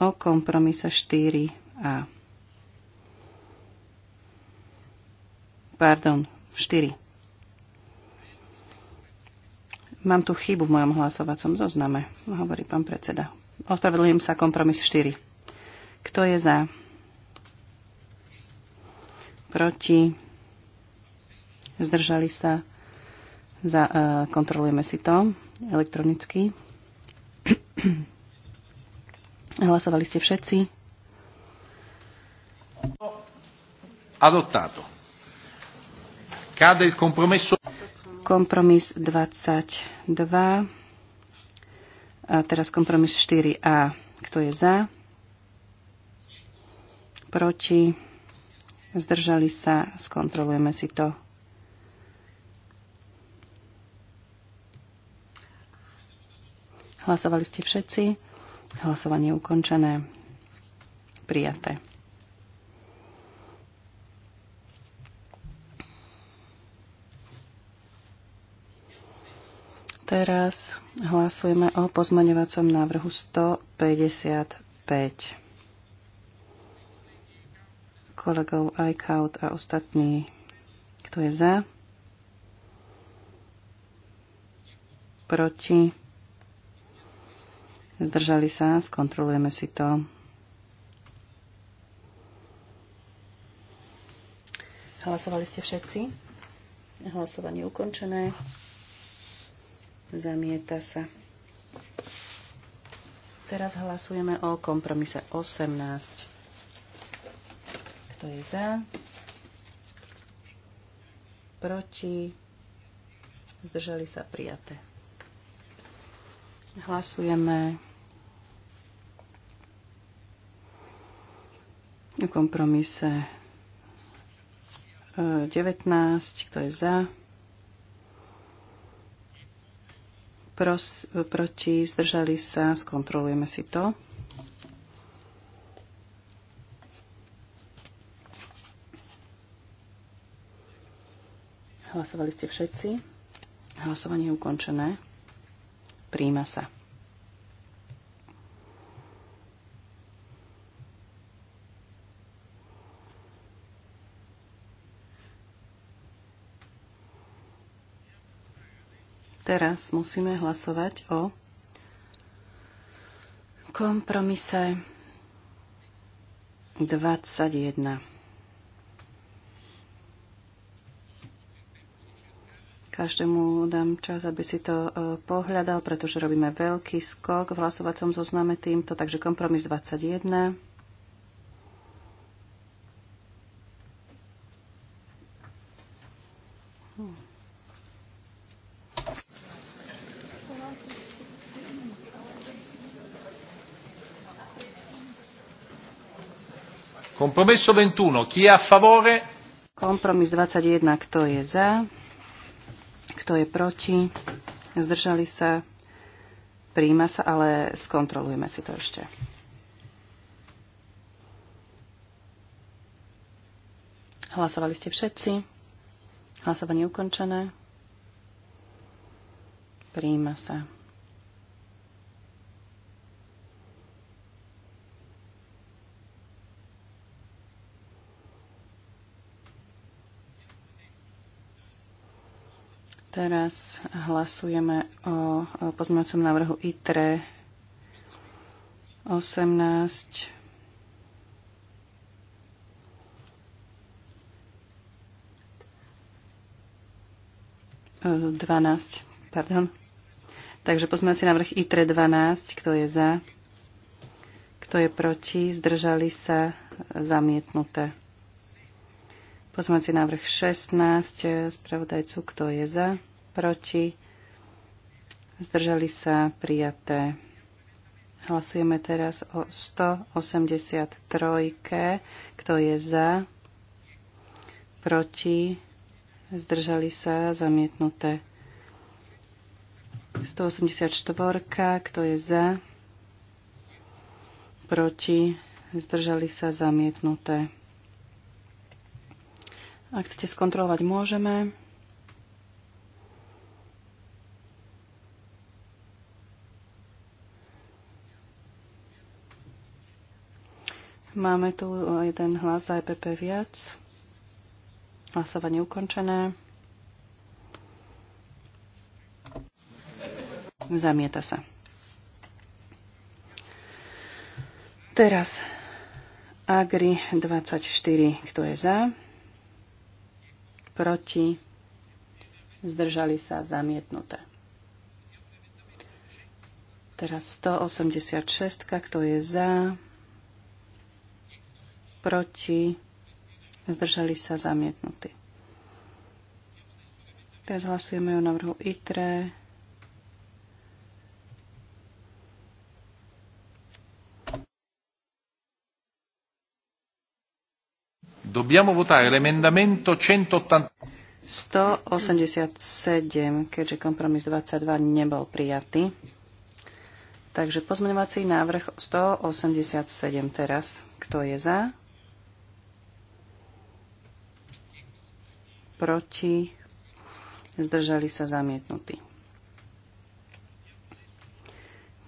o kompromise 4a. Pardon, 4. Mám tu chybu v mojom hlasovacom zozname, hovorí pán predseda. Ospravedlňujem sa kompromis 4. Kto je za? Proti? Zdržali sa? Za, uh, kontrolujeme si to elektronicky. Hlasovali ste všetci? Adottato. Cade il compromesso. Kompromis 22. A teraz kompromis 4a. Kto je za? Proti? Zdržali sa? Skontrolujeme si to. Hlasovali ste všetci. Hlasovanie je ukončené. Prijaté. Teraz hlasujeme o pozmaňovacom návrhu 155 kolegov iCloud a ostatní. Kto je za? Proti? Zdržali sa? Skontrolujeme si to. Hlasovali ste všetci? Hlasovanie ukončené. Zamieta sa. Teraz hlasujeme o kompromise 18. Kto je za? Proti? Zdržali sa prijaté. Hlasujeme o kompromise 19. E, Kto je za? pros, proti, zdržali sa, skontrolujeme si to. Hlasovali ste všetci. Hlasovanie je ukončené. Príjma sa. Teraz musíme hlasovať o kompromise 21. Každému dám čas, aby si to e, pohľadal, pretože robíme veľký skok v hlasovacom zozname týmto, takže kompromis 21. Compromesso 21. Chi è a favore? Kompromis 21. Kto je za? Kto je proti? Zdržali sa? Príjma sa, ale skontrolujme si to ešte. Hlasovali ste všetci. Hlasovanie ukončené. Príjma sa. Teraz hlasujeme o pozmeňujúcom návrhu ITRE 18. 12, e, pardon. Takže si návrh ITRE 12, kto je za, kto je proti, zdržali sa, zamietnuté. Pozmeňujúci návrh 16 spravodajcu, kto je za, proti, zdržali sa prijaté. Hlasujeme teraz o 183. Kto je za? Proti? Zdržali sa? Zamietnuté. 184. Kto je za? Proti? Zdržali sa? Zamietnuté. Ak chcete skontrolovať, môžeme. Máme tu jeden hlas za EPP viac. Hlasovanie ukončené. Zamieta sa. Teraz Agri 24, kto je za? Proti? Zdržali sa zamietnuté. Teraz 186, kto je za? proti, zdržali sa zamietnutí. Teraz hlasujeme o návrhu ITRE. Dobbiamo votare l'emendamento 187, keďže kompromis 22 nebol prijatý. Takže pozmeňovací návrh 187 teraz. Kto je za? proti, zdržali sa zamietnutí.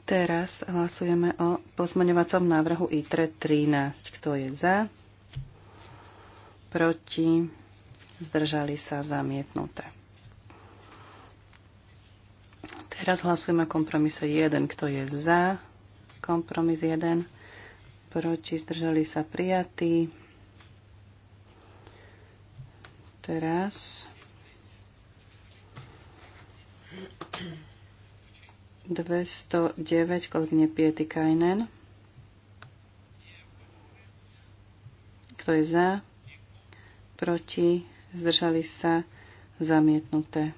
Teraz hlasujeme o pozmeňovacom návrhu ITRE 13. Kto je za? Proti? Zdržali sa zamietnuté. Teraz hlasujeme o kompromise 1. Kto je za? Kompromis 1. Proti? Zdržali sa prijatí. Teraz 209 kolegyne Piety Kajnen. Kto je za? Proti? Zdržali sa? Zamietnuté.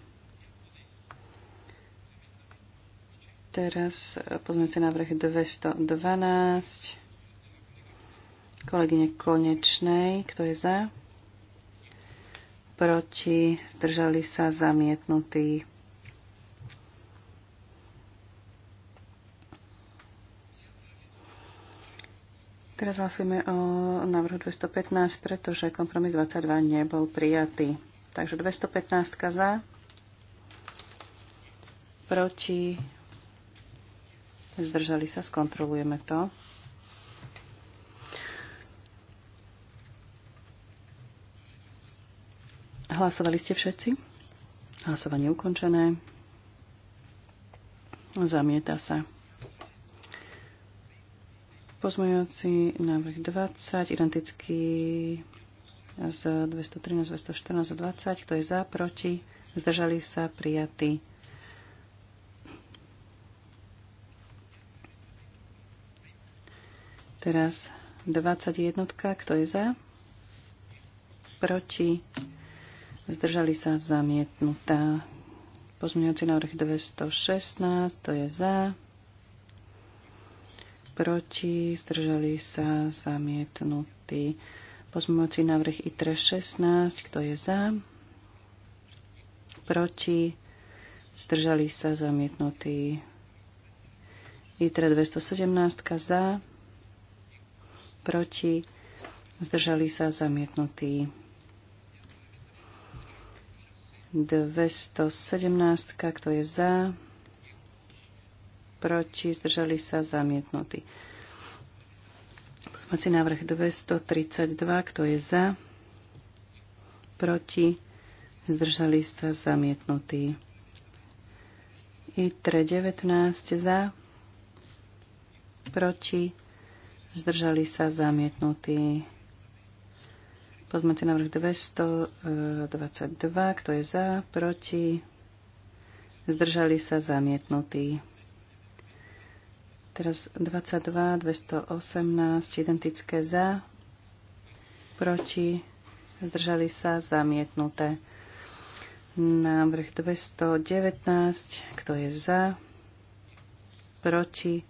Teraz pozmeňujúci návrh 212 kolegyne Konečnej. Kto je za? proti, zdržali sa zamietnutí. Teraz hlasujeme o návrhu 215, pretože kompromis 22 nebol prijatý. Takže 215 za, proti, zdržali sa, skontrolujeme to. Hlasovali ste všetci? Hlasovanie ukončené. Zamieta sa. Pozmujúci návrh 20, identický z 213, 214, 20. Kto je za, proti? Zdržali sa, prijatí. Teraz 21. Kto je za? Proti? Zdržali sa zamietnutá. Pozmeňujúci návrh 216, to je za. Proti, zdržali sa zamietnutí, Pozmeňujúci návrh ITRE 16, kto je za. Proti, zdržali sa zamietnutý. ITRE 217 za. Proti, zdržali sa zamietnutý. 217, kto je za, proti, zdržali sa, zamietnutý. Pozmáci návrh 232, kto je za, proti, zdržali sa, zamietnutý. ITRE 19 za, proti, zdržali sa, zamietnutí. Pozmeňte návrh 222. E, kto je za? Proti? Zdržali sa zamietnutí. Teraz 22, 218, identické za, proti, zdržali sa, zamietnuté. Návrh 219, kto je za, proti,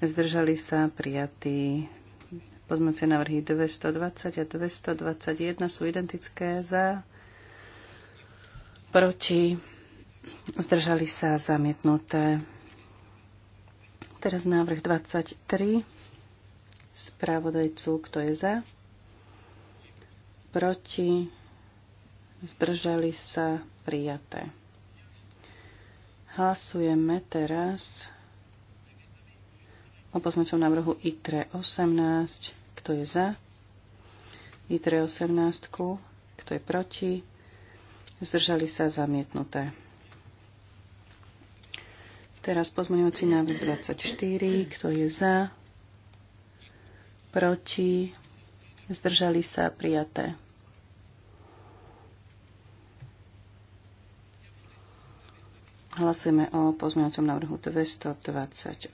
zdržali sa, prijatý. Pozmeňujúce návrhy 220 a 221 sú identické za, proti, zdržali sa zamietnuté. Teraz návrh 23 správodajcu, kto je za, proti, zdržali sa prijaté. Hlasujeme teraz o pozmeňujúcom návrhu ITRE 18. Kto je za? ITRE 18. Kto je proti? Zdržali sa zamietnuté. Teraz pozmeňujúci návrh 24. Kto je za? Proti? Zdržali sa prijaté. Hlasujeme o pozmeňovacom návrhu 228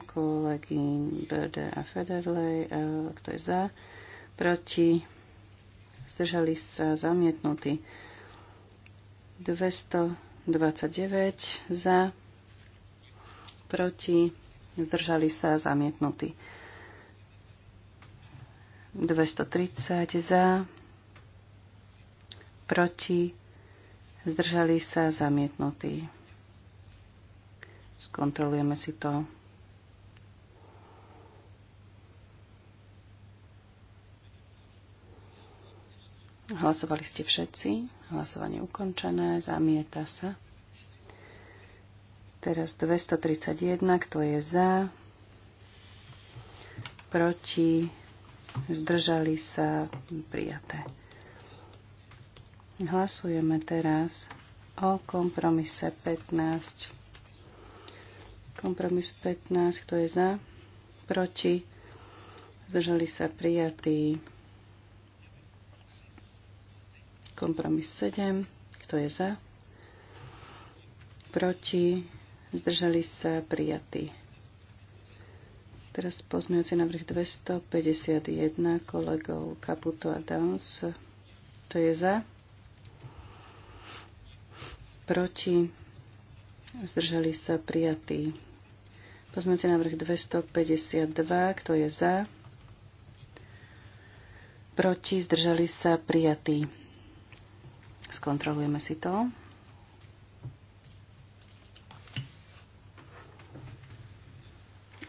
kolegyň BD a Federley. E, kto je za? Proti? Zdržali sa zamietnutí. 229 za, proti, zdržali sa zamietnutí. 230 za, proti, zdržali sa zamietnutí. Skontrolujeme si to. Hlasovali ste všetci. Hlasovanie ukončené. Zamieta sa. Teraz 231. Kto je za? Proti? Zdržali sa? Prijaté. Hlasujeme teraz o kompromise 15. Kompromis 15, kto je za? Proti? Zdržali sa prijatí. Kompromis 7, kto je za? Proti? Zdržali sa prijatí. Teraz pozmejúci návrh 251 kolegov Kaputo a Downs. To je za. Proti. Zdržali sa prijatí. Pozmeňujúci návrh 252. Kto je za? Proti? Zdržali sa? Prijatý. Skontrolujeme si to.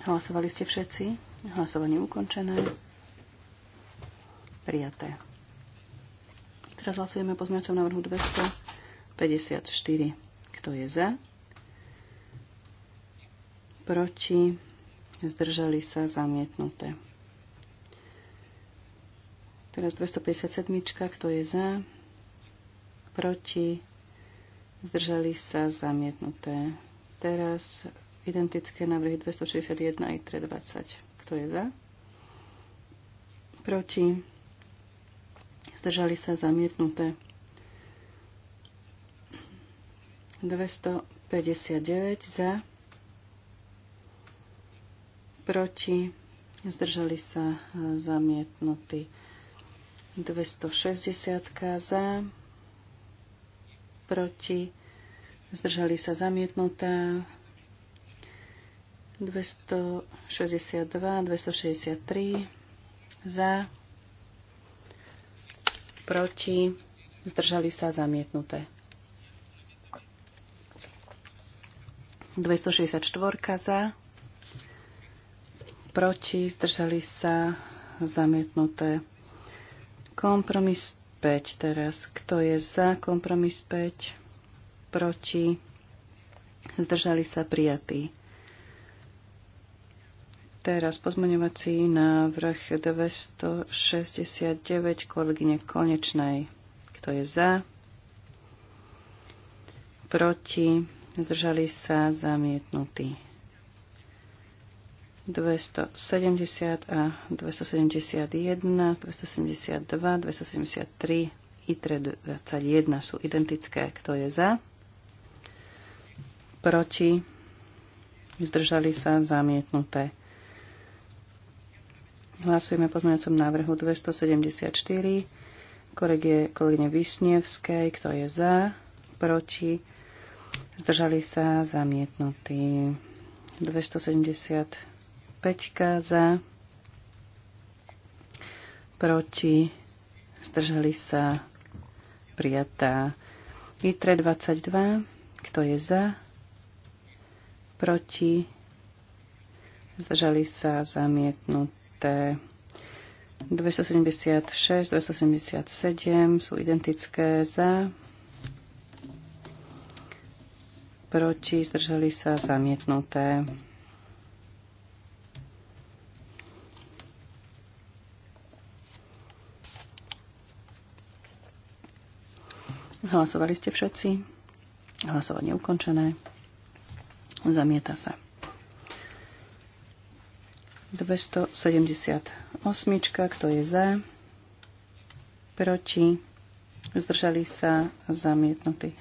Hlasovali ste všetci? Hlasovanie ukončené. Prijaté. Teraz hlasujeme o pozmeňovacom návrhu 254. Kto je za? proti, zdržali sa zamietnuté. Teraz 257, kto je za, proti, zdržali sa zamietnuté. Teraz identické návrhy 261 i 320. Kto je za? Proti, zdržali sa zamietnuté. 259 za, proti, zdržali sa e, zamietnutí. 260 za, proti, zdržali sa zamietnutá. 262, 263 za, proti, zdržali sa zamietnuté. 264 za, proti, zdržali sa, zamietnuté. Kompromis 5 teraz. Kto je za kompromis 5? Proti? Zdržali sa prijatí. Teraz pozmeňovací návrh 269 kolegyne Konečnej. Kto je za? Proti? Zdržali sa zamietnutí. 270 a 271, 272, 273, i 321 sú identické. Kto je za? Proti? Zdržali sa zamietnuté. Hlasujeme o pozmeňujúcom návrhu 274. Kolegie, kolegyne Višnevskej. Kto je za? Proti? Zdržali sa zamietnutí. 270 Peťka za, proti, zdržali sa, prijatá. ITRE 22, kto je za, proti, zdržali sa, zamietnuté. 276, 277 sú identické za, proti, zdržali sa, zamietnuté. Hlasovali ste všetci? Hlasovanie ukončené. Zamieta sa. 278. Kto je za? Proti? Zdržali sa zamietnutí.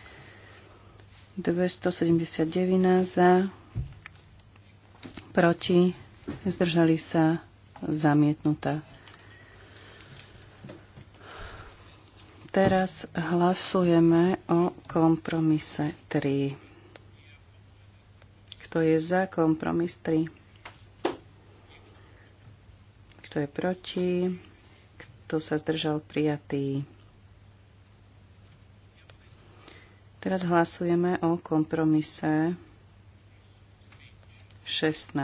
279 za. Proti? Zdržali sa zamietnutá. Teraz hlasujeme o kompromise 3. Kto je za kompromis 3? Kto je proti? Kto sa zdržal prijatý? Teraz hlasujeme o kompromise 16.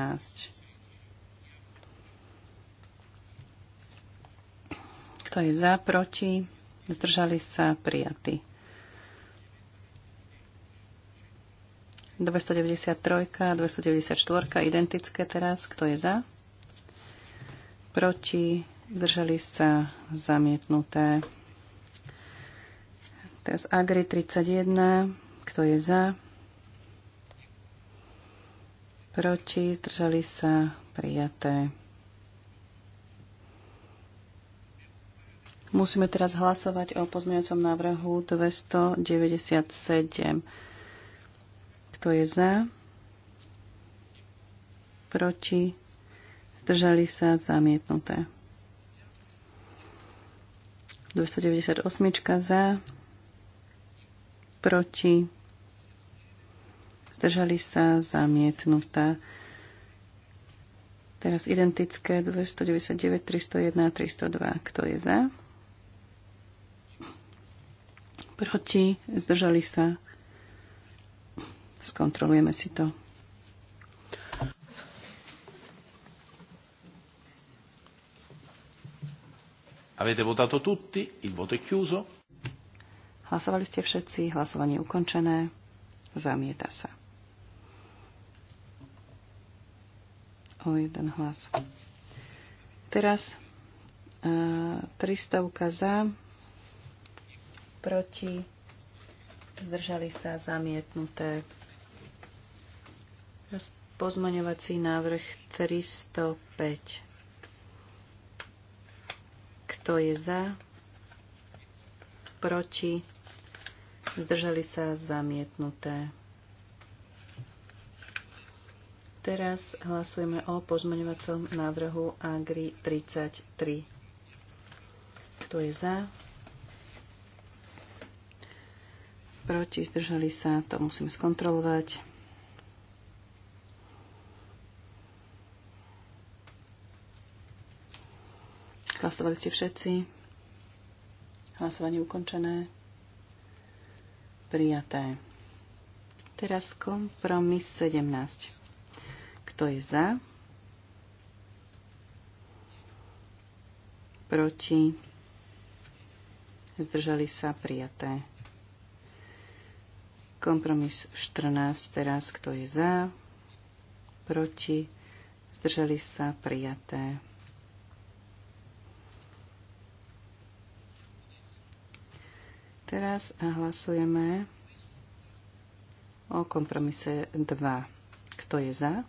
Kto je za, proti? zdržali sa, prijatí. 293, a 294, identické teraz, kto je za? Proti, zdržali sa, zamietnuté. Teraz Agri 31, kto je za? Proti, zdržali sa, prijaté. Musíme teraz hlasovať o pozmeňujúcom návrhu 297. Kto je za? Proti? Zdržali sa zamietnuté. 298 za, proti, zdržali sa zamietnutá. Teraz identické 299, 301 302. Kto je za? proti, zdržali sa. Skontrolujeme si to. Avete votato tutti, il voto è chiuso. Hlasovali ste všetci, hlasovanie ukončené, zamieta sa. O jeden hlas. Teraz e, eh, 300 za, proti, zdržali sa zamietnuté. Pozmaňovací návrh 305. Kto je za? Proti? Zdržali sa zamietnuté. Teraz hlasujeme o pozmaňovacom návrhu Agri 33. Kto je za? proti, zdržali sa, to musíme skontrolovať. Hlasovali ste všetci. Hlasovanie ukončené. Prijaté. Teraz kompromis 17. Kto je za? Proti? Zdržali sa prijaté. Kompromis 14 teraz, kto je za, proti, zdržali sa prijaté. Teraz hlasujeme o kompromise 2. Kto je za?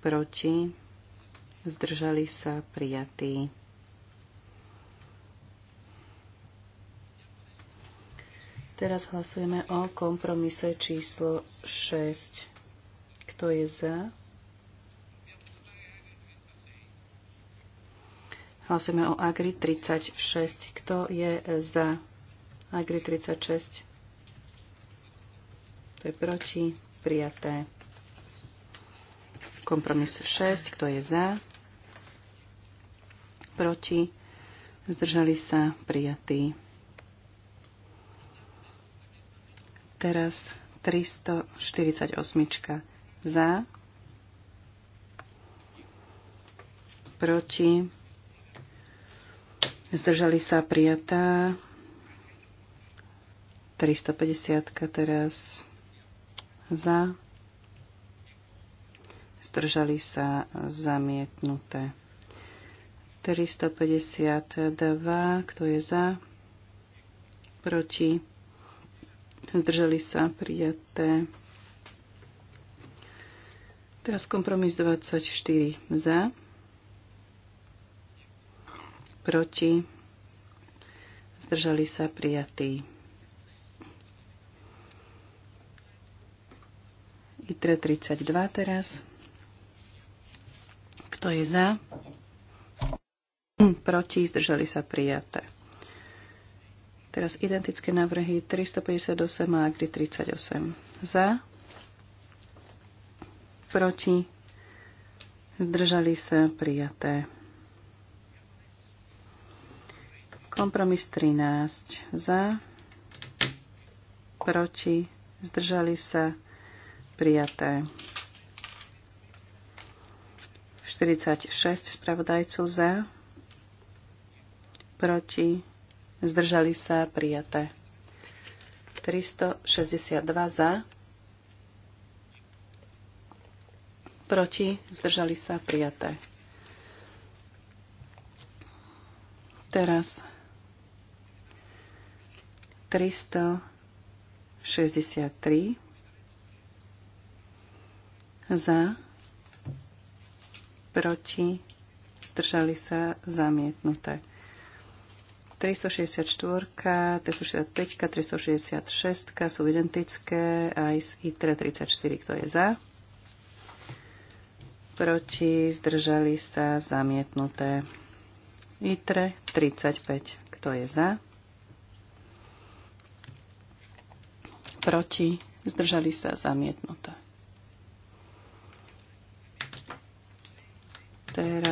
Proti? Zdržali sa prijatí. Teraz hlasujeme o kompromise číslo 6. Kto je za? Hlasujeme o Agri 36. Kto je za Agri 36? Kto je proti? Prijaté. Kompromis 6. Kto je za? Proti? Zdržali sa prijatí. Teraz 348 za, proti, zdržali sa prijatá, 350 teraz za, zdržali sa zamietnuté. 352, kto je za, proti, zdržali sa prijaté. Teraz kompromis 24 za, proti, zdržali sa prijatí. ITRE 32 teraz. Kto je za? Proti, zdržali sa prijaté. Teraz identické návrhy 358 a Agri 38. Za, proti, zdržali sa prijaté. Kompromis 13. Za, proti, zdržali sa prijaté. 46 spravodajcov za, proti, zdržali sa, prijaté. 362 za, proti, zdržali sa, prijaté. Teraz 363 za, proti, zdržali sa, zamietnuté. 364, 365, 366 sú identické aj s ITRE 34. Kto je za? Proti zdržali sa zamietnuté. ITRE 35. Kto je za? Proti zdržali sa zamietnuté.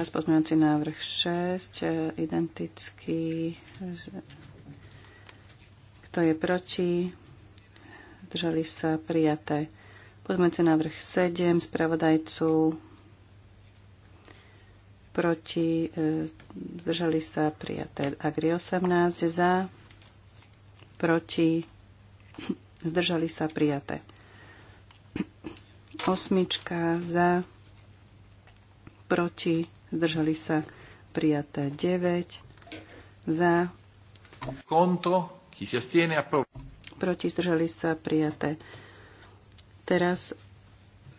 Teraz pozmeňujúci návrh 6, e, identický. Kto je proti? Zdržali sa prijaté. Pozmeňujúci návrh 7, spravodajcu proti, e, zdržali sa prijaté. Agri 18 za, proti, zdržali sa prijaté. Osmička za, proti, zdržali sa prijaté 9 za. Konto, chi si astiene a Proti zdržali sa prijaté. Teraz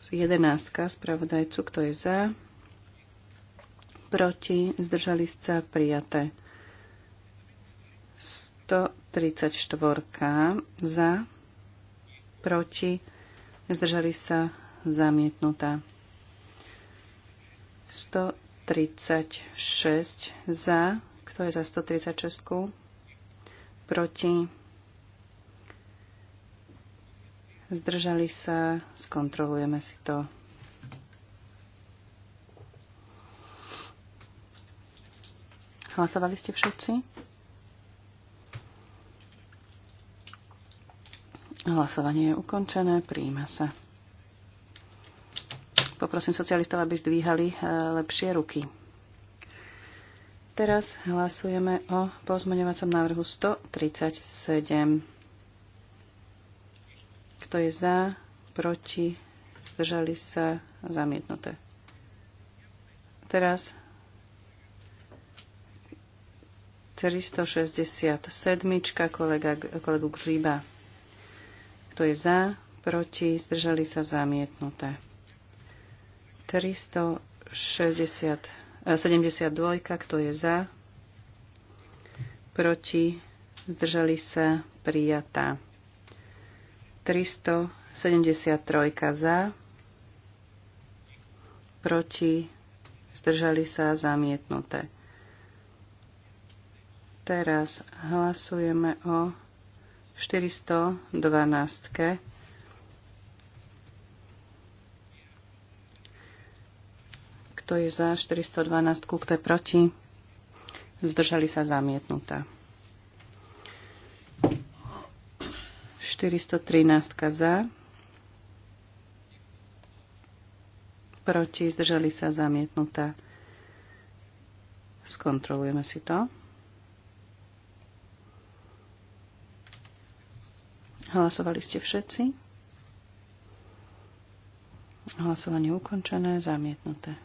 jedenáctka spravodajcu, kto je za. Proti zdržali sa prijaté. 134 za. Proti zdržali sa zamietnutá. 100 136 za. Kto je za 136? Proti. Zdržali sa. Skontrolujeme si to. Hlasovali ste všetci? Hlasovanie je ukončené. Príjma sa poprosím socialistov, aby zdvíhali e, lepšie ruky. Teraz hlasujeme o pozmeňovacom návrhu 137. Kto je za, proti, zdržali sa, zamietnuté. Teraz 367. Kolega, kolegu Gříba. Kto je za, proti, zdržali sa, zamietnuté. 360, 72, eh, kto je za, proti, zdržali sa, prijatá. 373 za, proti, zdržali sa, zamietnuté. Teraz hlasujeme o 412 Kto je za 412? Kto je proti? Zdržali sa zamietnutá. 413 za. Proti zdržali sa zamietnutá. Skontrolujeme si to. Hlasovali ste všetci. Hlasovanie ukončené, zamietnuté.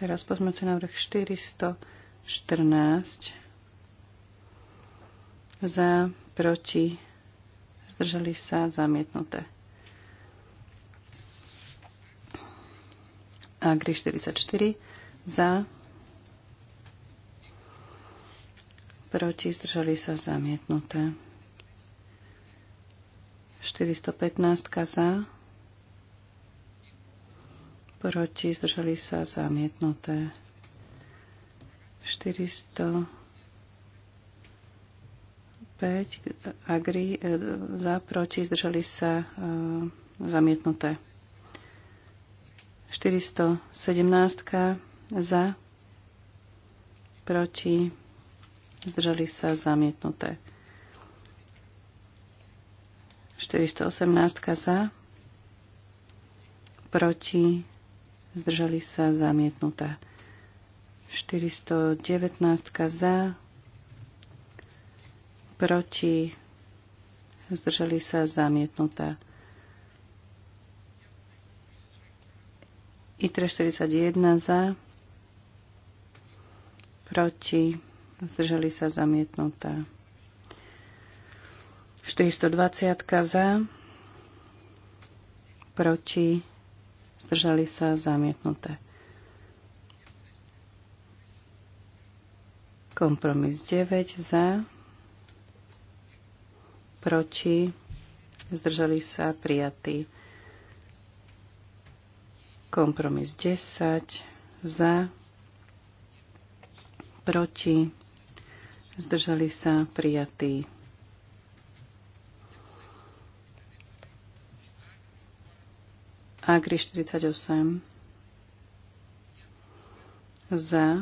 Teraz pozmeňujúci návrh 414 za, proti, zdržali sa, zamietnuté. Agri 44 za, proti, zdržali sa, zamietnuté. 415 za, proti, zdržali sa zamietnuté. 405 agri, e, e, za, proti, zdržali sa zamietnuté. 417 za, proti, zdržali sa zamietnuté. 418 za, proti, zdržali sa zamietnutá. 419 za, proti, zdržali sa zamietnutá. I 41 za, proti, zdržali sa zamietnutá, 420 za, proti, zdržali sa zamietnuté. Kompromis 9 za, proti, zdržali sa prijatí. Kompromis 10 za, proti, zdržali sa prijatí. Agri 48 za,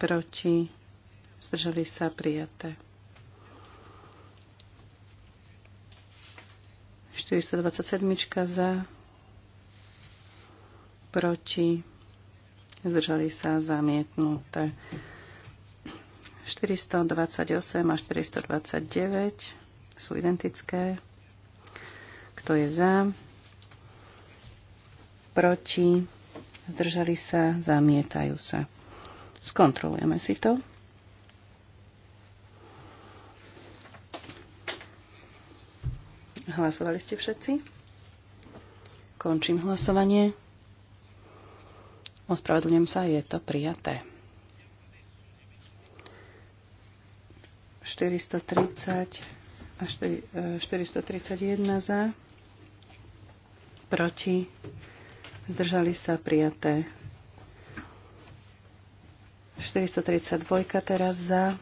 proti, zdržali sa prijaté. 427 za, proti, zdržali sa zamietnuté. 428 a 429 sú identické. Kto je za? proti, zdržali sa, zamietajú sa. Skontrolujeme si to. Hlasovali ste všetci? Končím hlasovanie. Ospravedlňujem sa, je to prijaté. 430 a 4, 431 e, za, proti zdržali sa prijaté. 432 teraz za,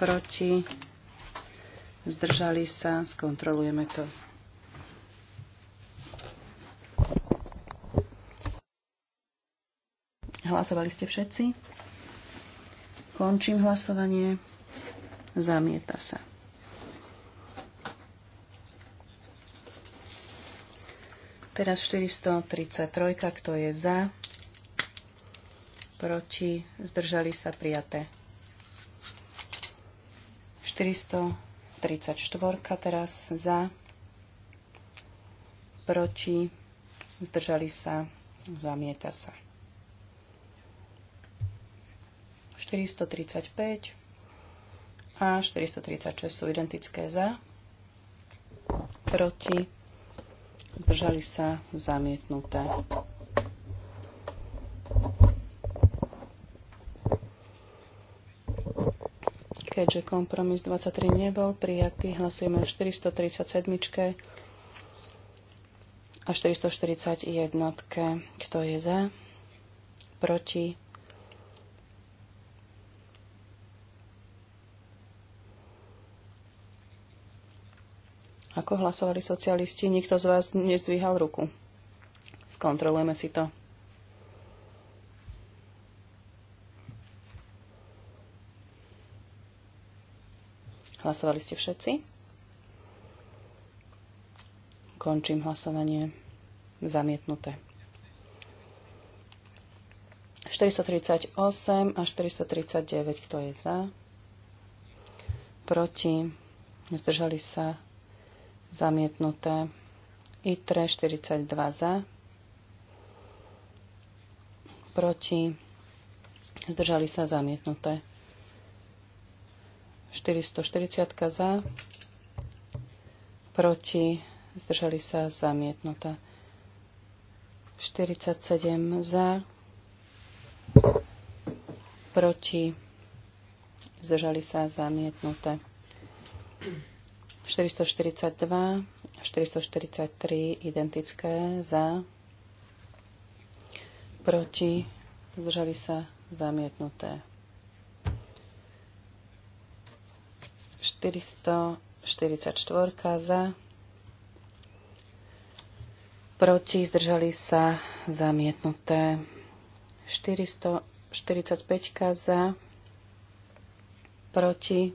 proti, zdržali sa, skontrolujeme to. Hlasovali ste všetci? Končím hlasovanie. Zamieta sa. Teraz 433, kto je za, proti, zdržali sa prijaté. 434 teraz za, proti, zdržali sa, zamieta sa. 435 a 436 sú identické za, proti, zdržali sa, zamietnuté. Keďže kompromis 23 nebol prijatý, hlasujeme o 437 a 441. Kto je za? Proti? Ako hlasovali socialisti? Nikto z vás nezdvíhal ruku. Skontrolujeme si to. Hlasovali ste všetci? Končím hlasovanie. Zamietnuté. 438 a 439, kto je za? Proti? Zdržali sa zamietnuté. ITRE 42 za, proti, zdržali sa zamietnuté. 440 za, proti, zdržali sa zamietnuté. 47 za, proti, zdržali sa zamietnuté. 442, 443 identické za, proti, zdržali sa zamietnuté. 444 za, proti, zdržali sa zamietnuté. 445 za, proti,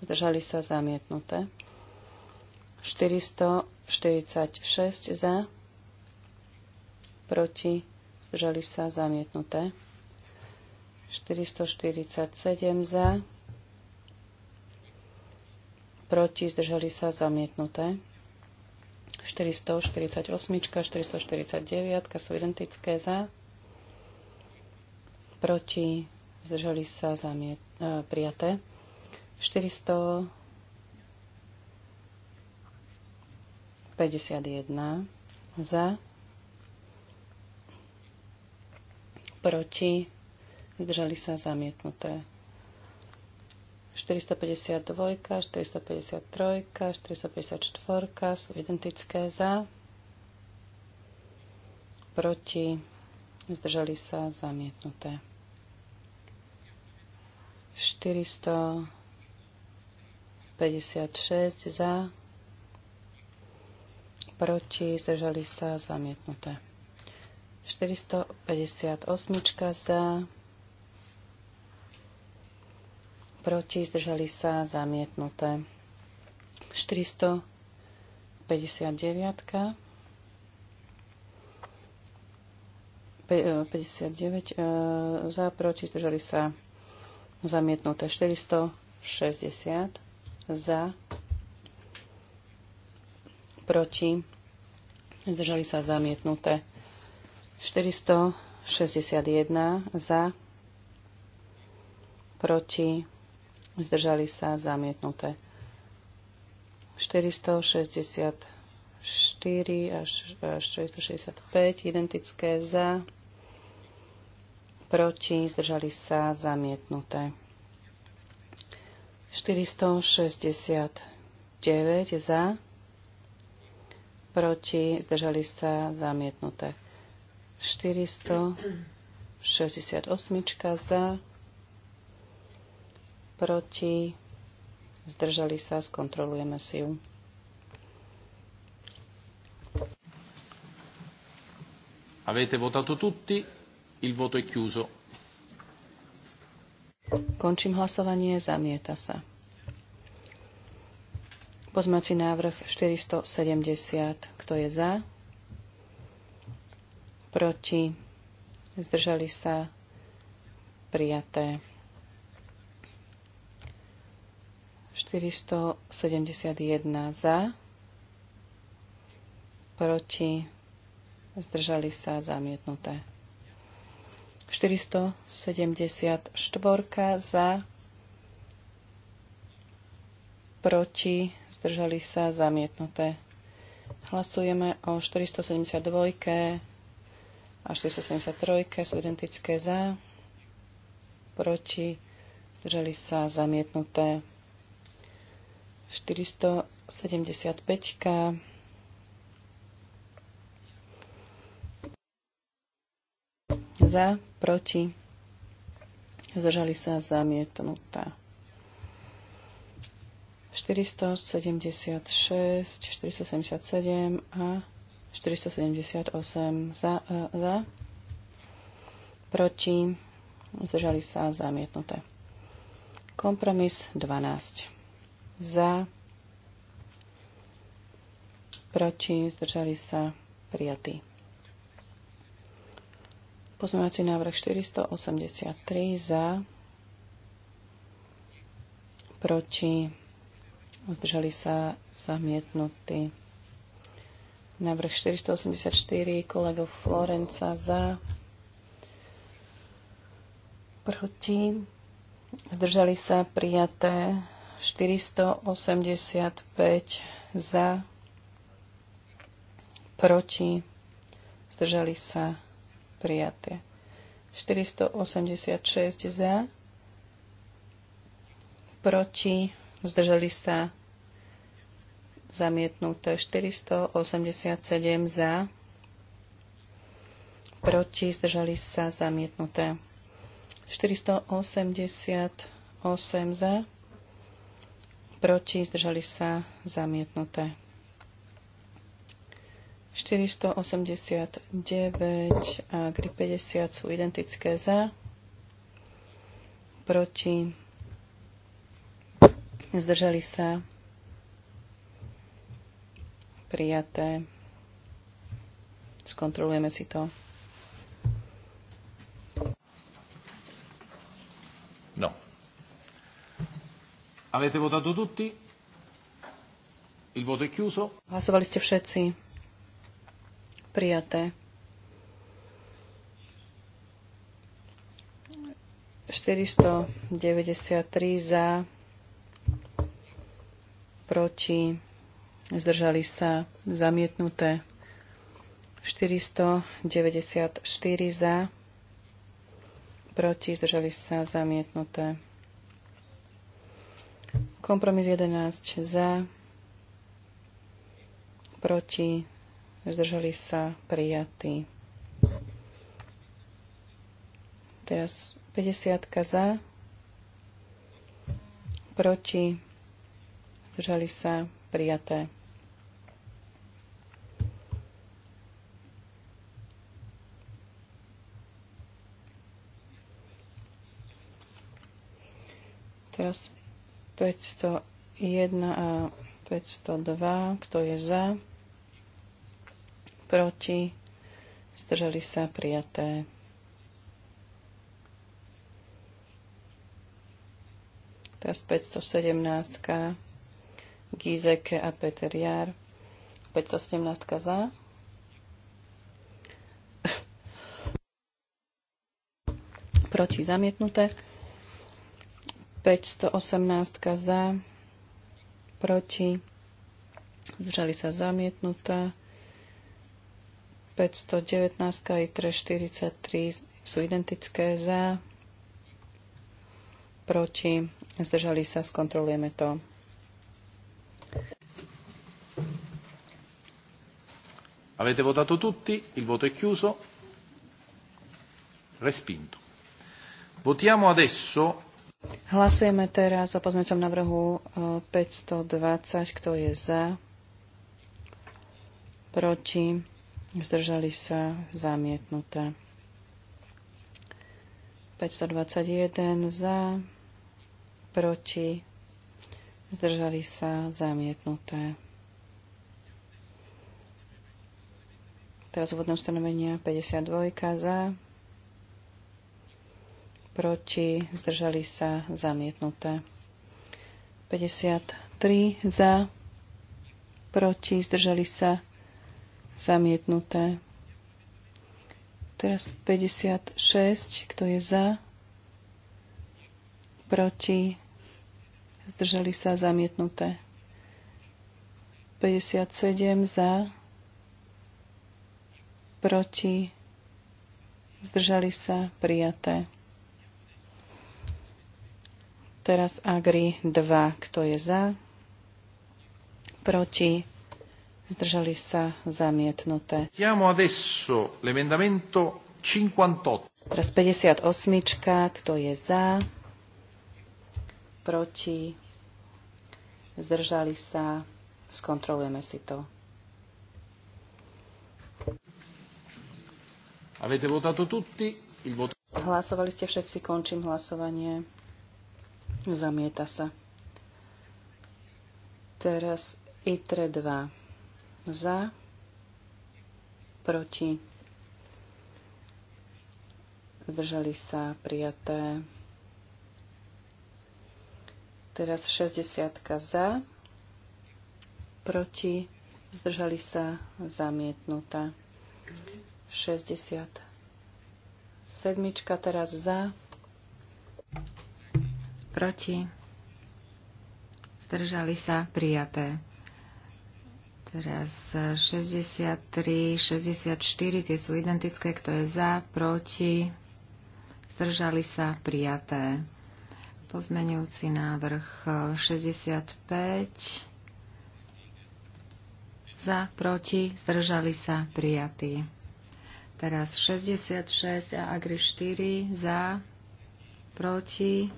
zdržali sa zamietnuté. 446 za, proti, zdržali sa zamietnuté. 447 za, proti, zdržali sa zamietnuté. 448, 449 sú identické za, proti, zdržali sa zamiet, e, prijaté. 451 za, proti, zdržali sa zamietnuté. 452, 453, 454 sú identické za, proti, zdržali sa zamietnuté. 400 56 za, proti, zdržali sa, zamietnuté. 458 za, proti, zdržali sa, zamietnuté. 459 59 e, e, za, proti, zdržali sa, zamietnuté. 460 za, proti, zdržali sa zamietnuté. 461 za, proti, zdržali sa zamietnuté. 464 až 465 identické za, proti, zdržali sa zamietnuté. 469 za, proti, zdržali sa zamietnuté. 468 za, proti, zdržali sa, skontrolujeme si ju. Avete votato tutti, il voto è chiuso. Končím hlasovanie. Zamieta sa. Pozmací návrh 470. Kto je za? Proti? Zdržali sa? Prijaté. 471 za, proti, zdržali sa zamietnuté. 474 za, proti, zdržali sa, zamietnuté. Hlasujeme o 472 a 473 sú identické za, proti, zdržali sa, zamietnuté. 475 za, proti, zdržali sa zamietnutá. 476, 477 a 478 za, e, za proti, zdržali sa zamietnuté. Kompromis 12. Za, proti, zdržali sa prijatí. Poznávací návrh 483 za, proti, zdržali sa zamietnutí. Návrh 484 kolegov Florenca za, proti, zdržali sa prijaté 485 za, proti, zdržali sa prijaté. 486 za, proti, zdržali sa zamietnuté 487 za, proti, zdržali sa zamietnuté 488 za, proti, zdržali sa zamietnuté 489 a GRI 50 sú identické za, proti, zdržali sa, prijaté. Skontrolujeme si to. No. Avete votato tutti? Il voto è chiuso? Hlasovali ste všetci. Prijaté. 493 za, proti, zdržali sa, zamietnuté. 494 za, proti, zdržali sa, zamietnuté. Kompromis 11 za, proti, zdržali sa prijatí. Teraz 50 za, proti, zdržali sa prijaté. Teraz 501 a 502, kto je za, proti, zdržali sa prijaté. Teraz 517. Gizeke a Peter Jar. 517 za. Proti zamietnuté. 518 za. Proti. Zdržali sa zamietnuté. 519 i 343 sú identické za, proti, zdržali sa, skontrolujeme to. Avete votato tutti, il voto è chiuso, respinto. Votiamo adesso. Hlasujeme teraz o pozmeňujúcom navrhu 520, eh, kto je za, proti, zdržali sa zamietnuté. 521 za, proti, zdržali sa zamietnuté. Teraz úvodné ustanovenia 52 za, proti, zdržali sa zamietnuté. 53 za, proti, zdržali sa zamietnuté. Teraz 56, kto je za, proti, zdržali sa zamietnuté. 57 za, proti, zdržali sa prijaté. Teraz Agri 2, kto je za, proti, zdržali sa zamietnuté. Chiamo adesso l'emendamento 58. Teraz 58. Kto je za? Proti? Zdržali sa? Skontrolujeme si to. Avete votato tutti? Il voto... Hlasovali ste všetci, končím hlasovanie. Zamieta sa. Teraz ITRE 2 za, proti, zdržali sa prijaté. Teraz 60 za, proti, zdržali sa zamietnuté. 60. Sedmička teraz za, proti, zdržali sa prijaté. Teraz 63, e, 64, tie sú identické, kto je za, proti, zdržali sa, prijaté. Pozmenujúci návrh 65, e, za, proti, zdržali sa, prijatý. Teraz 66 a Agri 4, za, proti,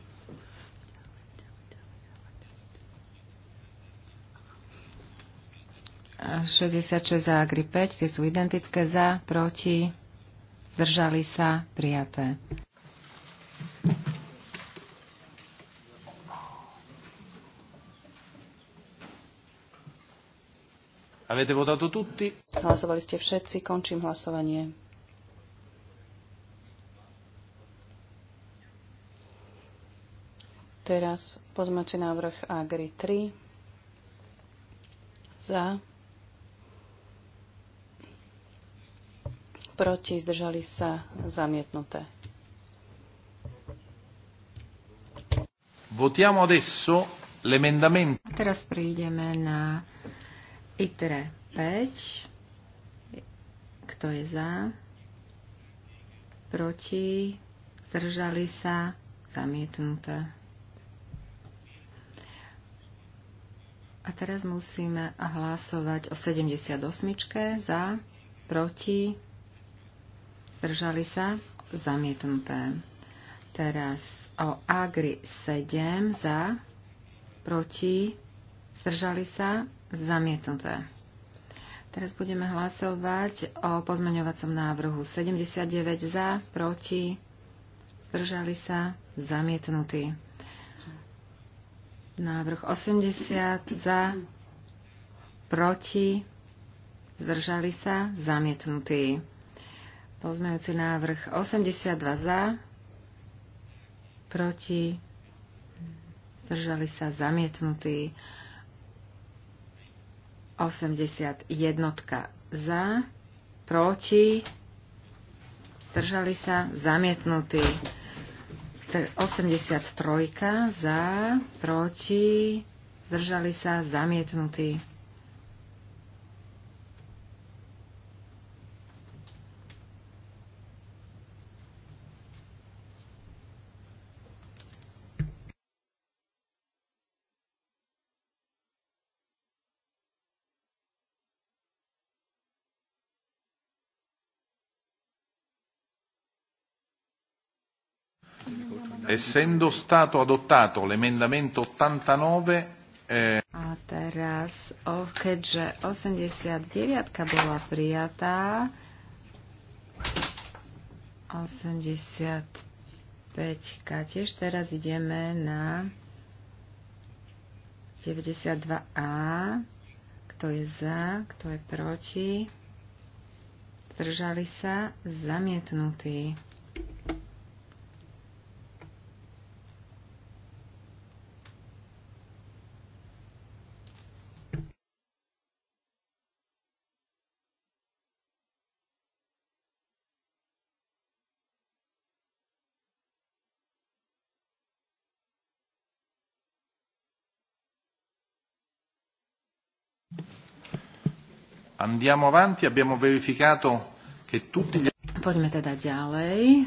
66 za Agri 5, tie sú identické za, proti, zdržali sa, prijaté. Avete votato tutti? Hlasovali ste všetci, končím hlasovanie. Teraz pozmačí návrh Agri 3. Za. proti, zdržali sa, zamietnuté. Votiamo adesso l'emendamento. A teraz prejdeme na ITRE 5. Kto je za? Proti? Zdržali sa? Zamietnuté. A teraz musíme hlasovať o 78. Za? Proti? zdržali sa, zamietnuté. Teraz o Agri 7 za, proti, zdržali sa, zamietnuté. Teraz budeme hlasovať o pozmeňovacom návrhu 79 za, proti, zdržali sa, zamietnutý. Návrh 80 za, proti, zdržali sa, zamietnutý. Pozmejúci návrh 82 za, proti, zdržali sa zamietnutí 81 za, proti, zdržali sa zamietnutí 83 za, proti, zdržali sa zamietnutí essendo stato adottato l'emendamento 89 eh... a teraz, oh, keďže 89 bola prijatá, 85 tiež teraz ideme na 92A. Kto je za, kto je proti? Zdržali sa zamietnutí. Andiamo avanti, abbiamo verificato che tutti gli... Poďme teda ďalej.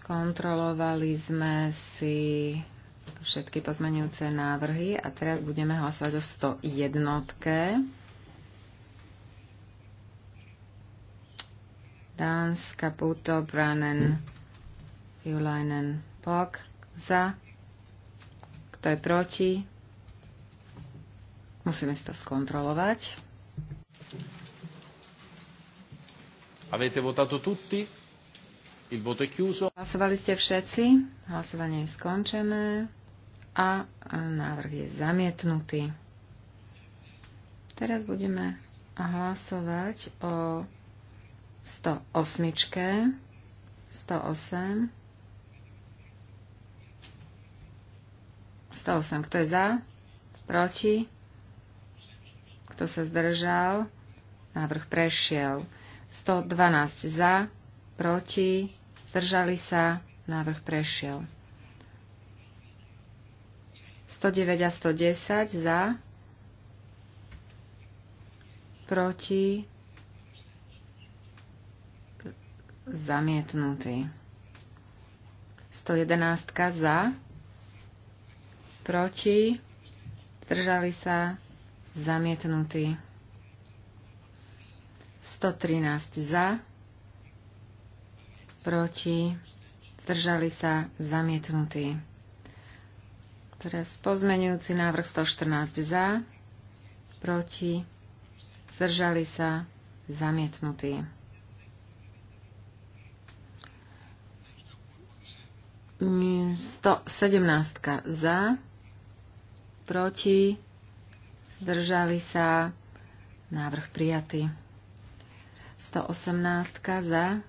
Skontrolovali sme si všetky pozmenujúce návrhy a teraz budeme hlasovať o 101. Dans, Caputo, Brannen, Julainen, Pok, za. Kto je proti? Musíme si to skontrolovať. Avete votato tutti? Il voto è chiuso. Hlasovali ste všetci, hlasovanie je skončené a návrh je zamietnutý. Teraz budeme hlasovať o 108. 108. 108. Kto je za? Proti? Kto sa zdržal? Návrh prešiel. 112 za, proti, zdržali sa, návrh prešiel. 109 a 110 za, proti, zamietnutý. 111 za, proti, zdržali sa, zamietnutý. 113 za, proti, zdržali sa zamietnutí. Teraz pozmenujúci návrh 114 za, proti, zdržali sa zamietnutí. Sto, sedemnáctka za, proti, zdržali sa, návrh prijatý. 118 za,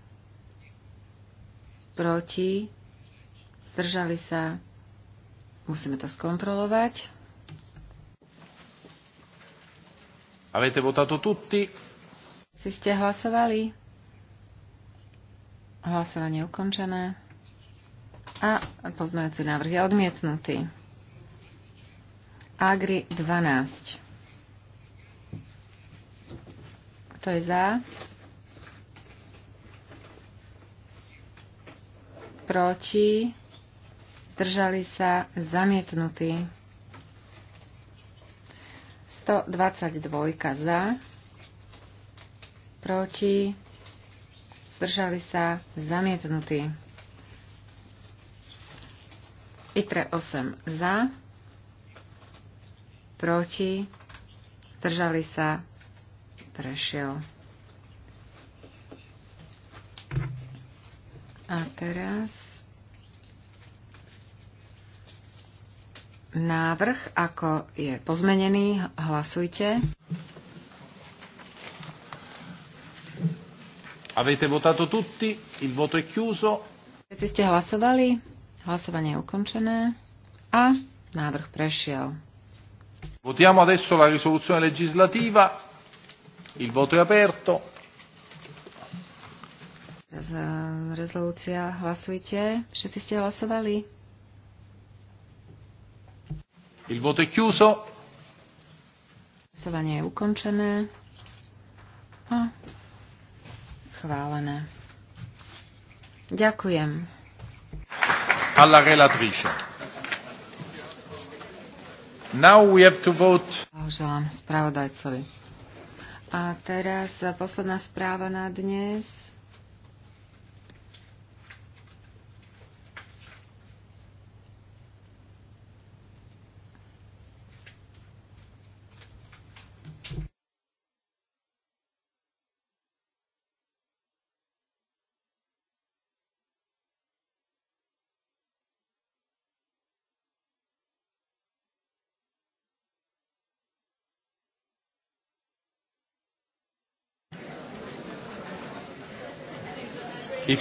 proti, zdržali sa, musíme to skontrolovať. Avete votato tutti? Si ste hlasovali? Hlasovanie ukončené. A pozmejúci návrh je odmietnutý. Agri 12. Kto je za? proti, zdržali sa zamietnutí. 122 za, proti, zdržali sa zamietnutí. ITRE 8 za, proti, zdržali sa prešiel. teraz návrh, ako je pozmenený. Hlasujte. Avete votato tutti, il voto è chiuso. Všetci ste hlasovali, hlasovanie je ukončené a návrh prešiel. Votiamo adesso la risoluzione legislativa, il voto è aperto. Teraz eh, rezolúcia. Hlasujte. Všetci ste hlasovali? Il voto è chiuso. Hlasovanie je ukončené a schválené. Ďakujem. Alla relatrice. Now we have to vote. Želám spravodajcovi. A teraz posledná správa na dnes.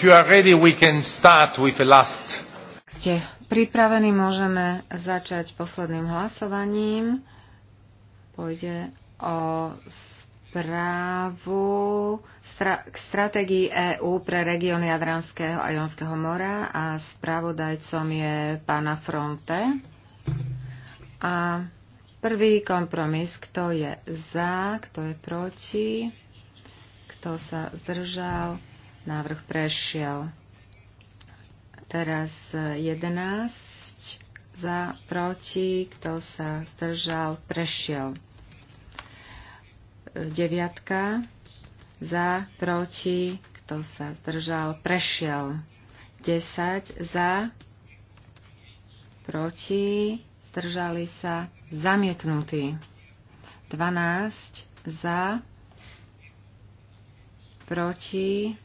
If Ste pripravení, môžeme začať posledným hlasovaním. Pôjde o správu k stratégii EÚ pre regióny Jadranského a Jonského mora a správodajcom je pána Fronte. A prvý kompromis, kto je za, kto je proti, kto sa zdržal, Návrh prešiel. Teraz 11 e, za, proti, kto sa zdržal, prešiel. E, deviatka za, proti, kto sa zdržal, prešiel. 10 za, proti, zdržali sa, zamietnutí. 12 za, proti,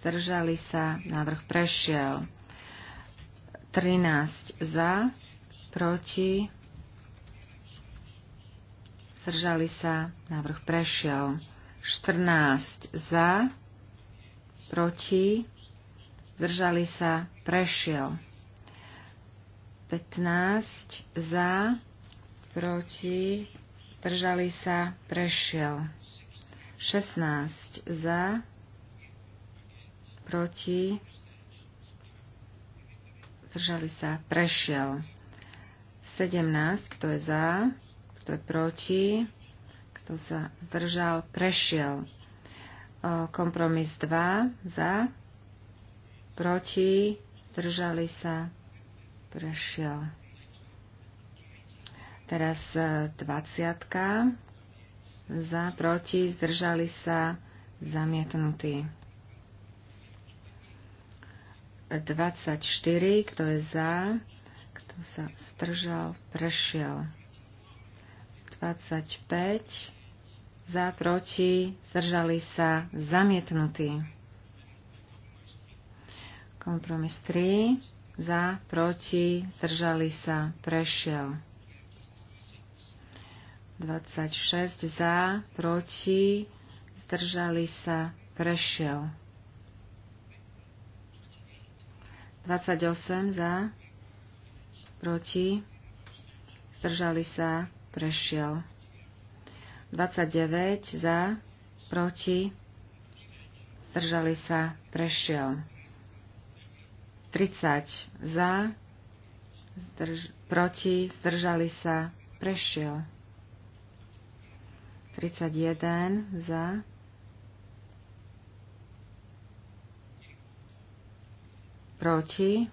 zdržali sa, návrh prešiel. 13 za, proti, zdržali sa, návrh prešiel. 14 za, proti, zdržali sa, prešiel. 15 za, proti, zdržali sa, prešiel. 16 za, proti, zdržali sa, prešiel. 17, kto je za, kto je proti, kto sa zdržal, prešiel. Kompromis 2, za, proti, zdržali sa, prešiel. Teraz 20, e, za, proti, zdržali sa, zamietnutí. 24, kto je za, kto sa zdržal, prešiel. 25, za, proti, zdržali sa, zamietnutí. Kompromis 3, za, proti, zdržali sa, prešiel. 26, za, proti, zdržali sa, prešiel. 28 za, proti, zdržali sa, prešiel. 29 za, proti, zdržali sa, prešiel. 30 za, zdrž, proti, zdržali sa, prešiel. 31 za, proti.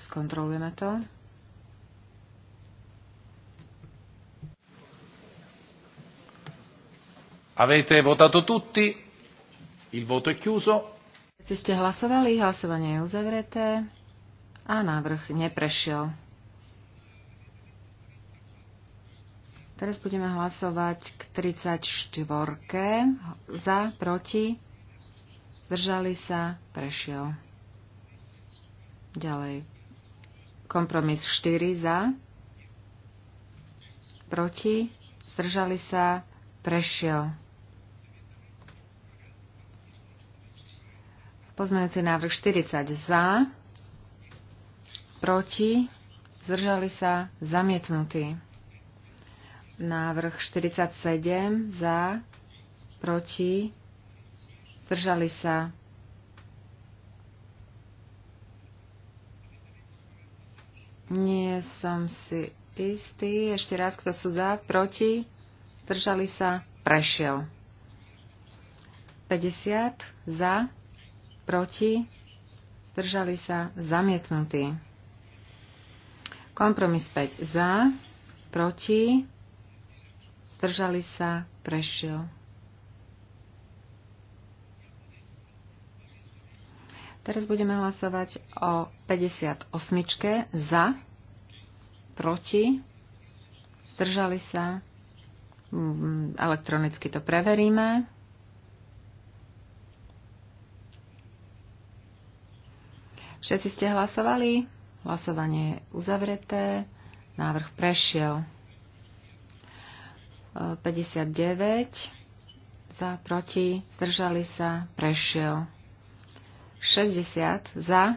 Skontrolujeme to. Avete votato tutti? Il voto è chiuso. Ci ste hlasovali, hlasovanie je uzavreté a návrh neprešiel. Teraz budeme hlasovať k 34. Za, proti, zdržali sa, prešiel. Ďalej. Kompromis 4 za, proti, zdržali sa, prešiel. Pozmeňujúci návrh 40 za, proti, zdržali sa, zamietnutý. Návrh 47 za, proti, zdržali sa, Nie som si istý. Ešte raz, kto sú za, proti, držali sa, prešiel. 50 za, proti, zdržali sa, zamietnutí. Kompromis 5 za, proti, zdržali sa, prešiel. Teraz budeme hlasovať o 58. za, proti, zdržali sa. Mm, elektronicky to preveríme. Všetci ste hlasovali? Hlasovanie je uzavreté. Návrh prešiel. 59 e, za, proti, zdržali sa, prešiel. 60 za,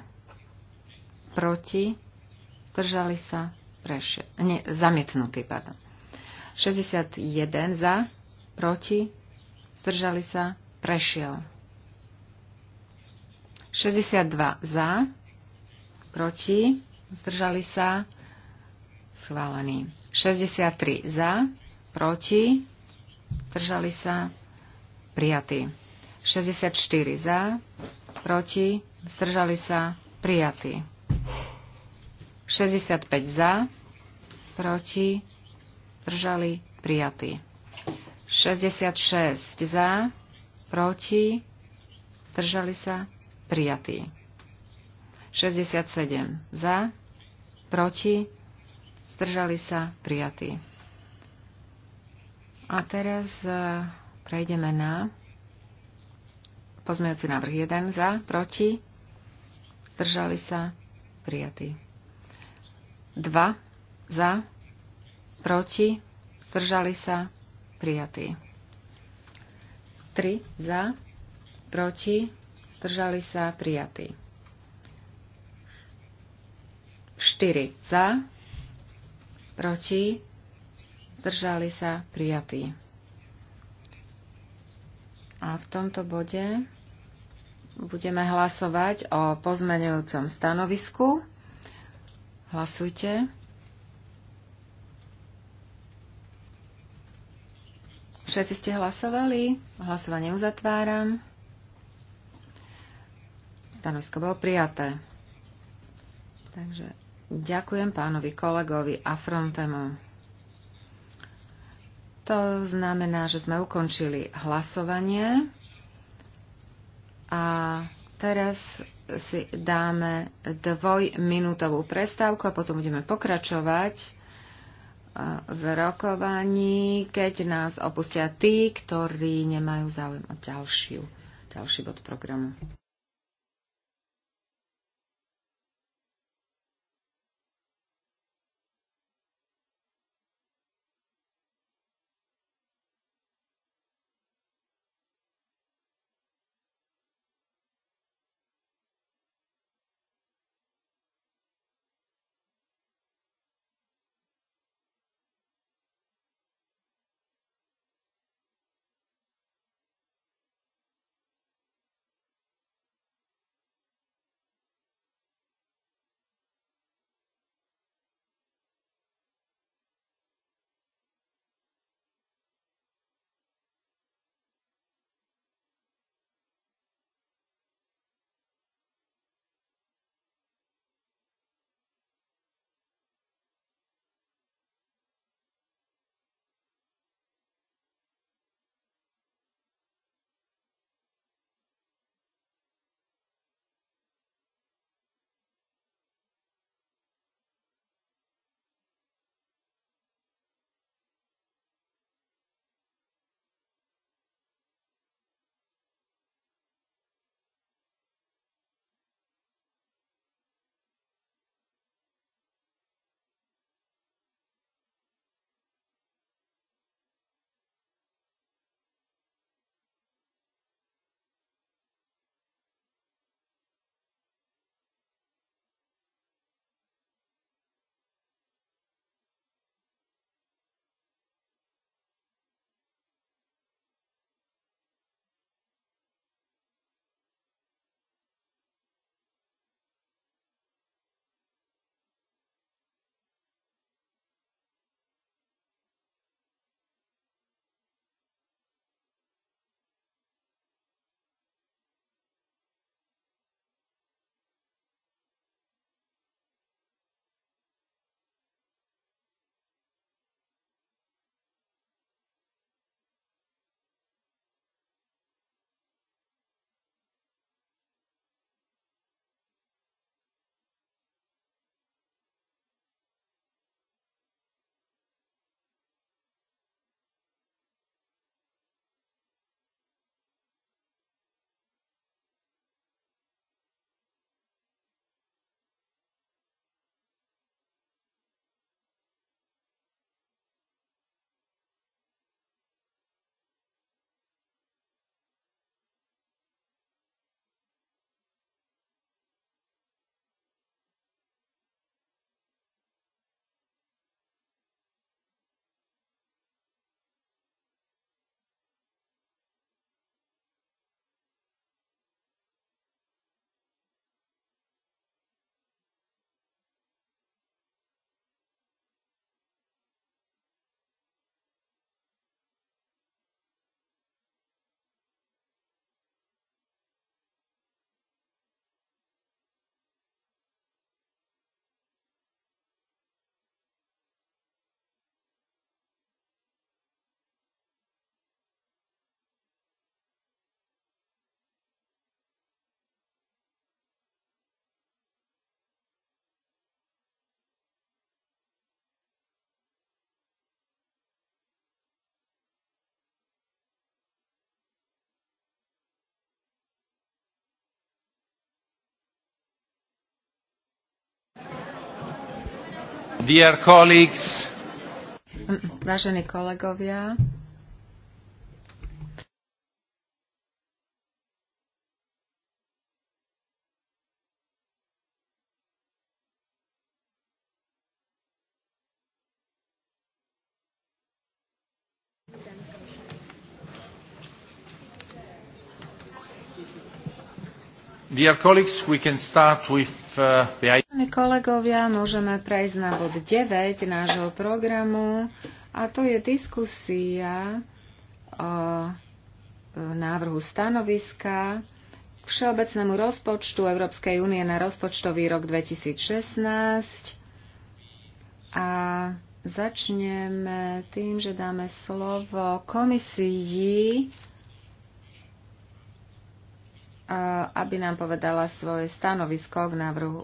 proti, zdržali sa, preši. ne, zamietnutý, pardon. 61 za, proti, zdržali sa, prešiel. 62 za, proti, zdržali sa, schválený. 63 za, proti, zdržali sa, prijatý. 64 za, proti, zdržali sa, prijatí. 65 za, proti, zdržali, prijatí. 66 za, proti, zdržali sa, prijatí. 67 za, proti, zdržali sa, prijatí. A teraz eh, prejdeme na Pozmejúci návrh 1 za, proti, zdržali sa, prijatý. 2 za, proti, zdržali sa, prijatý. 3 za, proti, zdržali sa, prijatý. 4 za, proti, zdržali sa, prijatý. A v tomto bode budeme hlasovať o pozmenujúcom stanovisku. Hlasujte. Všetci ste hlasovali. Hlasovanie uzatváram. Stanovisko bolo prijaté. Takže ďakujem pánovi kolegovi Afrontemu. To znamená, že sme ukončili hlasovanie a teraz si dáme dvojminútovú prestávku a potom budeme pokračovať e, v rokovaní, keď nás opustia tí, ktorí nemajú záujem o ďalšiu, ďalší bod programu. Dear colleagues. Vážení kolegovia, Dear uh, Kolegovia, môžeme prejsť na bod 9 nášho programu a to je diskusia o e, návrhu stanoviska k všeobecnému rozpočtu Európskej únie na rozpočtový rok 2016 a začneme tým, že dáme slovo komisii aby nám povedala svoje stanovisko k návrhu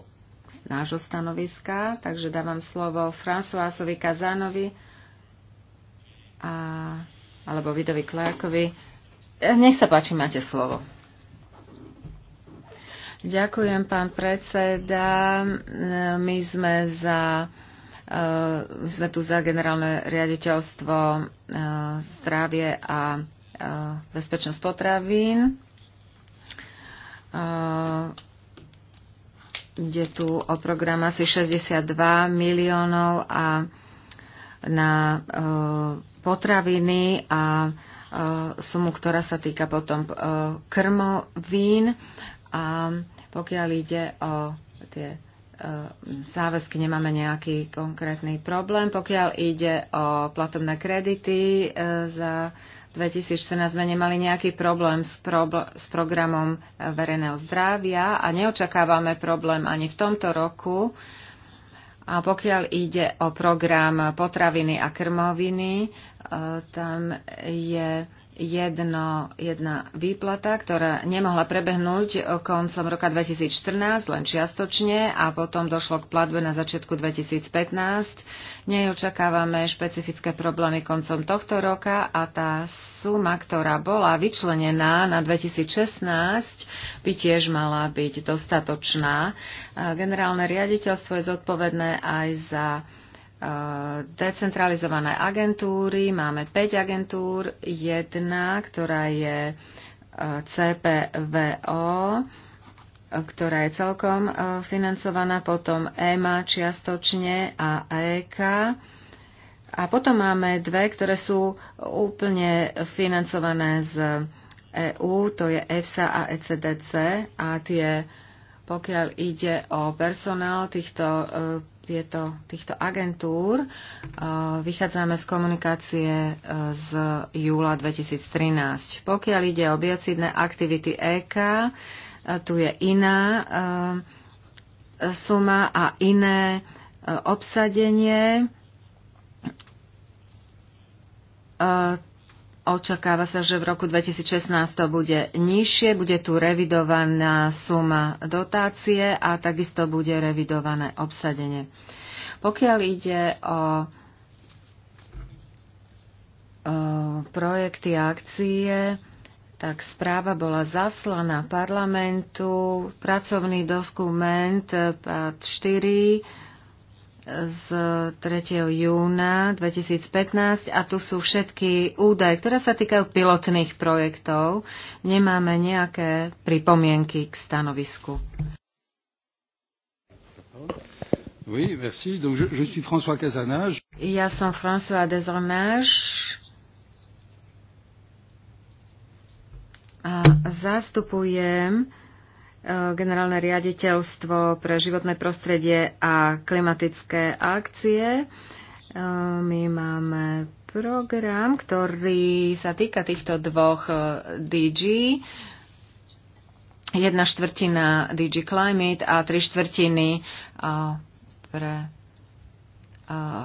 nášho stanoviska. Takže dávam slovo Françoisovi Kazánovi a, alebo Vidovi Klárkovi. E, nech sa páči, máte slovo. Ďakujem, pán predseda. My sme za e, my sme tu za generálne riaditeľstvo e, zdravie a bezpečnosť potravín. Ide tu o program asi 62 miliónov a na potraviny a sumu, ktorá sa týka potom krmovín. A pokiaľ ide o tie záväzky nemáme nejaký konkrétny problém. Pokiaľ ide o platobné kredity za 2014 sme nemali nejaký problém s, probl- s programom eh, verejného zdravia a neočakávame problém ani v tomto roku. A pokiaľ ide o program potraviny a krmoviny, eh, tam je jedno, jedna výplata, ktorá nemohla prebehnúť koncom roka 2014, len čiastočne, a potom došlo k platbe na začiatku 2015. Nej očakávame špecifické problémy koncom tohto roka a tá suma, ktorá bola vyčlenená na 2016, by tiež mala byť dostatočná. Generálne riaditeľstvo je zodpovedné aj za Eh, decentralizované agentúry. Máme 5 agentúr, jedna, ktorá je eh, CPVO, ktorá je celkom eh, financovaná, potom EMA čiastočne a EK. A potom máme dve, ktoré sú úplne financované z EU, to je EFSA a ECDC a tie, pokiaľ ide o personál týchto tieto, týchto agentúr. Vychádzame z komunikácie e, z júla 2013. Pokiaľ ide o biocidné aktivity EK, e, tu je iná e, suma a iné obsadenie Očakáva sa, že v roku 2016 to bude nižšie, bude tu revidovaná suma dotácie a takisto bude revidované obsadenie. Pokiaľ ide o, o projekty a akcie, tak správa bola zaslaná parlamentu, pracovný dokument 4, z 3. júna 2015 a tu sú všetky údaje, ktoré sa týkajú pilotných projektov. Nemáme nejaké pripomienky k stanovisku. Oui, merci. Donc je, je suis François Casanage. Ja som François Desornage. A zastupujem Eh, generálne riaditeľstvo pre životné prostredie a klimatické akcie. Eh, my máme program, ktorý sa týka týchto dvoch eh, DG. Jedna štvrtina DG Climate a tri štvrtiny pre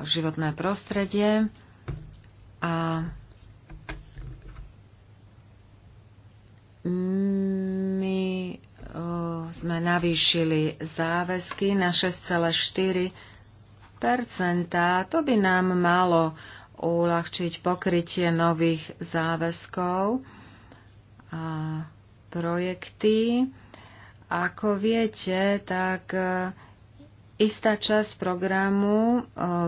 životné prostredie. A my sme navýšili záväzky na 6,4 To by nám malo uľahčiť pokrytie nových záväzkov a projekty. Ako viete, tak e, istá časť programu e,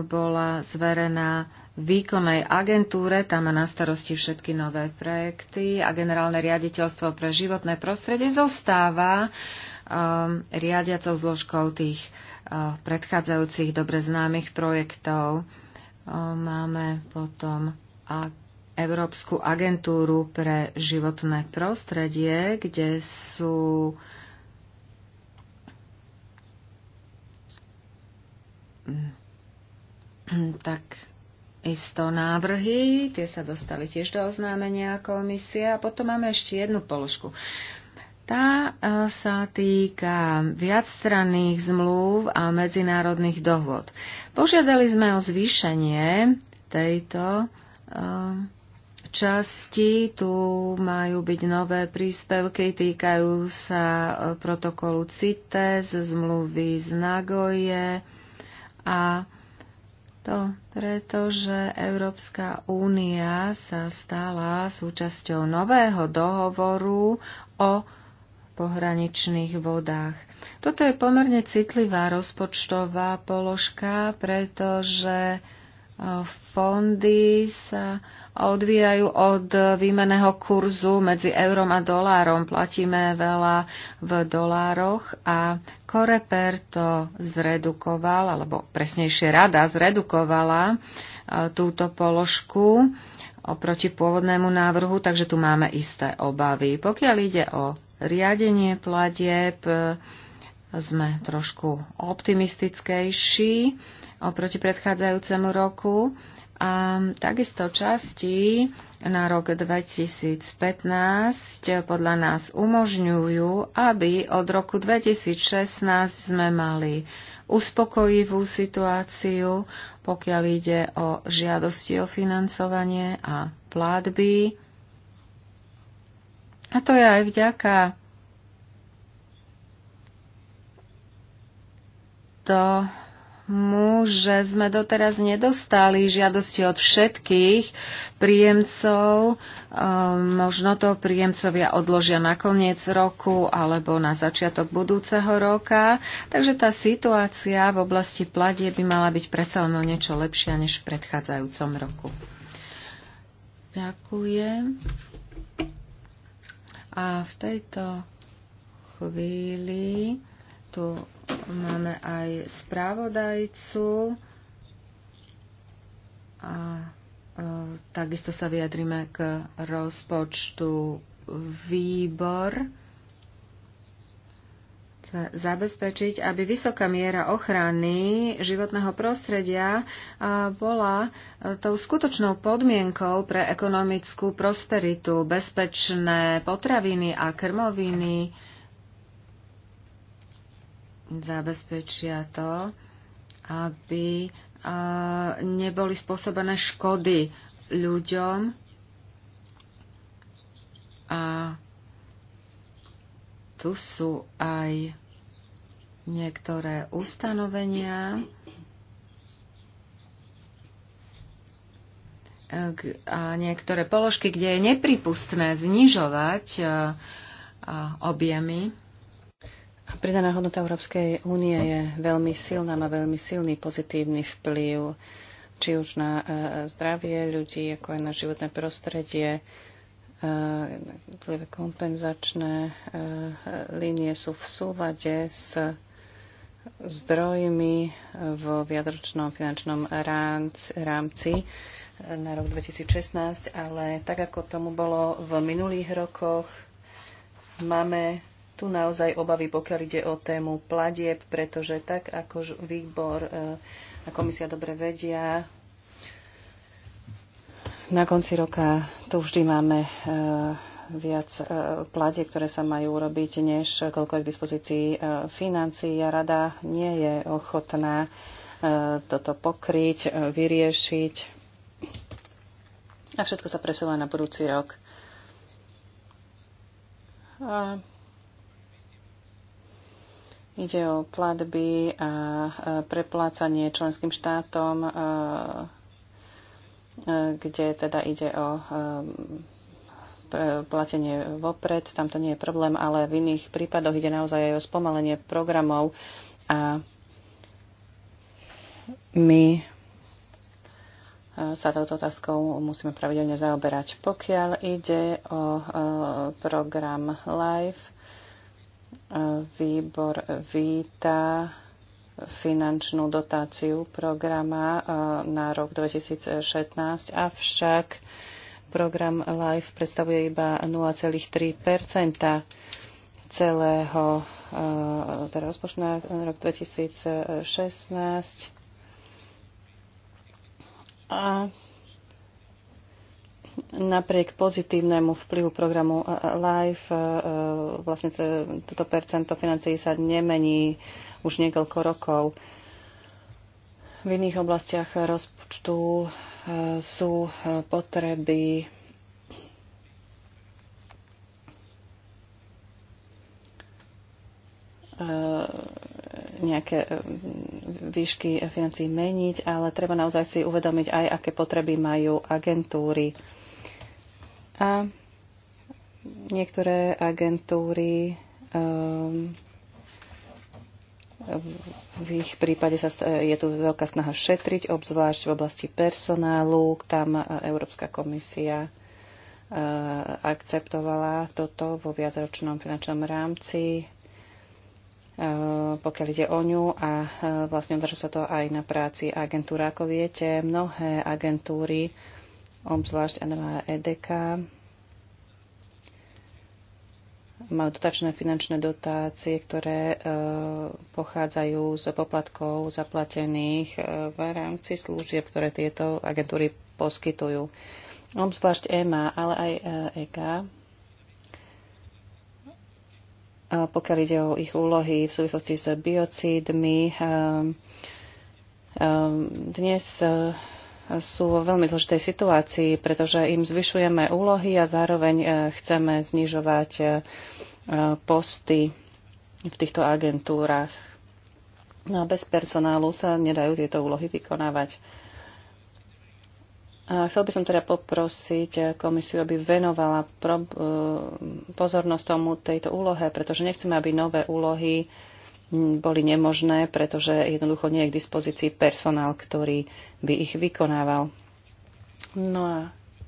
bola zverená výkonnej agentúre, tam má na starosti všetky nové projekty a generálne riaditeľstvo pre životné prostredie zostáva um, riadiacou zložkou tých uh, predchádzajúcich dobre známych projektov. Um, máme potom a Európsku agentúru pre životné prostredie, kde sú tak isto návrhy, tie sa dostali tiež do oznámenia komisie a potom máme ešte jednu položku. Tá e, sa týka viacstranných zmluv a medzinárodných dohôd. Požiadali sme o zvýšenie tejto e, časti. Tu majú byť nové príspevky, týkajú sa e, protokolu CITES, zmluvy z Nagoje a to preto, že Európska únia sa stala súčasťou nového dohovoru o pohraničných vodách. Toto je pomerne citlivá rozpočtová položka, pretože fondy sa odvíjajú od výmeného kurzu medzi eurom a dolárom. Platíme veľa v dolároch a Koreper to zredukoval, alebo presnejšie rada zredukovala e, túto položku oproti pôvodnému návrhu, takže tu máme isté obavy. Pokiaľ ide o riadenie platieb, e, sme trošku optimistickejší oproti predchádzajúcemu roku a takisto časti na rok 2015 podľa nás umožňujú, aby od roku 2016 sme mali uspokojivú situáciu, pokiaľ ide o žiadosti o financovanie a platby. A to je aj vďaka to tomu, že sme doteraz nedostali žiadosti od všetkých príjemcov. Ehm, možno to príjemcovia odložia na koniec roku alebo na začiatok budúceho roka. Takže tá situácia v oblasti pladie by mala byť predsa len niečo lepšia než v predchádzajúcom roku. Ďakujem. A v tejto chvíli tu máme aj správodajcu a e, takisto sa vyjadrime k rozpočtu výbor zabezpečiť, aby vysoká miera ochrany životného prostredia e, bola e, tou skutočnou podmienkou pre ekonomickú prosperitu, bezpečné potraviny a krmoviny, zabezpečia to, aby neboli spôsobené škody ľuďom a tu sú aj niektoré ustanovenia, a niektoré položky, kde je nepripustné znižovať objemy Pridaná hodnota Európskej únie je veľmi silná, má veľmi silný pozitívny vplyv či už na e, zdravie ľudí, ako aj na životné prostredie. E, kompenzačné e, línie sú v súlade s zdrojmi v viadročnom finančnom rámci na rok 2016, ale tak ako tomu bolo v minulých rokoch, máme tu naozaj obavy, pokiaľ ide o tému pladieb, pretože tak ako výbor e, a komisia dobre vedia, na konci roka tu vždy máme e, viac e, platie, ktoré sa majú urobiť, než koľko je k dispozícii financií. A rada nie je ochotná toto pokryť, vyriešiť. A všetko sa presúva na budúci rok. A Ide o platby a preplácanie členským štátom, kde teda ide o platenie vopred, tam to nie je problém, ale v iných prípadoch ide naozaj aj o spomalenie programov a my sa touto otázkou musíme pravidelne zaoberať. Pokiaľ ide o program LIFE, Výbor víta finančnú dotáciu programa e, na rok 2016, avšak program LIFE predstavuje iba 0,3 celého e, teda rozpočtu na rok 2016. A napriek pozitívnemu vplyvu programu e, e, LIFE e, vlastne toto percento financií sa nemení už niekoľko rokov. V iných oblastiach rozpočtu sú potreby nejaké výšky financií meniť, ale treba naozaj si uvedomiť aj, aké potreby majú agentúry a niektoré agentúry um, v ich prípade sa, je tu veľká snaha šetriť, obzvlášť v oblasti personálu. Tam e, Európska komisia e, akceptovala toto vo viacročnom finančnom rámci, e, pokiaľ ide o ňu a vlastne održí sa to aj na práci agentúra, Ako viete, mnohé agentúry obzvlášť NLA EDK. Majú dotačné finančné dotácie, ktoré e, pochádzajú z poplatkov zaplatených e, v rámci služieb, ktoré tieto agentúry poskytujú. Obzvlášť EMA, ale aj EK. E pokiaľ ide o ich úlohy v súvislosti s biocídmi, dnes sú vo veľmi zložitej situácii, pretože im zvyšujeme úlohy a zároveň e, chceme znižovať e, posty v týchto agentúrach. No a bez personálu sa nedajú tieto úlohy vykonávať. A chcel by som teda poprosiť e, komisiu, aby venovala pozornosť tomu tejto úlohe, pretože nechceme, aby nové úlohy boli nemožné, pretože jednoducho nie je k dispozícii personál, ktorý by ich vykonával. No a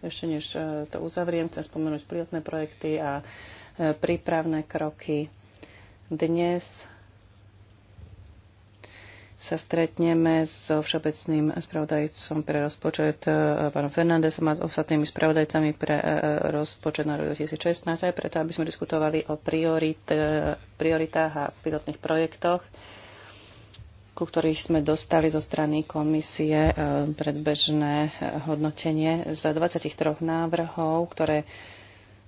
ešte než e, to uzavriem, chcem spomenúť pilotné projekty a e, prípravné kroky. Dnes sa stretneme so všeobecným spravodajcom pre rozpočet eh, pánom Fernandesom a s ostatnými spravodajcami pre eh, eh, rozpočet na rok 2016, aj preto, aby sme diskutovali o priorit, prioritách a pilotných projektoch, ku ktorých sme dostali zo strany komisie predbežné hodnotenie za 23 návrhov, ktoré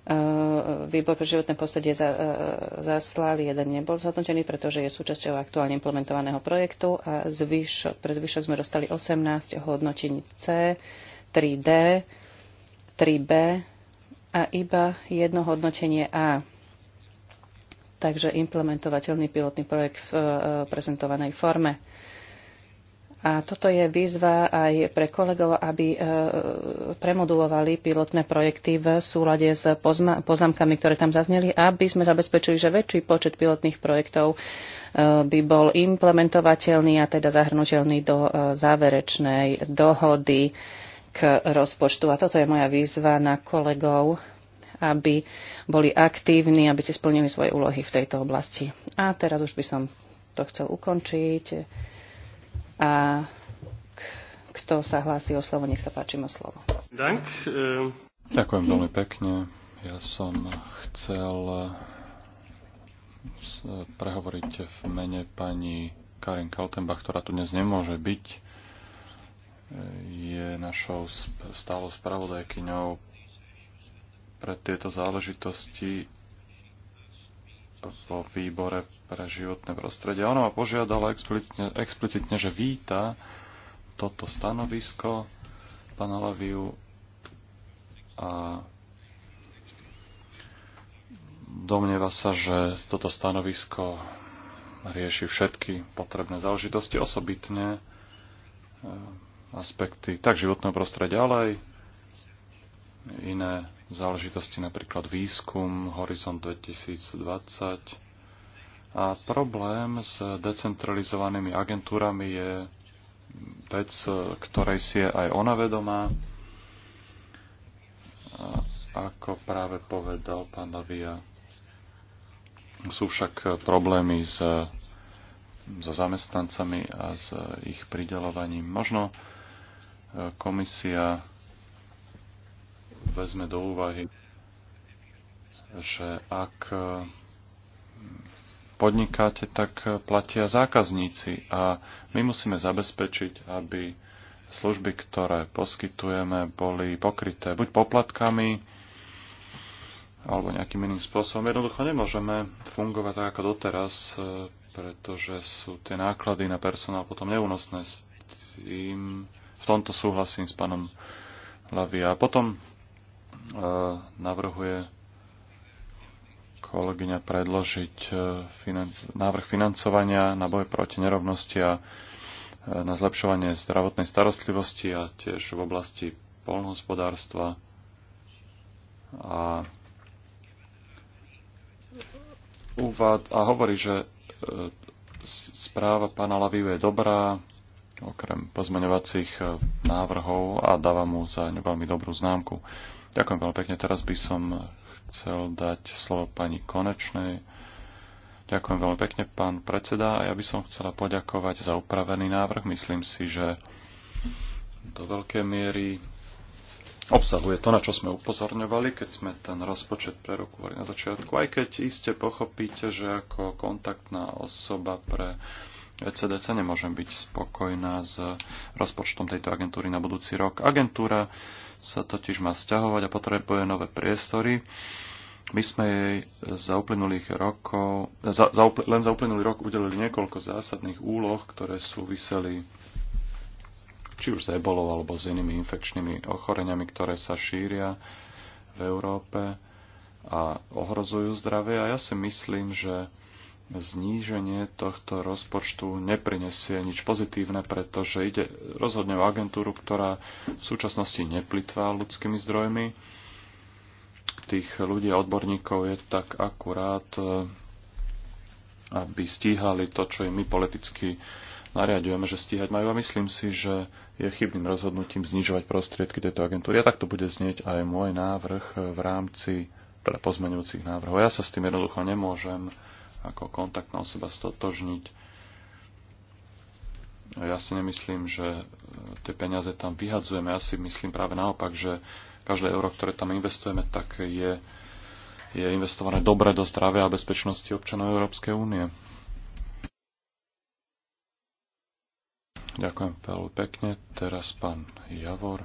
E, výbor pre životné prostredie e, zaslali, jeden nebol zhodnotený, pretože je súčasťou aktuálne implementovaného projektu a zvyšok, pre zvyšok sme dostali 18 hodnotení C, 3D, 3B a iba jedno hodnotenie A. Takže implementovateľný pilotný projekt v e, prezentovanej forme. A toto je výzva aj pre kolegov, aby e, premodulovali pilotné projekty v súlade s poznámkami, ktoré tam zazneli, aby sme zabezpečili, že väčší počet pilotných projektov e, by bol implementovateľný a teda zahrnutelný do e, záverečnej dohody k rozpočtu. A toto je moja výzva na kolegov, aby boli aktívni, aby si splnili svoje úlohy v tejto oblasti. A teraz už by som to chcel ukončiť. A kto sa hlási o slovo, nech sa páči o slovo. Dank. Eh. Ďakujem veľmi pekne. Ja som chcel eh, eh, prehovoriť v mene pani Karin Kaltenbach, ktorá tu dnes nemôže byť. Je našou stálou spravodajkyňou pre tieto záležitosti vo výbore pre životné prostredie. Ono ma požiadala explicitne, explicitne že víta toto stanovisko pana Laviu a domnieva sa, že toto stanovisko rieši všetky potrebné záležitosti, osobitne e, aspekty tak životného prostredia, ale aj iné záležitosti, napríklad výskum, Horizont 2020, a problém s decentralizovanými agentúrami je vec, ktorej si je aj ona vedomá. Ako práve povedal pán Davia, sú však problémy s, so zamestnancami a s ich pridelovaním. Možno e, komisia vezme do úvahy, že ak podnikáte, tak platia zákazníci a my musíme zabezpečiť, aby služby, ktoré poskytujeme, boli pokryté buď poplatkami alebo nejakým iným spôsobom. Jednoducho nemôžeme fungovať tak ako doteraz, pretože sú tie náklady na personál potom neúnosné. S tým, v tomto súhlasím s pánom Lavia. A potom E, navrhuje kolegyňa predložiť e, návrh financovania na boj proti nerovnosti a e, na zlepšovanie zdravotnej starostlivosti a tiež v oblasti polnohospodárstva a, uvad, a hovorí, že správa pána Laviu je dobrá, okrem pozmeňovacích návrhov a dáva mu za ňu veľmi dobrú známku. Ďakujem veľmi pekne. Teraz by som chcel dať slovo pani Konečnej. Ďakujem veľmi pekne, pán predseda. a Ja by som chcela poďakovať za upravený návrh. Myslím si, že do veľkej miery obsahuje to, na čo sme upozorňovali, keď sme ten rozpočet prerokovali na začiatku. Aj keď iste pochopíte, že ako kontaktná osoba pre ECDC nemôžem byť spokojná s rozpočtom tejto agentúry na budúci rok. Agentúra sa totiž má sťahovať a potrebuje nové priestory. My sme jej za uplynulých rokov, za, za, len za uplynulý rok udelili niekoľko zásadných úloh, ktoré súviseli či už s ebolou alebo s inými infekčnými ochoreniami, ktoré sa šíria v Európe a ohrozujú zdravie. A ja si myslím, že zníženie tohto rozpočtu neprinesie nič pozitívne, pretože ide rozhodne o agentúru, ktorá v súčasnosti neplitvá ľudskými zdrojmi. Tých ľudí a odborníkov je tak akurát, e, aby stíhali to, čo im my politicky nariadujeme, že stíhať majú. A myslím si, že je chybným rozhodnutím znižovať prostriedky tejto agentúry. A takto bude znieť aj môj návrh v rámci teda pozmeňujúcich návrhov. Ja sa s tým jednoducho nemôžem ako kontaktná osoba stotožniť. Ja si nemyslím, že e, tie peniaze tam vyhadzujeme. Ja si myslím práve naopak, že každé euro, ktoré tam investujeme, tak je, je investované dobre do zdravia a bezpečnosti občanov Európskej únie. Ďakujem veľmi pekne. Teraz pán Javor.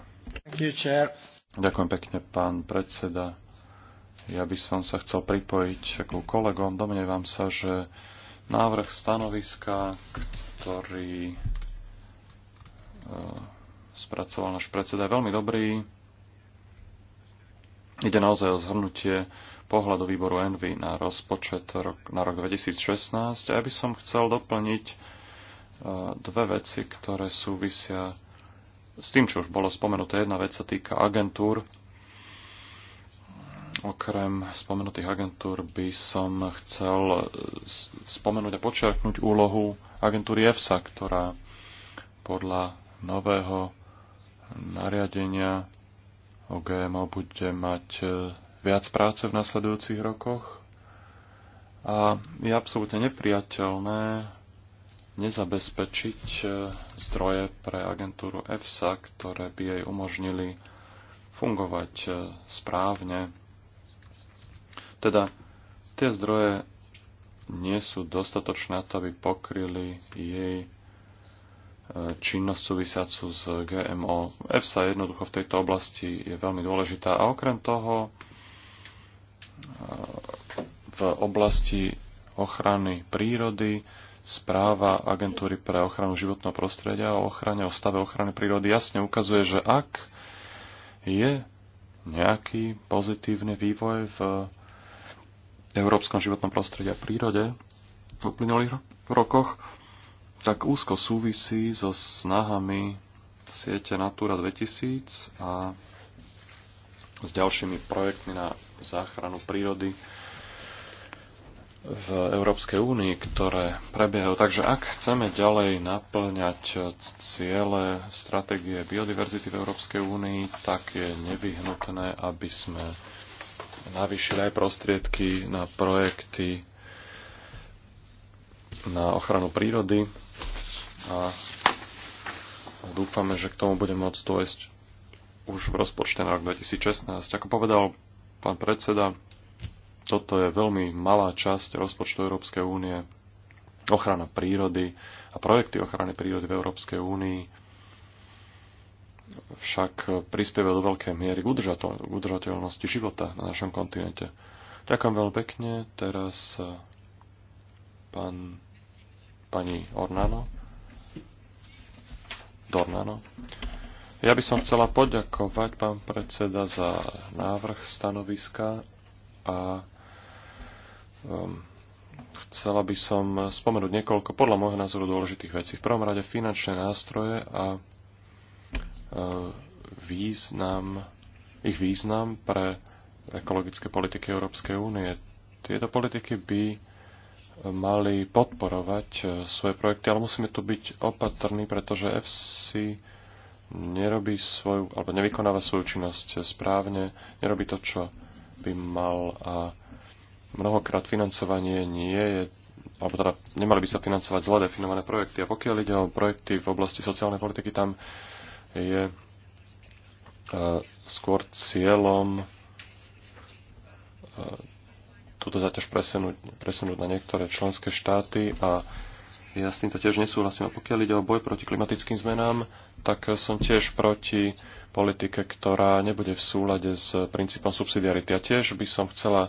Ďakujem pekne, pán predseda. Ja by som sa chcel pripojiť ku kolegom. Domnievam sa, že návrh stanoviska, ktorý e, spracoval náš predseda, je veľmi dobrý. Ide naozaj o zhrnutie pohľadu výboru Envy na rozpočet rok na rok 2016. A ja by som chcel doplniť e, dve veci, ktoré súvisia s tým, čo už bolo spomenuté. Jedna vec sa týka agentúr Okrem spomenutých agentúr by som chcel spomenúť a počiarknúť úlohu agentúry EFSA, ktorá podľa nového nariadenia o GMO bude mať e, viac práce v nasledujúcich rokoch. A je absolútne nepriateľné nezabezpečiť e, zdroje pre agentúru EFSA, ktoré by jej umožnili fungovať e, správne teda tie zdroje nie sú dostatočné na to, aby pokryli jej e, činnosť súvisiacu s GMO. EFSA jednoducho v tejto oblasti je veľmi dôležitá a okrem toho e, v oblasti ochrany prírody správa agentúry pre ochranu životného prostredia o ochrane, o stave ochrany prírody jasne ukazuje, že ak je nejaký pozitívny vývoj v európskom životnom prostredí a prírode v uplynulých rokoch, tak úzko súvisí so snahami siete Natura 2000 a s ďalšími projektmi na záchranu prírody v Európskej únii, ktoré prebiehajú. Takže ak chceme ďalej naplňať ciele stratégie biodiverzity v Európskej únii, tak je nevyhnutné, aby sme navýšili aj prostriedky na projekty na ochranu prírody a dúfame, že k tomu budeme môcť dôjsť už v rozpočte na rok 2016. Ako povedal pán predseda, toto je veľmi malá časť rozpočtu Európskej únie, ochrana prírody a projekty ochrany prírody v Európskej únii však prispieva do veľkej miery k, udržateľnosti života na našom kontinente. Ďakujem veľmi pekne. Teraz eh, pán, pani Ornano. Dornano. Ja by som chcela poďakovať pán predseda za návrh stanoviska a um, chcela by som spomenúť niekoľko podľa môjho názoru dôležitých vecí. V prvom rade finančné nástroje a Eh, význam, ich význam pre ekologické politiky Európskej únie. Tieto politiky by mali podporovať eh, svoje projekty, ale musíme tu byť opatrní, pretože FC nerobí svoju, alebo nevykonáva svoju činnosť správne, nerobí to, čo by mal a mnohokrát financovanie nie je, alebo teda nemali by sa financovať zle definované projekty. A pokiaľ ide o projekty v oblasti sociálnej politiky, tam je e, skôr cieľom e, túto zaťaž presunúť, presunúť na niektoré členské štáty a ja s týmto tiež nesúhlasím. A pokiaľ ide o boj proti klimatickým zmenám, tak som tiež proti politike, ktorá nebude v súlade s princípom subsidiarity. A tiež by som chcela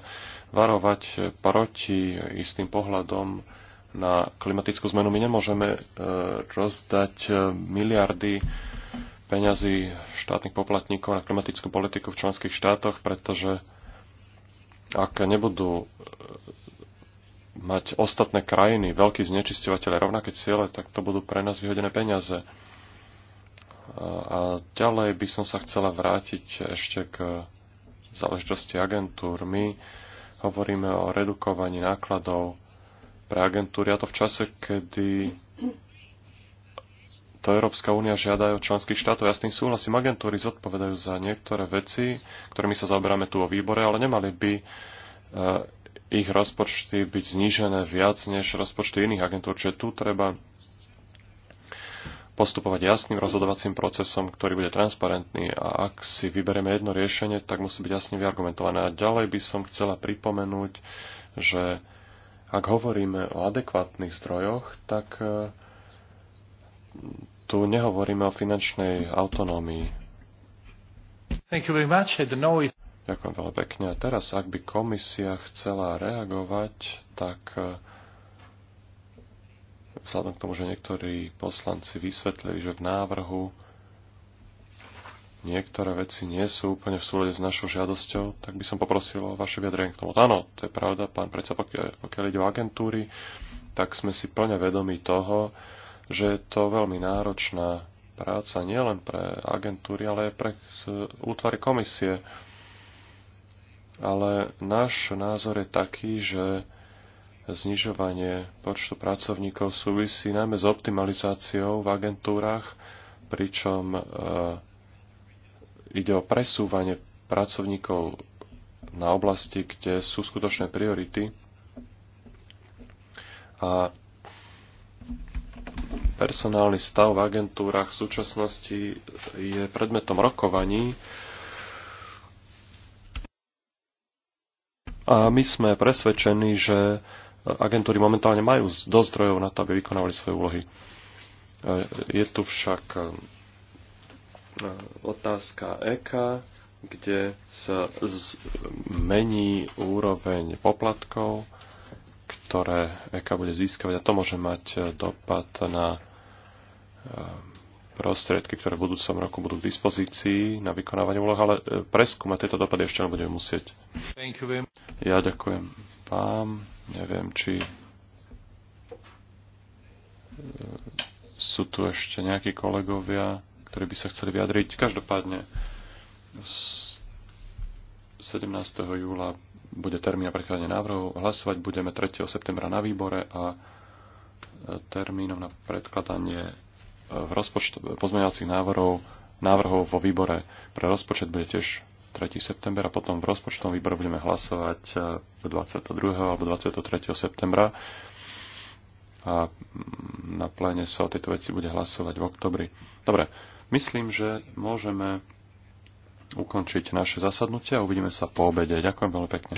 varovať proti istým pohľadom na klimatickú zmenu. My nemôžeme e, rozdať miliardy peňazí štátnych poplatníkov na klimatickú politiku v členských štátoch, pretože ak nebudú e, mať ostatné krajiny, veľkí znečisťovateľe rovnaké ciele, tak to budú pre nás vyhodené peniaze. A ďalej by som sa chcela vrátiť ešte k záležitosti agentúr. My hovoríme o redukovaní nákladov pre agentúry a to v čase, kedy to Európska únia žiada od členských štátov. Ja s tým súhlasím, agentúry zodpovedajú za niektoré veci, ktorými sa zaoberáme tu vo výbore, ale nemali by eh, ich rozpočty byť znížené viac než rozpočty iných agentúr. Čiže tu treba postupovať jasným rozhodovacím procesom, ktorý bude transparentný a ak si vyberieme jedno riešenie, tak musí byť jasne vyargumentované. A ďalej by som chcela pripomenúť, že ak hovoríme o adekvátnych zdrojoch, tak eh, tu nehovoríme o finančnej autonómii. Thank you very much. No Ďakujem veľmi pekne. A teraz, ak by komisia chcela reagovať, tak eh, vzhľadom k tomu, že niektorí poslanci vysvetlili, že v návrhu niektoré veci nie sú úplne v súlade s našou žiadosťou, tak by som poprosil o vaše vyjadrenie k tomu. Áno, to je pravda, pán predsa, pokiaľ, pokiaľ ide o agentúry, tak sme si plne vedomi toho, že je to veľmi náročná práca nielen pre agentúry, ale aj pre e, útvary komisie. Ale náš názor je taký, že znižovanie počtu pracovníkov súvisí najmä s optimalizáciou v agentúrach, pričom e, ide o presúvanie pracovníkov na oblasti, kde sú skutočné priority. A Personálny stav v agentúrach v súčasnosti je predmetom rokovaní a my sme presvedčení, že agentúry momentálne majú dosť zdrojov na to, aby vykonávali svoje úlohy. E, je tu však e, otázka EKA, kde sa zmení úroveň poplatkov ktoré EK bude získavať a to môže mať e, dopad na e, prostriedky, ktoré v budúcom roku budú k dispozícii na vykonávanie úloh, ale e, preskúmať tieto dopady ešte len budeme musieť. Ja ďakujem vám. Neviem, či sú tu ešte nejakí kolegovia, ktorí by sa chceli vyjadriť. Každopádne 17. júla bude termín na predkladanie návrhov. Hlasovať budeme 3. septembra na výbore a e, termínom na predkladanie e, v rozpočt- pozmeňovacích návrhov, návrhov vo výbore pre rozpočet bude tiež 3. september a potom v rozpočtovom výbore budeme hlasovať 22. E, alebo 23. septembra a mm, na pléne sa o tejto veci bude hlasovať v oktobri. Dobre, myslím, že môžeme ukončiť naše zasadnutie a uvidíme sa po obede. Ďakujem veľmi pekne.